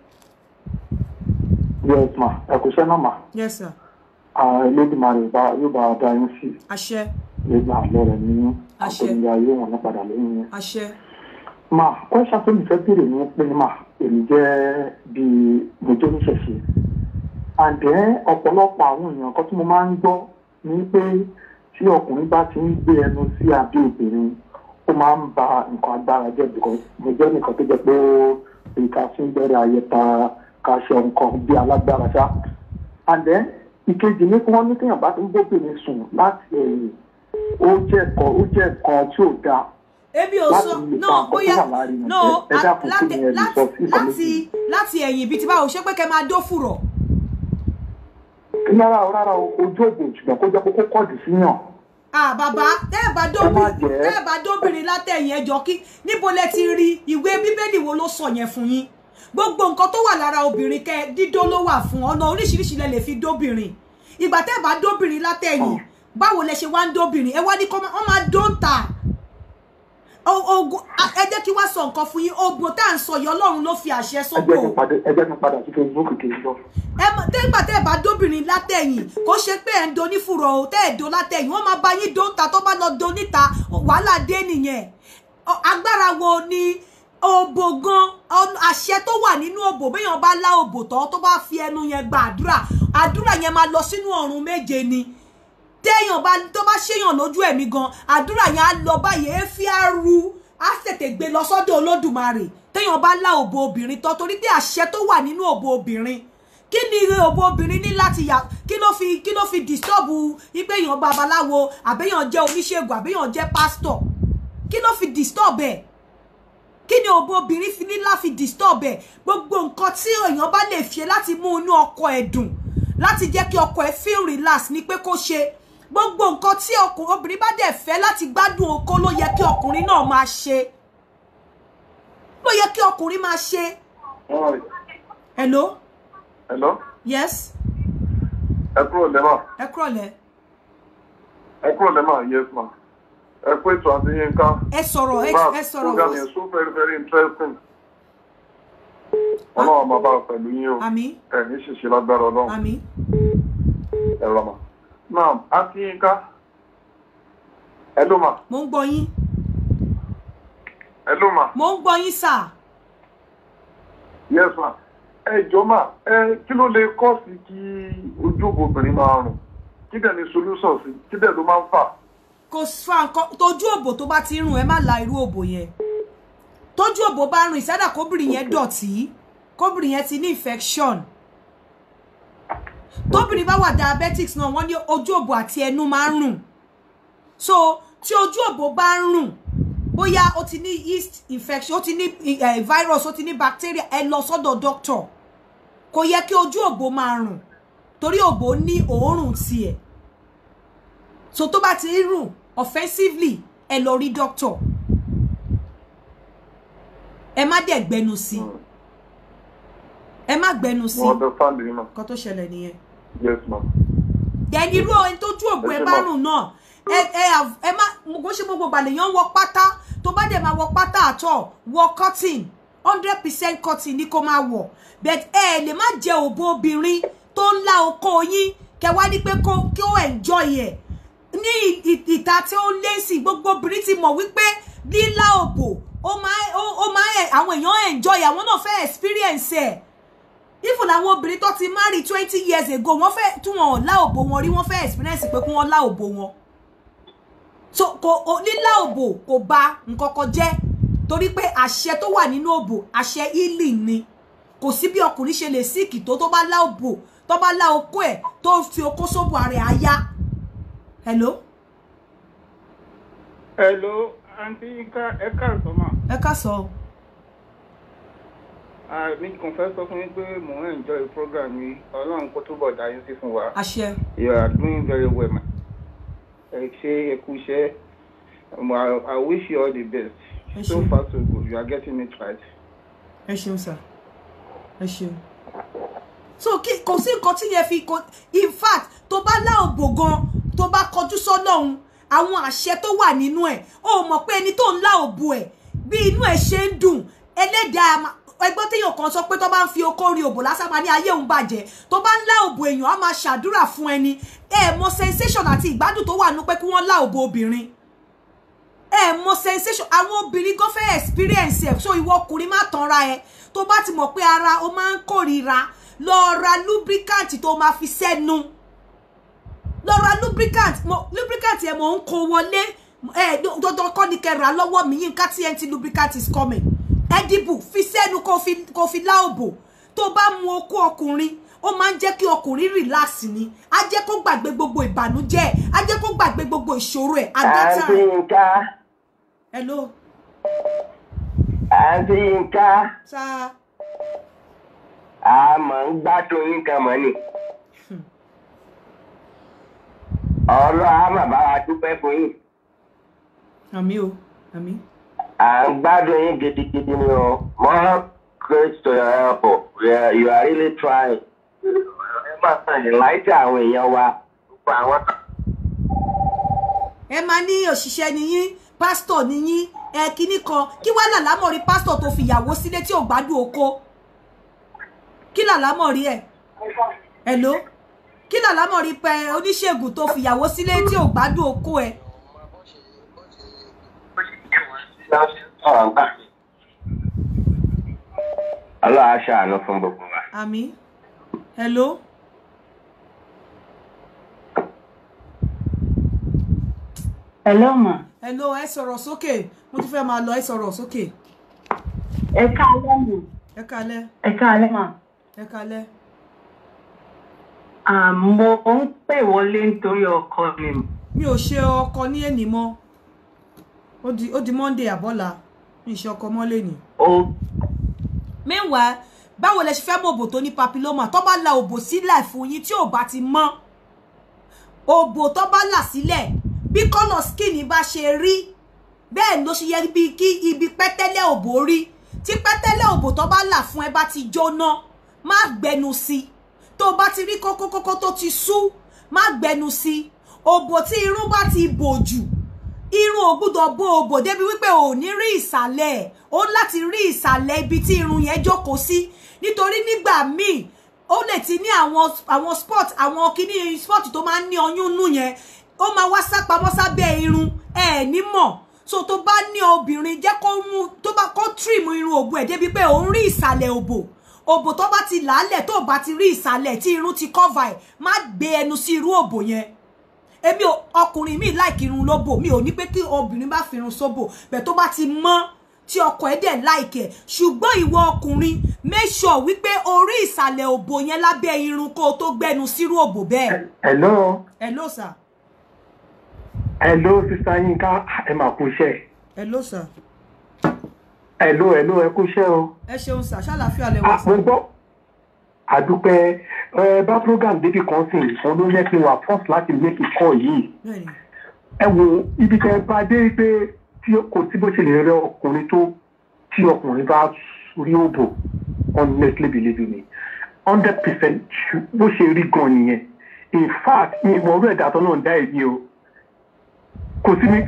yes ma ẹ kò ṣe náà ma. yes sir. ah lady Mary rè bá yóò bá a dá yín sí. àṣẹ nígbà lọ́rẹ̀ nínú àpèjì ayé wọn ní lẹ́yìn yẹn. mà kọ́ṣà tó mi fẹ́ bèrè ni pé mà èmi jẹ́ bí mo jẹ́ oníṣẹ̀ṣe àǹdẹ́ ọ̀pọ̀lọpọ̀ àwọn èèyàn kan tí mo máa ń gbọ́ ni pé tí ọkùnrin bá ti ń gbé ẹnu sí abẹ́ obìnrin ó máa ń ba nǹkan agbára jẹ́ because mo jẹ́ nìkan tó jẹ́ pé ó ká sí bẹ̀rẹ̀ ayẹta ká ṣe nǹkan bí alágbára ṣá àǹdẹ́ ìkejì ni pé wọ́n ní kéèyàn bá ti ń gbóbìnrin sùn láti ẹ̀yìn ó jẹ́ kan ó jẹ́ kan tí ò dáa ebi o sọ náà bóyá no láti láti ẹ̀yìn ibi tí báwo ṣé pé kẹ́ máa dófùrọ̀. rárá o rárá o ojú òògùn ṣùgbọ́n kó jẹ́ kókó kọ́ọ̀dù síyàn. à bàbá tẹ́ ẹ bá dóbìnrin tẹ́ ẹ bá dóbìnrin látẹ̀yìn ẹjọ́ kí níbo lẹ ti rí ìwé bíbélì wo ló sọ yẹn fún yín gbogbo nǹkan tó wà lára obìnrin kẹ dídó ló wà fún ọ̀nà oríṣiríṣi lẹ lè fi dóbìnrin ìgbà tẹ́ ẹ bá dóbìnrin látẹ̀yìn ah báwo lẹ ṣe wá ń dóbìnrin ẹ wá ní kọ́ wọ́n máa dóńtà ogun ẹ jẹ́ kí wá sọ nǹkan fún yín ogun tá à ń sọ yìí ọlọ́run ló fi àṣẹ sóko. ẹ jẹ́ kí n padà sí facebook kì í lọ. ẹ mọ tẹ́gbà tẹ́ ẹ bá dóbìnrin látẹ̀yìn kó ṣe pé ẹ̀ ń do nífùrọ̀ o tẹ́ ẹ̀ do látẹ̀yìn wọ́n máa bá yín dóńtà tó bá lọ do níta wàhálà dé nìyẹn agbára wo ni òbò gan àṣẹ tó wà nínú òbò béèyàn bá lá òbò tọ́ tó bá fi ẹnu yẹn gba àdúrà àdúrà yẹn máa lọ sínú ọ̀run méje ni téèyàn bá tó bá ṣéyàn lójú ẹ̀mí gan àdúrà yẹn á lọ báyìí efi á ru á tètè gbé lọ sọ́dọ̀ olódùmarè téèyàn bá lá òbò obìnrin tán torí pé àṣẹ tó wà nínú òbò obìnrin kí ni ire òbò obìnrin ní láti yà kí ló fi kí ló fi dìstọ́ọ̀bù ipe èèyàn babaláwo àbẹ́yàn jẹ́ oníṣègùn àbẹ́yàn jẹ́ pásítọ̀ kí ló fi dìstọ́ọ̀bù ẹ̀ kí ni òbò obìnrin fi ní láfi dìstọ́ọ̀bù ẹ̀ gbogbo nǹkan tí èèyàn bá lè ṣe láti mú inú ọkọ ẹ̀ dùn láti jẹ́ kí ọkọ ẹ̀ feel relax ni pé kó ṣe gbogbo nǹkan tí ọkùnrin obìnrin bá dẹ̀ fẹ́ láti gbádùn oko ló yẹ kí ọkùnrin náà máa ṣe ló yẹ kí ọkùnrin máa ṣe. hello. hello. yes. ẹ kúrò lẹ́mà. ẹ kúrò lẹ́. ẹ kúrò lẹ́mà yes ma. ẹ kú ètò àti Yínká. ẹ sọ̀rọ̀ ẹ sọ̀rọ̀. program yẹn so very very interesting. Ah. ọlọ́run máa bá a pẹ̀lú yín o. àmín. ẹ̀ ní ṣìṣe lágbára ọlọ́run. àmín. ẹ rọra ma. Naam, Akínyínká. Hello ma. Mo ń gbọ́ yín. Hello ma. Mo ń gbọ́ yín sà. Yes ma. Ẹ jọ̀ọ́ ma, ẹ kí ló lè kọ́ sí kí ojúbọ obìnrin máa rùn? Kí dẹ̀ ni solution sí? Kí dẹ̀ ló máa ń fà? Kò fa nǹkan tójú òbò tó bá ti rùn ẹ má la irú òbò yẹn. Tójú òbò bá rùn ìsádà kóbìnrin yẹn dọ̀tí, kóbìnrin yẹn ti ní infection tóbìnrin bá wà diabetics náà wọ́n ní ojú òbò àti ẹnu máa ń rùn so tí ojú òbò bá ń rùn bóyá ó ti ní yeast infection ó ti ní uh, virus ó ti ní bacteria ẹ lọ sọ́dọ̀ doctor kò yẹ kí ojú òbò máa rùn torí òbò ní òórùn tiẹ̀ so tó bá ti rùn offensively ẹ lọ rí doctor ẹ má dẹ̀ gbẹnu sí i ẹ má gbẹnu sí nǹkan tó ṣẹlẹ̀ nìyẹn. yes ma'am. then irú ẹni tó tú òògùn ẹ bá rùn náà ẹ ẹ ẹ má kó ṣe gbogbo gbàlèyàn wọ pátá tó bá dẹ̀ máa wọ pátá àtọ̀ wọ cotton hundred percent cotton ni kó máa wọ̀ but ẹ eh, lè má jẹ òbó obìnrin tó ń la okó yín kẹwàá ní pé kó kí ó enjoy ẹ̀ ní ìta tí ó lé sí gbogbo obìnrin ti mọ̀ wípé lílá òbò ó máa ó máa àwọn èèyàn enjoy àwọn náà fẹ́ experience ẹ̀ even àwọn obìnrin tó ti marry twenty years ago wọ́n fẹ́ tí wọn ò lá òbò wọn rí wọ́n fẹ́ experience pé kí wọ́n lá òbò wọn so kò lílá òbò kò bà nǹkan kan jẹ́ torí pé àṣẹ tó wà nínú òbò àṣẹ ìlì ni kò sí bí ọkùnrin ṣe lè síìkì tó tó bá lá òbò tó bá lá okó ẹ̀ tó fi okó sóbò ààrẹ àyà hello. hello àǹtí yínká ẹ káàsán mà. ẹ káàsán o mi kàn fẹ́ sọ fún yín pé mò ń enjoy program We along kó túbọ̀ dá yín sí fún wa. àṣẹ. you are doing very well man. ẹ ṣe ẹ kú iṣẹ́ i wish you all the best. so far so good you are getting it right. ẹ sir ẹ so kí kò sí nǹkan tí yẹn fi kò in fact tó bá láòbò gan tó bá kọjú sọ́lọ́run àwọn àṣẹ tó wà nínú ẹ̀ o mọ̀ pé ẹni tó ń láòbò ẹ̀ bí inú ẹ̀ ṣe ń dùn ẹgbẹ́ téèyàn kan sọ pé tó bá ń fi okó rí òbò lásán máa ní ayé òun bàjẹ́ tó bá ń lá òbò èèyàn á máa ṣàdúrà fún ẹni ẹ mọ sensation àti ìgbádùn tó wà nú pé kí wọ́n lá òbò obìnrin ẹ mọ sensation àwọn obìnrin gan fẹ́ experience ẹ̀ so ìwọ ọkùnrin má tanra ẹ tó bá ti mọ̀ pé ara ó máa ń kórira lọ ra lubricant tó máa fi sẹ́nu lọ ra lubricant lubricant ẹ̀ mọ̀ ń kó wọlé ẹ̀ dọ́dọ́ kọ́ ni kẹ́ ra lọ́wọ́ mi Yinka TNT lubricant is coming edible fi sẹ́nu kó fi kó fi lá òbò tó bá mu okó ọkùnrin o máa ń jẹ́ kí ọkùnrin relax ni á jẹ́ kó gbàgbé gbogbo ìbànújẹ́ á jẹ́ kó gbàgbé gbogbo ìṣòro ẹ̀ agbátá. àti nǹka. hello. àti sa. a máa ń gbádùn nǹkan mọ́ ni. Hmm. ọlọ́ a máa bá wa dúpẹ́ fún yín. àmì o àmì à ń gbádùn yín gidigidi ni o more grace to your help o you are really trying ẹ máa tàn yín láìsí àwọn èèyàn wa gbogbo àwọn. ẹ máa ní òṣìṣẹ́ ni yín pásítọ̀ ni yín ẹ kíní kan kí wàá làlámọ̀ rí pásítọ̀ tó fi ìyàwó sílé tí ò gbádùn oko kí làlámọ̀ rí ẹ ẹ ló kí làlámọ̀ rí pẹ oníṣègùn tó fi ìyàwó sílé tí ò gbádùn oko ẹ. sọ̀rọ̀ gbà mí. ọlọ́run aṣọ àánú hello. hello ma. hello ẹ sọ̀rọ̀ sókè mo tún fẹ́ máa lọ ẹ sọ̀rọ̀ sókè. ẹ káalẹ́ ma. ẹ káalẹ́. ẹ káalẹ́ ma. ẹ káalẹ́. àmọ́ ó ń pè wọlé nítorí ọkọ mi. mi ò ṣe ó di ó di monday àbọ́là ní iṣẹ́ ọkọ mọ́lẹ̀ ni. meanwhile báwo lẹ ṣe fẹ́ mọ òbò tó ní papilloma tó bá la òbò sílẹ̀ fún yín tí ò bá ti mọ́ òbò tó bá là sílẹ̀ bí kọ́nà skin bá ṣe rí bẹ́ẹ̀ ló ṣe yẹ bí kí ibi pẹ́tẹ́lẹ̀ òbò rí tí pẹ́tẹ́lẹ̀ òbò tó bá là fún ẹ bá ti jóná má gbẹnu sí i tó bá ti rí kókókókó tó ti sú má gbẹnu sí i òbò tí irun bá ti bò jù irun ò gbúdọ̀ bo òbò débi wípé ò ní rí ìsàlẹ̀ ẹ̀ ó láti rí ìsàlẹ̀ ibi tí irun yẹn jókòó sí nítorí nígbà míì ó lè ti ní àwọn àwọn spot àwọn kíní spot tó máa ń ní ọyún nù yẹn ó máa wá sápamọ́ sábẹ́ irun ẹ eh, ní mọ̀ so tó bá ní obìnrin jẹ́ kó mú tó bá kó trim irun òbò ẹ̀ débi pé òun rí ìsàlẹ̀ òbò òbò tó bá ti làálẹ̀ tó bá ti rí ìsàlẹ̀ tí irun ti cover ẹ̀ má gbé ẹnu sí irú òbò yẹn èmi ọkùnrin mi like irun lóbò mi ò ní pé kí obìnrin bá fi irun sóbò bẹ́ẹ̀ tó bá ti mọ́ tí ọkọ ẹ dẹ̀ láìkẹ̀ ṣùgbọ́n ìwọ make sure wípé orí ìsàlẹ̀ òbò yẹn lábẹ́ irun kó o tó gbẹnu sírú òbò bẹ́ẹ̀. hello. hello sir. hello sister Yinka ẹ máa kú iṣẹ́. hello sir. hello hello ẹ kú iṣẹ́ o. ẹ ṣeun sir ṣàlàáfíà lẹ wà. Ah, mo gbọ́ àdúpẹ́ ẹ bá program débi kan sí ìfọn ló yẹ kí wà first láti make ìkọ́ yìí ẹ wo ibi tẹ bá dé pé tí kò sí bó ṣe lè rẹ ọkùnrin tó tí ọkùnrin bá rí òbò honestly believe me hundred percent bó ṣe rí gan nìyẹn in fact mi ìmọ̀ ọ̀rọ̀ ẹ̀dá tó náà ń dá èmi o kò sí mi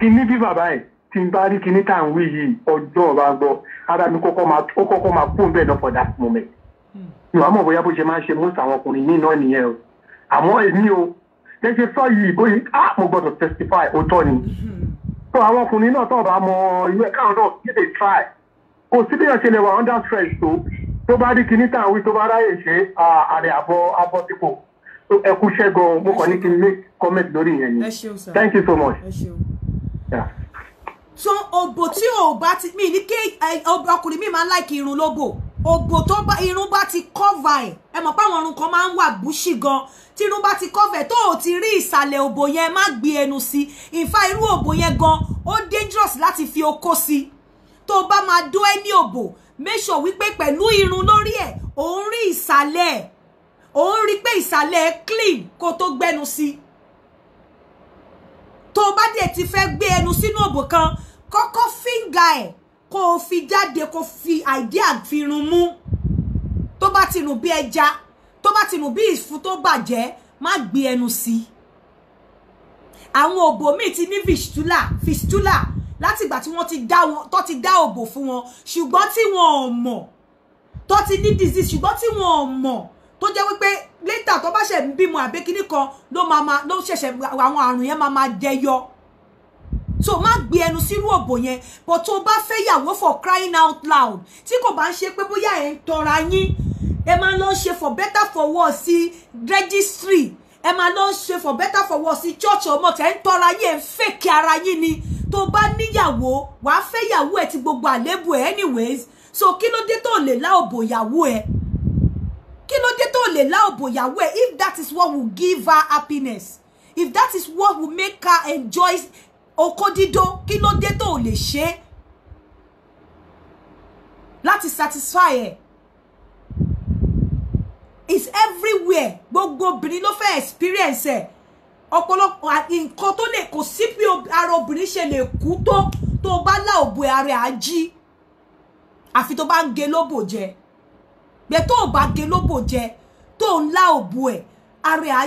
kí bí bàbá ẹ̀ tí n bá rí kíní tá à ń wí yìí ọjọ́ ọba gbọ́ ara mi kọ́kọ́ máa kó bẹ́ẹ̀ lọ for that moment mi wàá mọ̀ bóyá bó ṣe máa ṣe most àwọn ọkùnrin ní iná nìyẹn o àmọ́ èmi o lẹ́sẹ̀ sọ yìí bóyá á mo gbọ́dọ̀ testify òótọ́ ni so àwọn ọkùnrin náà tọ̀ bá mọ ìwé káwọn náà kí lè try kò sí bí lè wà under stress tó tó bá rí kinní tàn wí tó bá ráyè ṣe àrẹ àbọ̀ abọ́ sípò ẹ kú ṣẹ́gun mo kàn ní kí n make comment lórí ìyẹn ni thank you so much. Yeah. So òbò tí ò bá ti mi ni ke eh, ọkùnrin mi ma like láìkì irun lóbò òbò tó bá irun bá ti kọ́va ẹ̀ ẹ mọ̀ pé àwọn irun kan máa ń wà gbúṣì gan tí irun bá ti kọ́va ẹ̀ o ti rí ìsàlẹ̀ òbò yẹn má gbé ẹnu sí ìfà irú òbò yẹn gan ó dangerous láti fi okó sí tó o bá máa dó ẹ make sure wípé pẹ̀lú irun lórí ẹ̀ ò ń rí ìsàlẹ̀ ẹ̀ ò ń clean kó o tó gbẹnu sí tó o ti fẹ́ gbé ẹnu sínú òbò kan kọ́kọ́ fíńgà ẹ̀ kó o fi jáde kó fi àìdíà fi run mú tó bá ti nù bí ẹja tó bá ti nù bí ìfun tó bàjẹ́ má gbé ẹnu sí i àwọn òbò míì ti ní fistula fistula láti ìgbà tí wọ́n ti dá wọn tó ti dá òbò fún wọn ṣùgbọ́n tí wọn ò mọ̀ tó ti ní disease ṣùgbọ́n tí wọn ò mọ̀ tó jẹ́ wípé later tó bá ṣẹ̀ ń bímọ àbí kíní kan ló máa ló ṣẹ̀ṣẹ̀ àwọn àrùn yẹn máa máa jẹyọ so má gbé ẹnu sírú òbò yẹn but tó bá fẹ́ yàwó for crying out loud tí kò bá ń ṣe pé bóyá ẹ̀ ń tọra yín ẹ máa lọ ṣe for better for worse sí registry ẹ máa lọ ṣe for better for worse sí church ọmọ tẹ ń tọra yín ẹ ń fèkì ara yín ni tó bá níyàwó wàá fẹ́ yàwó ẹ ti gbogbo àlébù ẹ anyways so kí ló dé tó lè lá òbò yàwó ẹ kí ló dé tó lè lá òbò yàwó ẹ if that is what will give her happiness if that is what will make her enjoy Oko dido kí ló dé tó lè ṣe é láti satisfy ẹ is everywhere gbogbo obìnrin ló fẹ́ experience ẹ ọ̀pọ̀lọpọ̀ nǹkan tó lè kò sí bí ara obìnrin ṣe lè kú tó tó bá lá òbò ara á jí àfi tó bá ń ge lóbò jẹ gbẹ tó o bá ge lóbò jẹ tó ń lá òbò ẹ ara á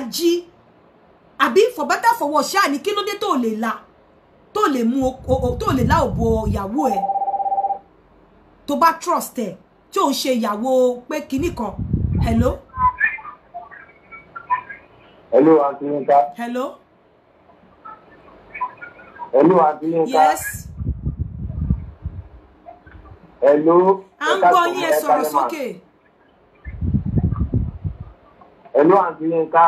àbí for better for worse ṣáà ní kí ló dé tó lè la tó lè mú tó lè láòbò ìyàwó ẹ tó bá trust ẹ tí ò ń ṣe ìyàwó pé kinní kan hello. hello aunty Yinka. hello. hello aunty Yinka. yes. hello. à ń gbọ́ yín ẹ sọ̀rọ̀ sókè. hello aunty Yinka.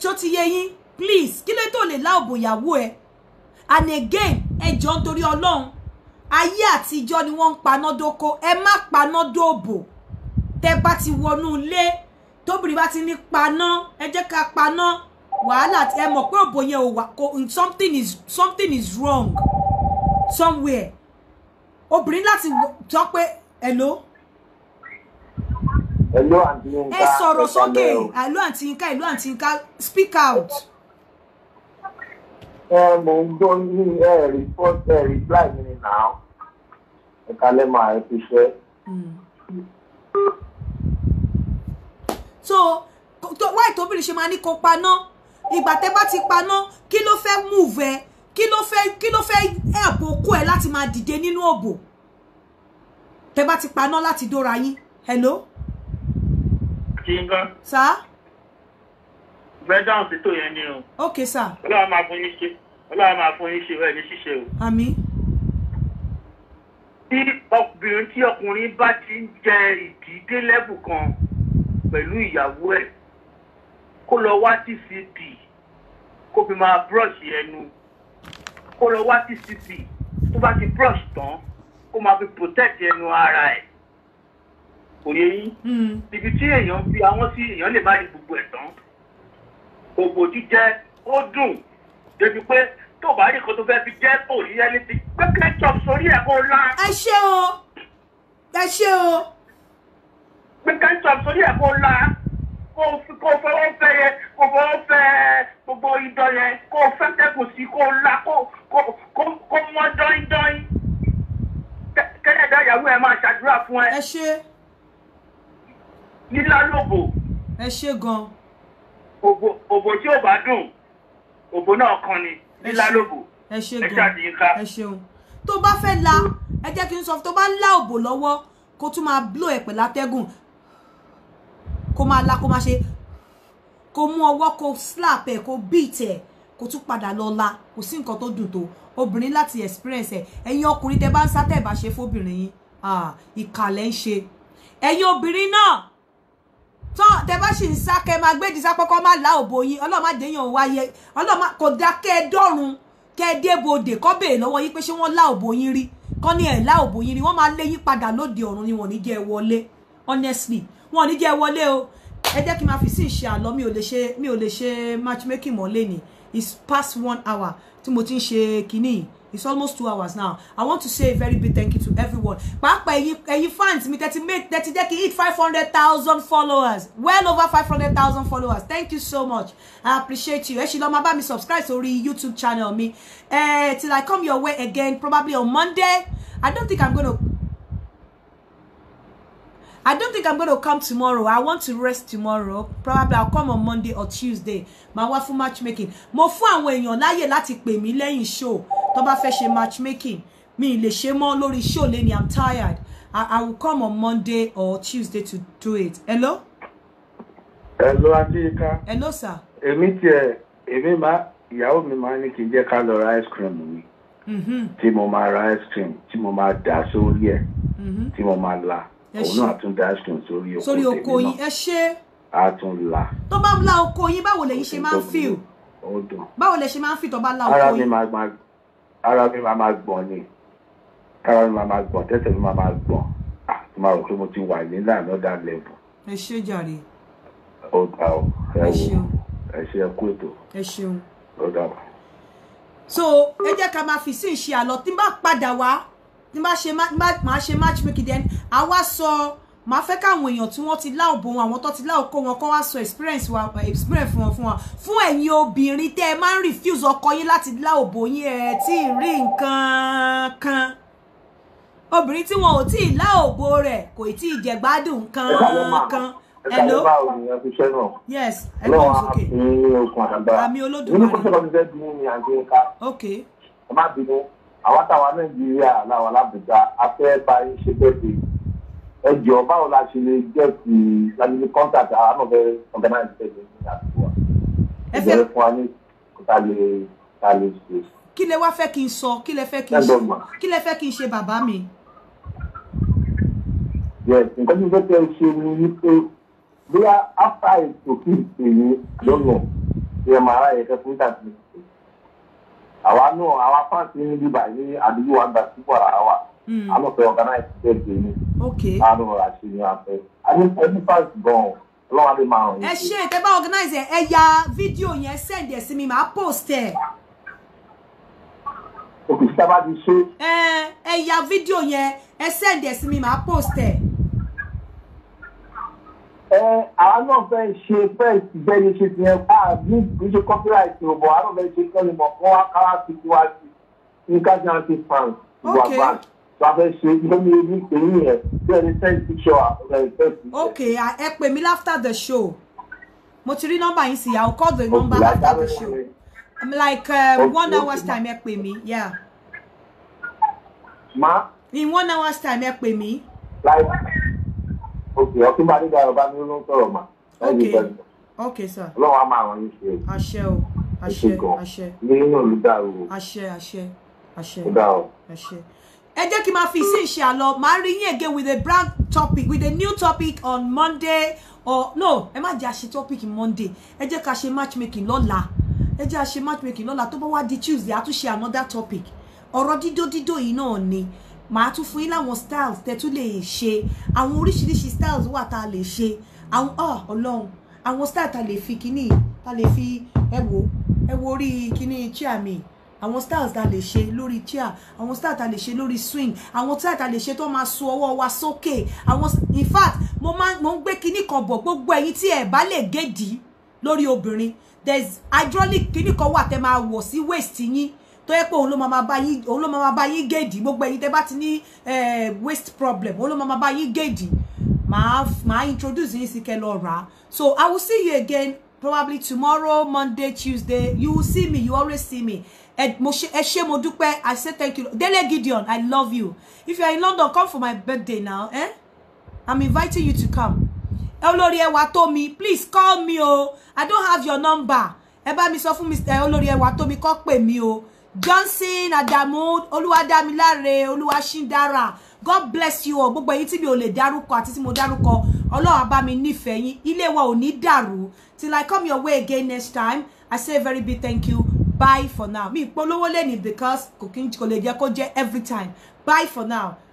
tó ti yé yín please kí lè tó lè láòbò ìyàwó ẹ and again ẹ jọ nítorí ọlọ́run ayé àtijọ́ ni wọ́n ń paná dóko ẹ má paná dóòbò tẹ bá ti wọnú ilé tóbìnrin bá ti ní paná ẹ jẹ́ ká paná wàhálà ẹ mọ̀ pé òbò yẹn ò wà kó something is something is wrong somewhere obìnrin láti sọ pé hello. hello àǹtí Yínká ẹ sọ̀rọ̀ sókè hello àǹtí Yínká hello àǹtí Yínká speak out mo ń gbọ́ ní ẹ report ẹ reply mi ni nà án ẹ̀ka lẹ́mọ̀ àrẹ fi so wáì tóbìnrin ṣe máa ní kó paná ìgbà tẹ́ bá ti paná kí ló fẹ́ move ẹ kí ló fẹ́ kí ló fẹ́ ẹ̀bùn okú ẹ láti máa dìde nínú òbò tẹ́ bá ti paná láti dóra yín hello. kí n gan. sáà gbẹdáhùn sí tó yẹn ni o. ok sir. ọlọ́run máa fún yín ṣe ọlọ́run máa fún yín ṣe rẹ̀ ní ṣíṣe o. àmín. tí obìnrin tí ọkùnrin bá ti ń jẹ ìdídé lẹ́bù kan pẹ̀lú ìyàwó ẹ̀ kó lọ wá sí cp kó fi máa brush ẹnu kó lọ wá sí cp tó bá ti brush tán kó máa fi protect ẹnu ara ẹ̀ kò yẹ yín. Hmm. ibi tí èèyàn fi àwọn sí èèyàn lè má rí gbogbo ẹ̀ tán ògbò jíjẹ ó dùn débi pé tó bá rí kan tó fẹ́ fi jẹ́ kò rí ẹni tí pẹ́kẹ́ jọ sórí ẹ̀ kó la. ẹ ṣé o ẹ ṣé o. pẹ́kẹ́ jọ sórí ẹ̀ kó la kó kó fọwọ́ fẹ́ yẹ kó fọwọ́ fẹ́ gbogbo idán yẹn kó fẹ́ tẹ́kùn sí kó la kó kó kó mọ́ dọ́ndọ́n kẹ́lẹ́ dá ìyàwó ẹ̀ máa ṣàdúrà fún ẹ. ẹ ṣé. nílá lóbò. ẹ ṣé gan-an òbò tí ò bá dùn òbò náà kan ni lílá lòbò ẹ ṣe gan ẹ ṣeun tó bá fẹ́ la ẹ jẹ́ kí n sọ tó bá ń la òbò lọ́wọ́ kó tún máa blow ẹ̀ pẹ̀lú atẹ́gùn kó máa la kó máa ṣe kó mú ọwọ́ kó slap ẹ̀ kó beat ẹ̀ kó tún padà lọ la kò sí nǹkan tó dùn tó obìnrin láti experience ẹ̀ ẹ̀yin ọkùnrin tẹ́ bá ń sá tẹ́ bá ṣe fóbìnrin yín ah, ìkàlẹ̀ ń ṣe ẹ̀yin obìnrin náà tán tẹ bá ṣì ń sá kẹ máa gbédi sá pọkọ má la òbò yín ọlọ́run má déyàn wáyé ọlọ́run kò dá kẹ ẹ dọ́run kẹ ẹ débodè kọ́ béèrè lọ́wọ́ yín pé ṣé wọ́n la òbò yín rí kọ́ ní ẹ̀ la òbò yín rí wọ́n máa lé yín padà lóde ọ̀run ni wọ́n ní jẹ́ wọlé honestly wọ́n ní jẹ́ wọlé o ẹ jẹ́ kí n máa fi sí ìṣe àlọ́ mi ò lè ṣe mi ò lè ṣe matchmaking mọ́ lẹ́nìí it's past one hour tí mo ti ń ṣe kinní yìí it's almost two hours now i want to say a very big thank you to everyone pàápàá ẹ̀yin ẹ̀yin fans mi tẹ́tí make tẹ́tí jẹ́ kí hit five hundred thousand followers well over five hundred thousand followers thank you so much i appreciate you ẹ ṣì lọ máa bá mi subscribe sórí youtube channel mi uh, till i come your way again probably on monday i don't think i'm gonna I don't think I'm going to come tomorrow. I want to rest tomorrow. Probably I'll come on Monday or Tuesday. My wá fún matchmaking. Mo fún àwọn èèyàn laye láti pè mí lẹ́yìn show. Tó bá fẹ́ ṣe matchmaking. Mi lè ṣe mọ́ lórí show lẹ́ni. I'm tired. I, I will come on Monday or Tuesday to do it. Hello? Hello, Adéyíká. Hello, sir. Èmi e èmi ma ìyàwó mi máa ní kí n jẹ́ ká ra ice cream mi. Mm-hmm. Tí mo ma ra ice cream, tí mo máa dà sórí ẹ̀, mm-hmm. tí mo máa la òun náà tún dashkin sórí oko sórí oko yín ẹ ṣe a tún la tó bá la oko yín báwo lẹ̀yin ṣe máa ń o báwo lẹ ṣe máa ń feel tó bá la oko yín ara mi máa máa gbọ̀n ni ara mi máa máa gbọ̀n tẹ́sẹ̀ mi máa máa gbọ̀n àti máa rò pé mo ti wà ní láàánú dá lẹ́bù. ẹ ṣe jàre. ó ga ọ ẹ wo ẹ ṣe ẹkú ètò. ẹ ṣeun. ó dà so ẹ jẹ́ ká máa fi sí ìṣe àlọ́ tí n bá padà wá ní bá ṣe máa ṣe matchmaking then àwa sọ màá fẹ́ káwọn èèyàn tí wọ́n ti láòbò wọn àwọn tó ti láòkó wọn kọ́ wá sọ experience wa experience fún wọn fún wa fún ẹ̀yin obìnrin tẹ́ ẹ máa ń refuse ọkọ yín láti láòbò yín ẹ tí ì rí nǹkan kan obìnrin tí wọn ò tí ì láòbò rẹ̀ kò tí ì jẹ̀gbádùn nǹkan kan hello yes hello sókè àmì olódùmarè ok ẹ má bínú àwa táwa nàìjíríà làwà lábùjá afẹ́ bá yín ṣe bẹ́ẹ̀ ẹ jọ báwo la ṣe lè jẹ́ ti lágbègbè contact àwọn náà fẹ́ organize ṣẹ́yìn ní àdúgbò wa ìbẹ̀rẹ̀ fún wa ní kúta lè ta lè ṣe. kí lẹ wá fẹ́ kí n sọ kí lẹ fẹ́ kí n ṣe kí lẹ fẹ́ kí n ṣe bàbá mi. yes nǹkan tí mo fẹ́ kí ẹ ṣe ni wípé bóyá after ètò kí n pè yín lọ́nà ìyẹn màá ráyè kẹ́kọ̀ọ́ nígbà tí àwa náà àwa fáǹsì ní bíbá ní àdúgbò wa gbà sípò ara wa hmm. a lọ fẹ́ organize ṣe é ní àánú ọ̀rọ̀ àṣẹ ní afẹ́ a ní ẹbí fáǹsì gan-an ọlọ́wà lè máa rìn. ẹ ṣe é tẹ́ bá organize ẹ ya fídíò yẹn send ẹ sí mi màá post ẹ òkè sábà ti ṣe. ẹ ẹ ya fídíò yẹn ẹ send ẹ sí mi màá post ẹ àwa náà fẹ́ ṣe first ìgbẹ́ni yẹn bá a ní ìgbésẹ̀ copyright ò bọ̀ àwa náà fẹ́ ṣe kẹ́lẹ́ mọ̀ fún wa káwá ti kú wa sí ní kájínà ti france ìwà france ok ẹ pè mí after the show mo ti rí nọ́mbà yín sí i i call the number after the show I'm like um, okay. one hour's time ẹ pè mí yeah. ma. in one hour's time ẹ pè mí. like Okay. ọtúnba adédáyọ̀ bá mi ló ń sọ̀rọ̀ mà. ok sir. ọlọ́run á máa ràn yín ṣe. àṣẹ o àṣẹ àṣẹ. ní inú ìlú dàrú o. àṣẹ àṣẹ àṣẹ. ó dà o. àṣẹ. ẹ jẹ́ kí n máa fi sí ìṣe àlọ́ màá rí yín again with a brand topic with a new topic on Monday or no ẹ má jẹ́ àṣe topic Monday ẹ jẹ́ ká ṣe matchmaking lọ́la ẹ jẹ́ àṣe matchmaking lọ́la tó bá wá di Tuesday àtúnṣe another topic ọ̀rọ̀ dídó dídó yìí náà ni màá tún fún yín láwọn styles tẹ́ tún lè ṣe àwọn oríṣiríṣi styles wà tá a lè ṣe àwọn ọ ah, Ọlọ́run àwọn style tá lè fi kíní tá lè fi ẹwò ẹwò orí kíní chair mi àwọn styles tá lè ṣe lórí chair àwọn styles tá lè ṣe lórí swing àwọn styles tá lè ṣe tó máa so ọwọ́ wa sókè àwọn in fact mo máa mo ń gbé kíní kan bọ̀ gbogbo ẹ̀yin tí ẹ bá lè gédìí lórí obìnrin there's hydraulic kíní kan wà tẹ́ máa wọ̀ sí waist yín tó yẹ pé òun ló máa bá yín òun ló máa bá yín géèdì gbogbo ẹ̀yin tẹ́ bá ti ní waste problem òun ló máa bá yín géèdì màá màá introduce yín sí kẹ́ lọ so i will see you again probably tomorrow monday tuesday you will see me you always see me ẹ ṣé mo dúpẹ́ i say thank you dele gideon i love you if you are in london come for my birthday now eh i'm inviting you to come olórí ẹwà tómi please call me o i don't have your number ẹ bá mi sọ fún mr olórí ẹwà tómi kó pè mí o johnson adamu olúwadámiláre olúwaṣíndara god bless you all gbogbo èyí tí mi ò lè dárúkọ àti tí mo dárúkọ ọlọ́run bá mi nífẹ̀ẹ́ yín ilé wa ò ní dàrú till i come your way again next time i say very big thank you bye for now mi ìpolówó lẹ́nu because kò kí n kò lè jẹ́ kó jẹ́ every time bye for now.